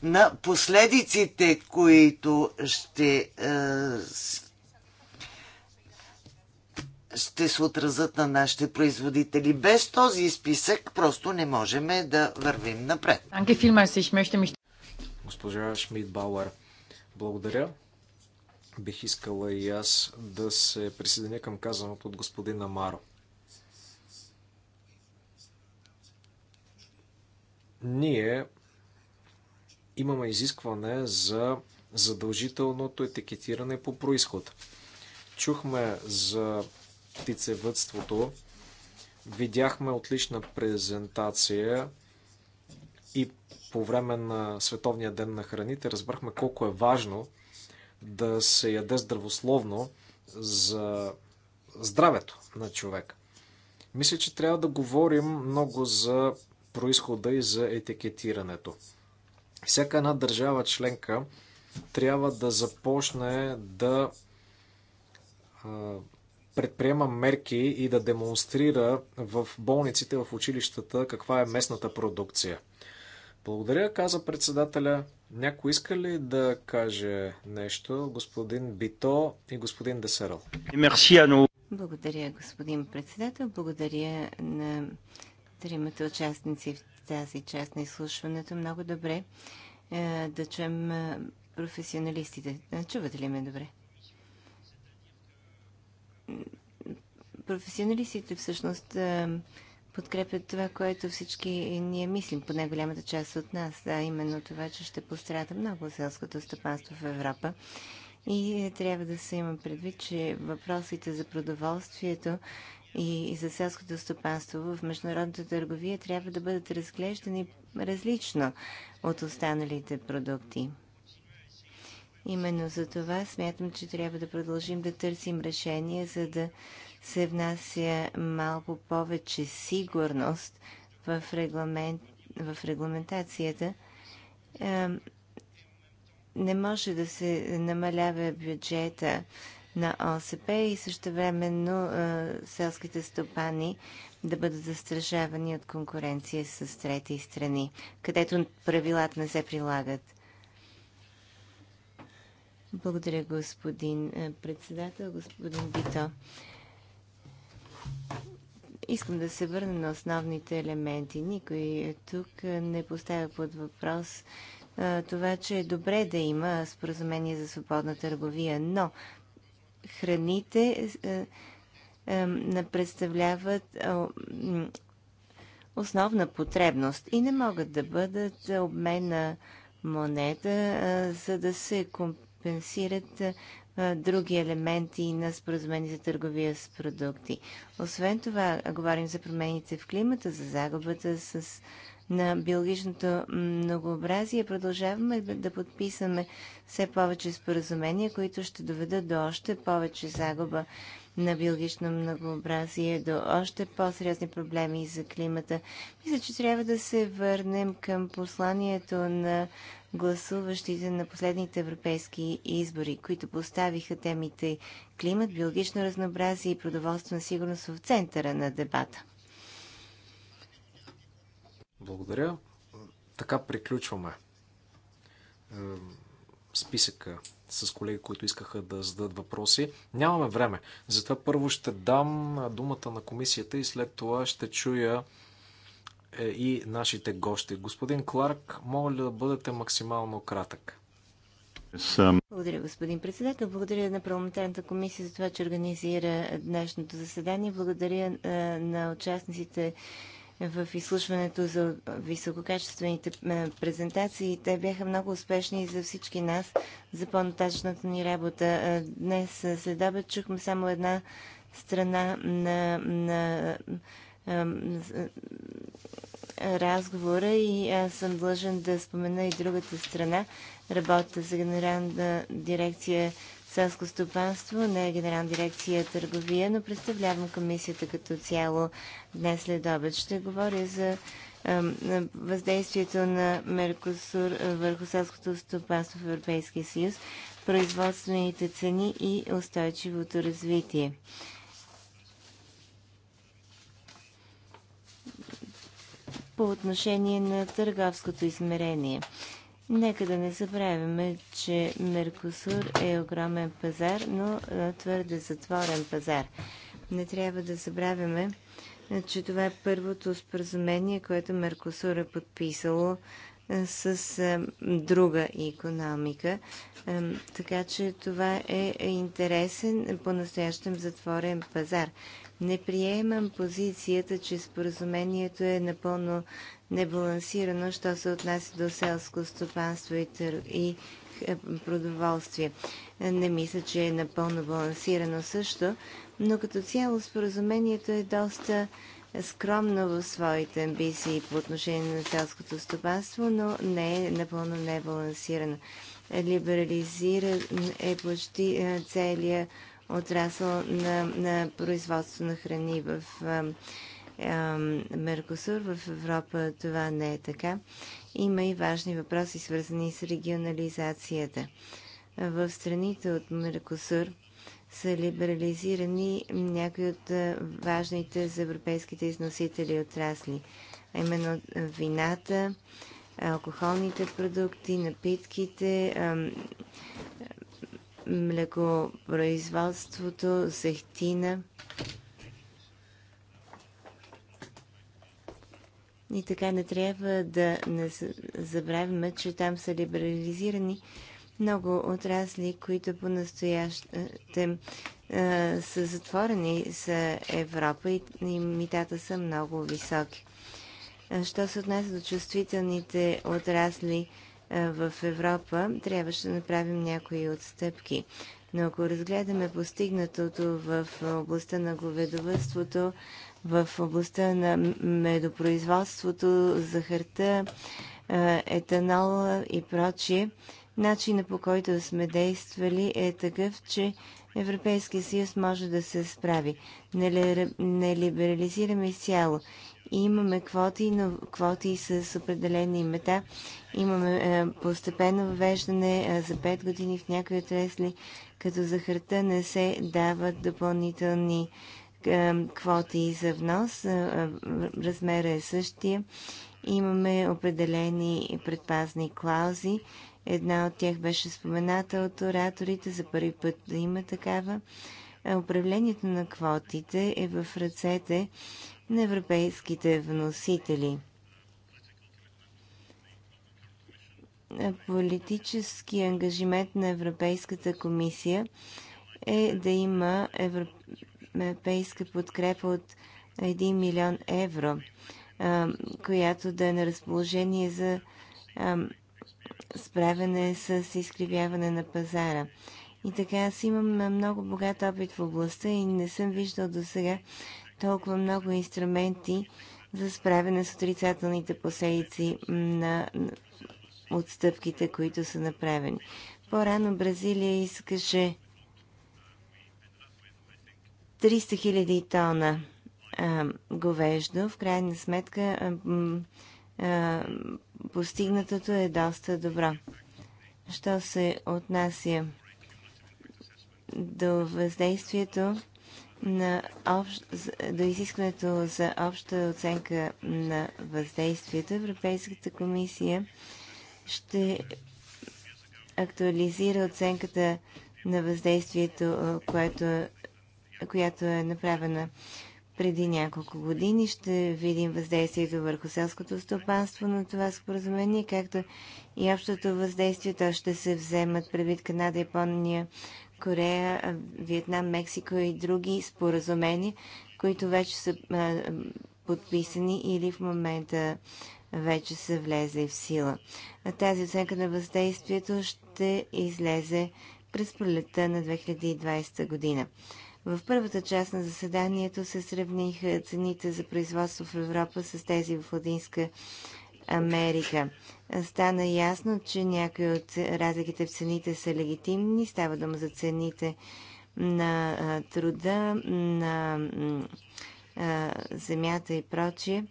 на последиците, които ще е, ще се отразят на нашите производители. Без този списък просто не можем да вървим напред. Госпожа Шмидбауер, благодаря. Бих искала и аз да се присъединя към казаното от господин Амаро. Ние имаме изискване за задължителното етикетиране по происход. Чухме за птицевътството. Видяхме отлична презентация и по време на Световния ден на храните разбрахме колко е важно да се яде здравословно за здравето на човек. Мисля, че трябва да говорим много за происхода и за етикетирането. Всяка една държава членка трябва да започне да предприема мерки и да демонстрира в болниците, в училищата каква е местната продукция. Благодаря, каза председателя. Някой иска ли да каже нещо? Господин Бито и господин Десерал. Благодаря, господин председател. Благодаря на тримата участници в тази част на изслушването. Много добре е, да чуем е, професионалистите. Чувате ли ме добре? професионалистите всъщност подкрепят това, което всички ние мислим, поне голямата част от нас, а именно това, че ще пострада много селското стопанство в Европа. И е, трябва да се има предвид, че въпросите за продоволствието и за селското стопанство в международната търговия трябва да бъдат разглеждани различно от останалите продукти. Именно за това смятам, че трябва да продължим да търсим решения, за да се внася малко повече сигурност в, регламент, в регламентацията. Не може да се намалява бюджета на ОСП и също времено е, селските стопани да бъдат застрашавани от конкуренция с трети страни, където правилата не се прилагат. Благодаря, господин е, председател, господин Бито. Искам да се върна на основните елементи. Никой тук не поставя под въпрос това, че е добре да има споразумение за свободна търговия, но храните представляват основна потребност и не могат да бъдат обмен на монета, за да се компенсират други елементи на споразумение за търговия с продукти. Освен това, говорим за промените в климата, за загубата с, на биологичното многообразие. Продължаваме да подписваме все повече споразумения, които ще доведат до още повече загуба на биологично многообразие, до още по-сериозни проблеми за климата. Мисля, че трябва да се върнем към посланието на гласуващите на последните европейски избори, които поставиха темите климат, биологично разнообразие и продоволствена сигурност в центъра на дебата. Благодаря. Така приключваме е, списъка с колеги, които искаха да зададат въпроси. Нямаме време. Затова първо ще дам думата на комисията и след това ще чуя е и нашите гости. Господин Кларк, моля ли да бъдете максимално кратък? Благодаря, господин председател. Благодаря на парламентарната комисия за това, че организира днешното заседание. Благодаря е, на участниците в изслушването за висококачествените е, презентации. Те бяха много успешни за всички нас, за по-нататъчната ни работа. Днес след обед чухме само една страна на, на разговора и аз съм длъжен да спомена и другата страна. Работа за генерална дирекция селско стопанство, не е генерална дирекция търговия, но представлявам комисията като цяло днес след обед. Ще говоря за въздействието на Меркосур върху селското стопанство в Европейския съюз, производствените цени и устойчивото развитие. по отношение на търговското измерение. Нека да не забравяме, че Меркосур е огромен пазар, но твърде затворен пазар. Не трябва да забравяме, че това е първото споразумение, което Меркосур е подписало с друга економика. Така че това е интересен по-настоящем затворен пазар. Не приемам позицията, че споразумението е напълно небалансирано, що се отнася до селско стопанство и, тър... и е, продоволствие. Не мисля, че е напълно балансирано също, но като цяло споразумението е доста скромно в своите амбиции по отношение на селското стопанство, но не е напълно небалансирано. Либерализира е почти е, целият отрасъл на, на производство на храни в Меркосур. В Европа това не е така. Има и важни въпроси, свързани с регионализацията. В страните от Меркосур са либерализирани някои от важните за европейските износители отрасли, а именно вината, алкохолните продукти, напитките, млекопроизводството, зехтина и така не трябва да не забравяме, че там са либерализирани много отрасли, които по настояще са затворени за Европа и, и митата са много високи. Що се отнася до чувствителните отрасли, в Европа, трябваше да направим някои отстъпки. Но ако разгледаме постигнатото в областта на говедовътството, в областта на медопроизводството, захарта, етанола и прочие, начина по който сме действали е такъв, че Европейския съюз може да се справи. Не, ли, не либерализираме изцяло имаме квоти, но квоти с определени мета. Имаме е, постепенно въвеждане е, за 5 години в някои отрасли, като за харта не се дават допълнителни е, квоти за внос. Размера е същия. Имаме определени предпазни клаузи. Една от тях беше спомената от ораторите. За първи път да има такава. Управлението на квотите е в ръцете на европейските вносители. Политически ангажимент на Европейската комисия е да има европейска подкрепа от 1 милион евро, която да е на разположение за справяне с изкривяване на пазара. И така аз имам много богат опит в областта и не съм виждал до сега толкова много инструменти за справяне с отрицателните последици на отстъпките, които са направени. По-рано Бразилия искаше 300 хиляди тона а, говеждо. В крайна сметка а, а, постигнатото е доста добро. Що се отнася до въздействието на общ, до изискването за обща оценка на въздействието, Европейската комисия ще актуализира оценката на въздействието, което, която е направена преди няколко години. Ще видим въздействието върху селското стопанство на това споразумение, както и общото въздействие. То ще се вземат предвид Канада, Япония, Корея, Виетнам, Мексико и други споразумения, които вече са подписани или в момента вече са влезе в сила. тази оценка на въздействието ще излезе през пролетта на 2020 година. В първата част на заседанието се сравниха цените за производство в Европа с тези в Латинска Америка стана ясно, че някои от разликите в цените са легитимни. Става дума за цените на труда, на земята и прочие.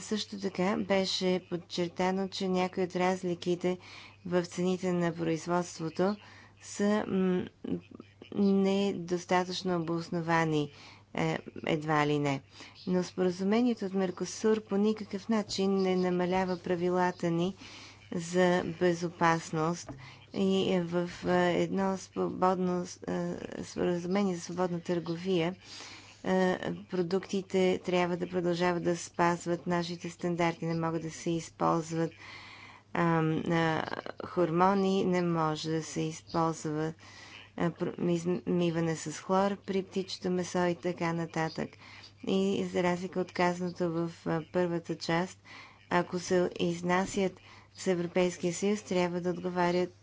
Също така беше подчертано, че някои от разликите в цените на производството са недостатъчно обосновани е, едва ли не. Но споразумението от Меркосур по никакъв начин не намалява правилата ни за безопасност и е в е, едно свободно споразумение за свободна търговия продуктите трябва да продължават да спазват нашите стандарти. Не могат да се използват хормони, не може да се използват Миване с хлор при птичето месо и така нататък. И за разлика от казаното в първата част, ако се изнасят с Европейския съюз, трябва да отговарят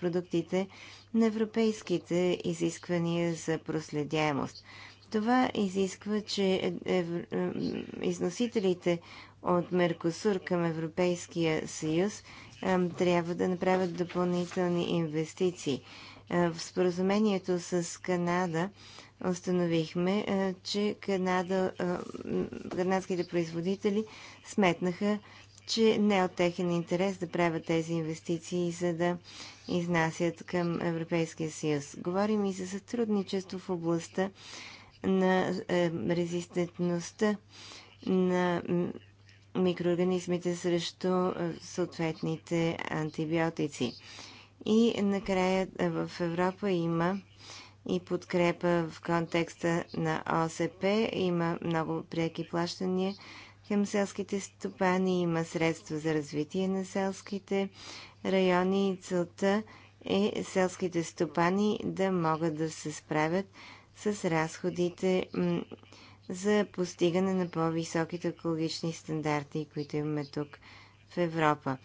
продуктите на европейските изисквания за проследяемост. Това изисква, че е, е, е, износителите от Меркосур към Европейския съюз трябва да направят допълнителни инвестиции. В споразумението с Канада установихме, че Канада, канадските производители сметнаха, че не е от техен интерес да правят тези инвестиции, за да изнасят към Европейския съюз. Говорим и за сътрудничество в областта на е, резистентността на микроорганизмите срещу съответните антибиотици. И накрая е, в Европа има и подкрепа в контекста на ОСП. Има много преки плащания към селските стопани, има средства за развитие на селските райони и целта е селските стопани да могат да се справят с разходите за постигане на по-високите екологични стандарти, които имаме тук в Европа.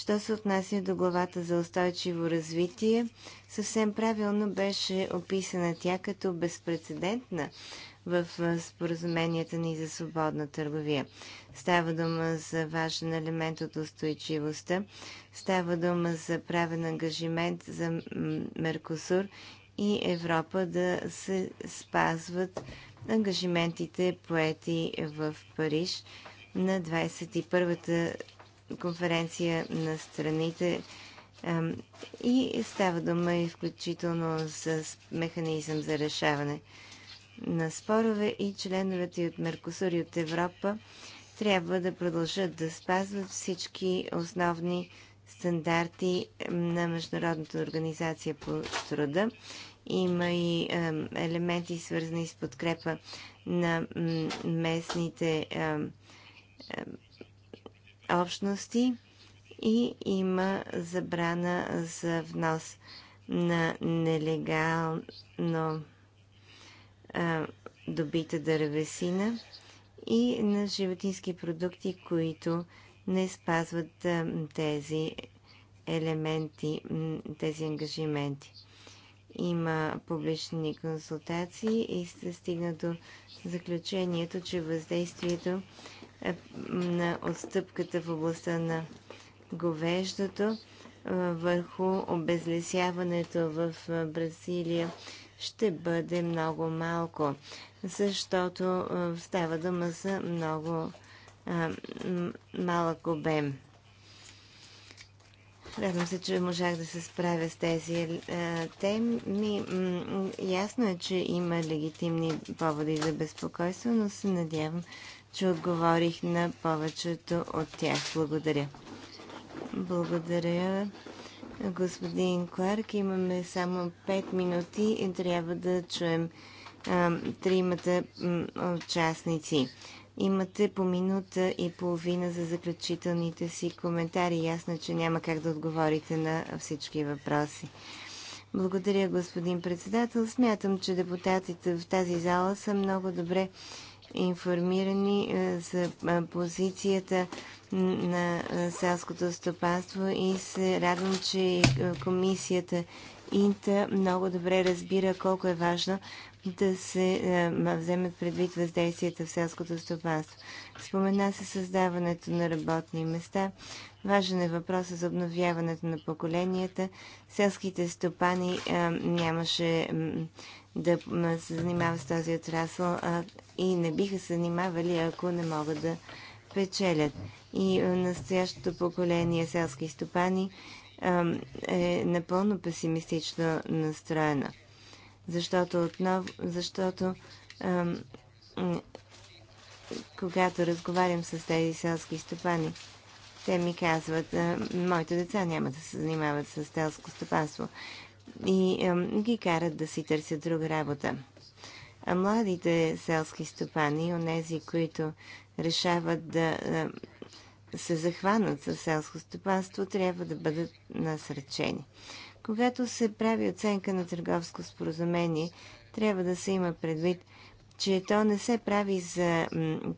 Що се отнася до главата за устойчиво развитие, съвсем правилно беше описана тя като безпредседентна в споразуменията ни за свободна търговия. Става дума за важен елемент от устойчивостта, става дума за правен ангажимент за Меркосур и Европа да се спазват ангажиментите поети в Париж на 21-та конференция на страните и става дума и включително с механизъм за решаване на спорове и членовете от Меркосур и от Европа трябва да продължат да спазват всички основни стандарти на Международната организация по труда. Има и елементи, свързани с подкрепа на местните общности и има забрана за внос на нелегално а, добита дървесина и на животински продукти, които не спазват а, тези елементи, тези ангажименти. Има публични консултации и се стигна до заключението, че въздействието е на отстъпката в областта на говеждото е, върху обезлесяването в е, Бразилия ще бъде много малко, защото става дума за много а, малък обем. Радвам се, че можах да се справя с тези а, теми. Ясно е, че има легитимни поводи за безпокойство, но се надявам, че отговорих на повечето от тях. Благодаря. Благодаря, господин Кларк. Имаме само 5 минути и трябва да чуем а, тримата участници. Имате по минута и половина за заключителните си коментари. Ясно, че няма как да отговорите на всички въпроси. Благодаря, господин председател. Смятам, че депутатите в тази зала са много добре информирани е, за позицията на селското стопанство и се радвам, че е, комисията Инта много добре разбира колко е важно да се е, вземат предвид въздействията в селското стопанство. Спомена се създаването на работни места. Важен е въпросът за обновяването на поколенията. Селските стопани нямаше да се занимава с този отрасъл а, и не биха се занимавали, ако не могат да печелят. И настоящото поколение селски стопани а, е напълно песимистично настроено. Защото отново, защото а, когато разговарям с тези селски стопани, те ми казват, моите деца няма да се занимават с селско стопанство и а, ги карат да си търсят друга работа. А младите селски стопани, онези, които решават да а, се захванат със селско стопанство, трябва да бъдат насречени. Когато се прави оценка на търговско споразумение, трябва да се има предвид, че то не се прави за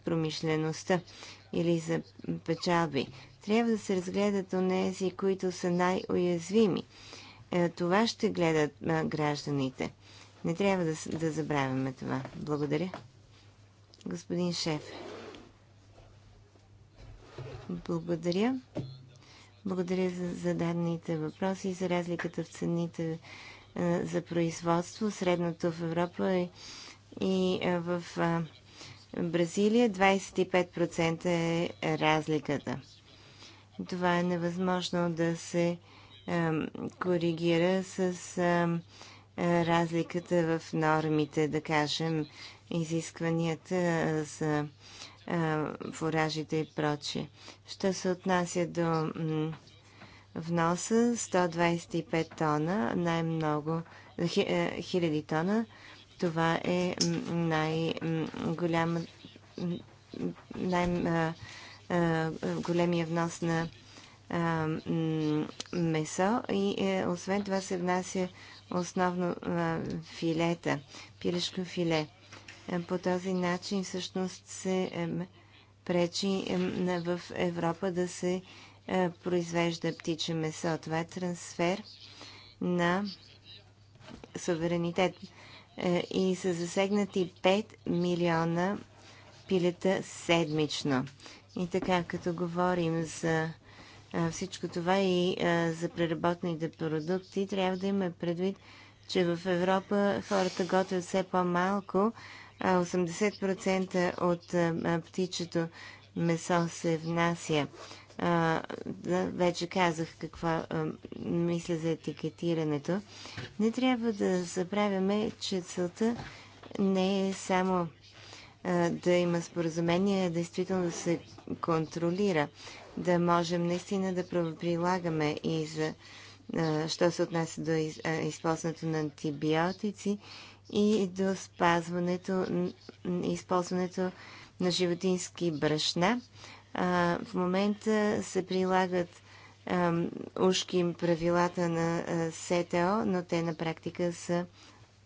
промишлеността или за печалби. Трябва да се разгледат онези, които са най-уязвими – е, това ще гледат гражданите. Не трябва да, да забравяме това. Благодаря. Господин шеф. Благодаря. Благодаря за зададените въпроси и за разликата в цените за производство. Средното в Европа е и в Бразилия 25% е разликата. Това е невъзможно да се коригира с разликата в нормите, да кажем, изискванията за фуражите и прочие. Що се отнася до вноса, 125 тона, най-много, хиляди тона, това е най-голяма най-големия внос на месо и е, освен това се внася основно филета, пилешко филе. по този начин всъщност се е, пречи е, в Европа да се произвежда птиче месо. Това е трансфер на суверенитет. и са засегнати 5 милиона пилета седмично. И така, като говорим за всичко това и за преработните продукти, трябва да имаме предвид, че в Европа хората готвят все по-малко, 80% от птичето месо се внася. вече казах какво мисля за етикетирането. Не трябва да забравяме, че целта не е само да има споразумение, а действително да се контролира да можем наистина да прилагаме и за що се отнася до използването на антибиотици и до спазването, използването на животински брашна. В момента се прилагат ушки правилата на СТО, но те на практика са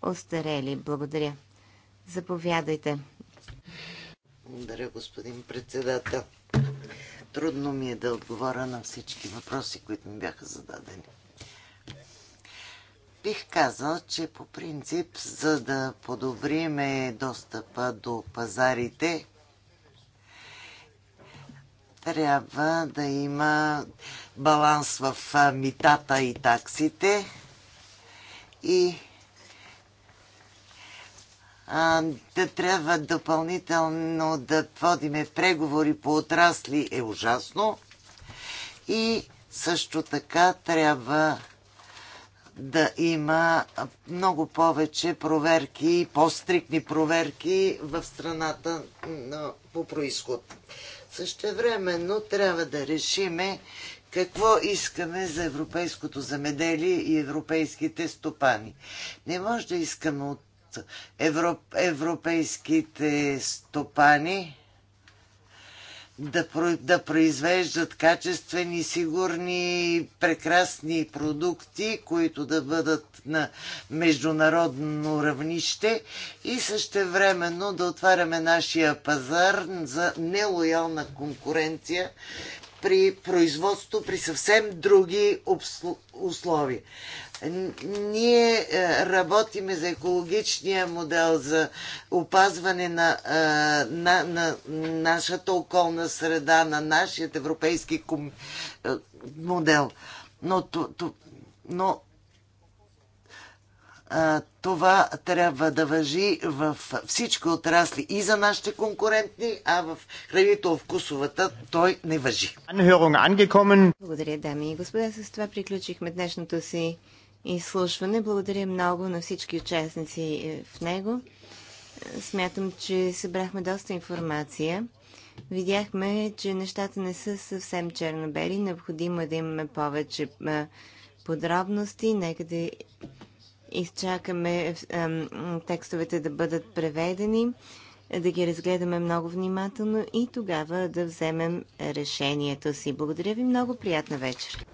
остарели. Благодаря. Заповядайте. Благодаря, господин председател. Трудно ми е да отговоря на всички въпроси, които ми бяха зададени. Бих казал, че по принцип, за да подобриме достъпа до пазарите, трябва да има баланс в митата и таксите и да трябва допълнително да водиме преговори по отрасли е ужасно. И също така трябва да има много повече проверки, по-стрикни проверки в страната по происход. времено трябва да решиме какво искаме за европейското замеделие и европейските стопани. Не може да искаме от европейските стопани да, да произвеждат качествени, сигурни, прекрасни продукти, които да бъдат на международно равнище и същевременно да отваряме нашия пазар за нелоялна конкуренция при производство при съвсем други условия. Ние е, работиме за екологичния модел, за опазване на, е, на, на нашата околна среда, на нашия европейски е, модел. Но, но това трябва да въжи в всички отрасли и за нашите конкурентни, а в хранително-вкусовата той не въжи. Благодаря, дами и господа. С това приключихме днешното си изслушване. Благодаря много на всички участници е, в него. Смятам, че събрахме доста информация. Видяхме, че нещата не са съвсем черно-бели. Необходимо е да имаме повече е, подробности. Нека да изчакаме текстовете да бъдат преведени, да ги разгледаме много внимателно и тогава да вземем решението си. Благодаря ви много, приятна вечер!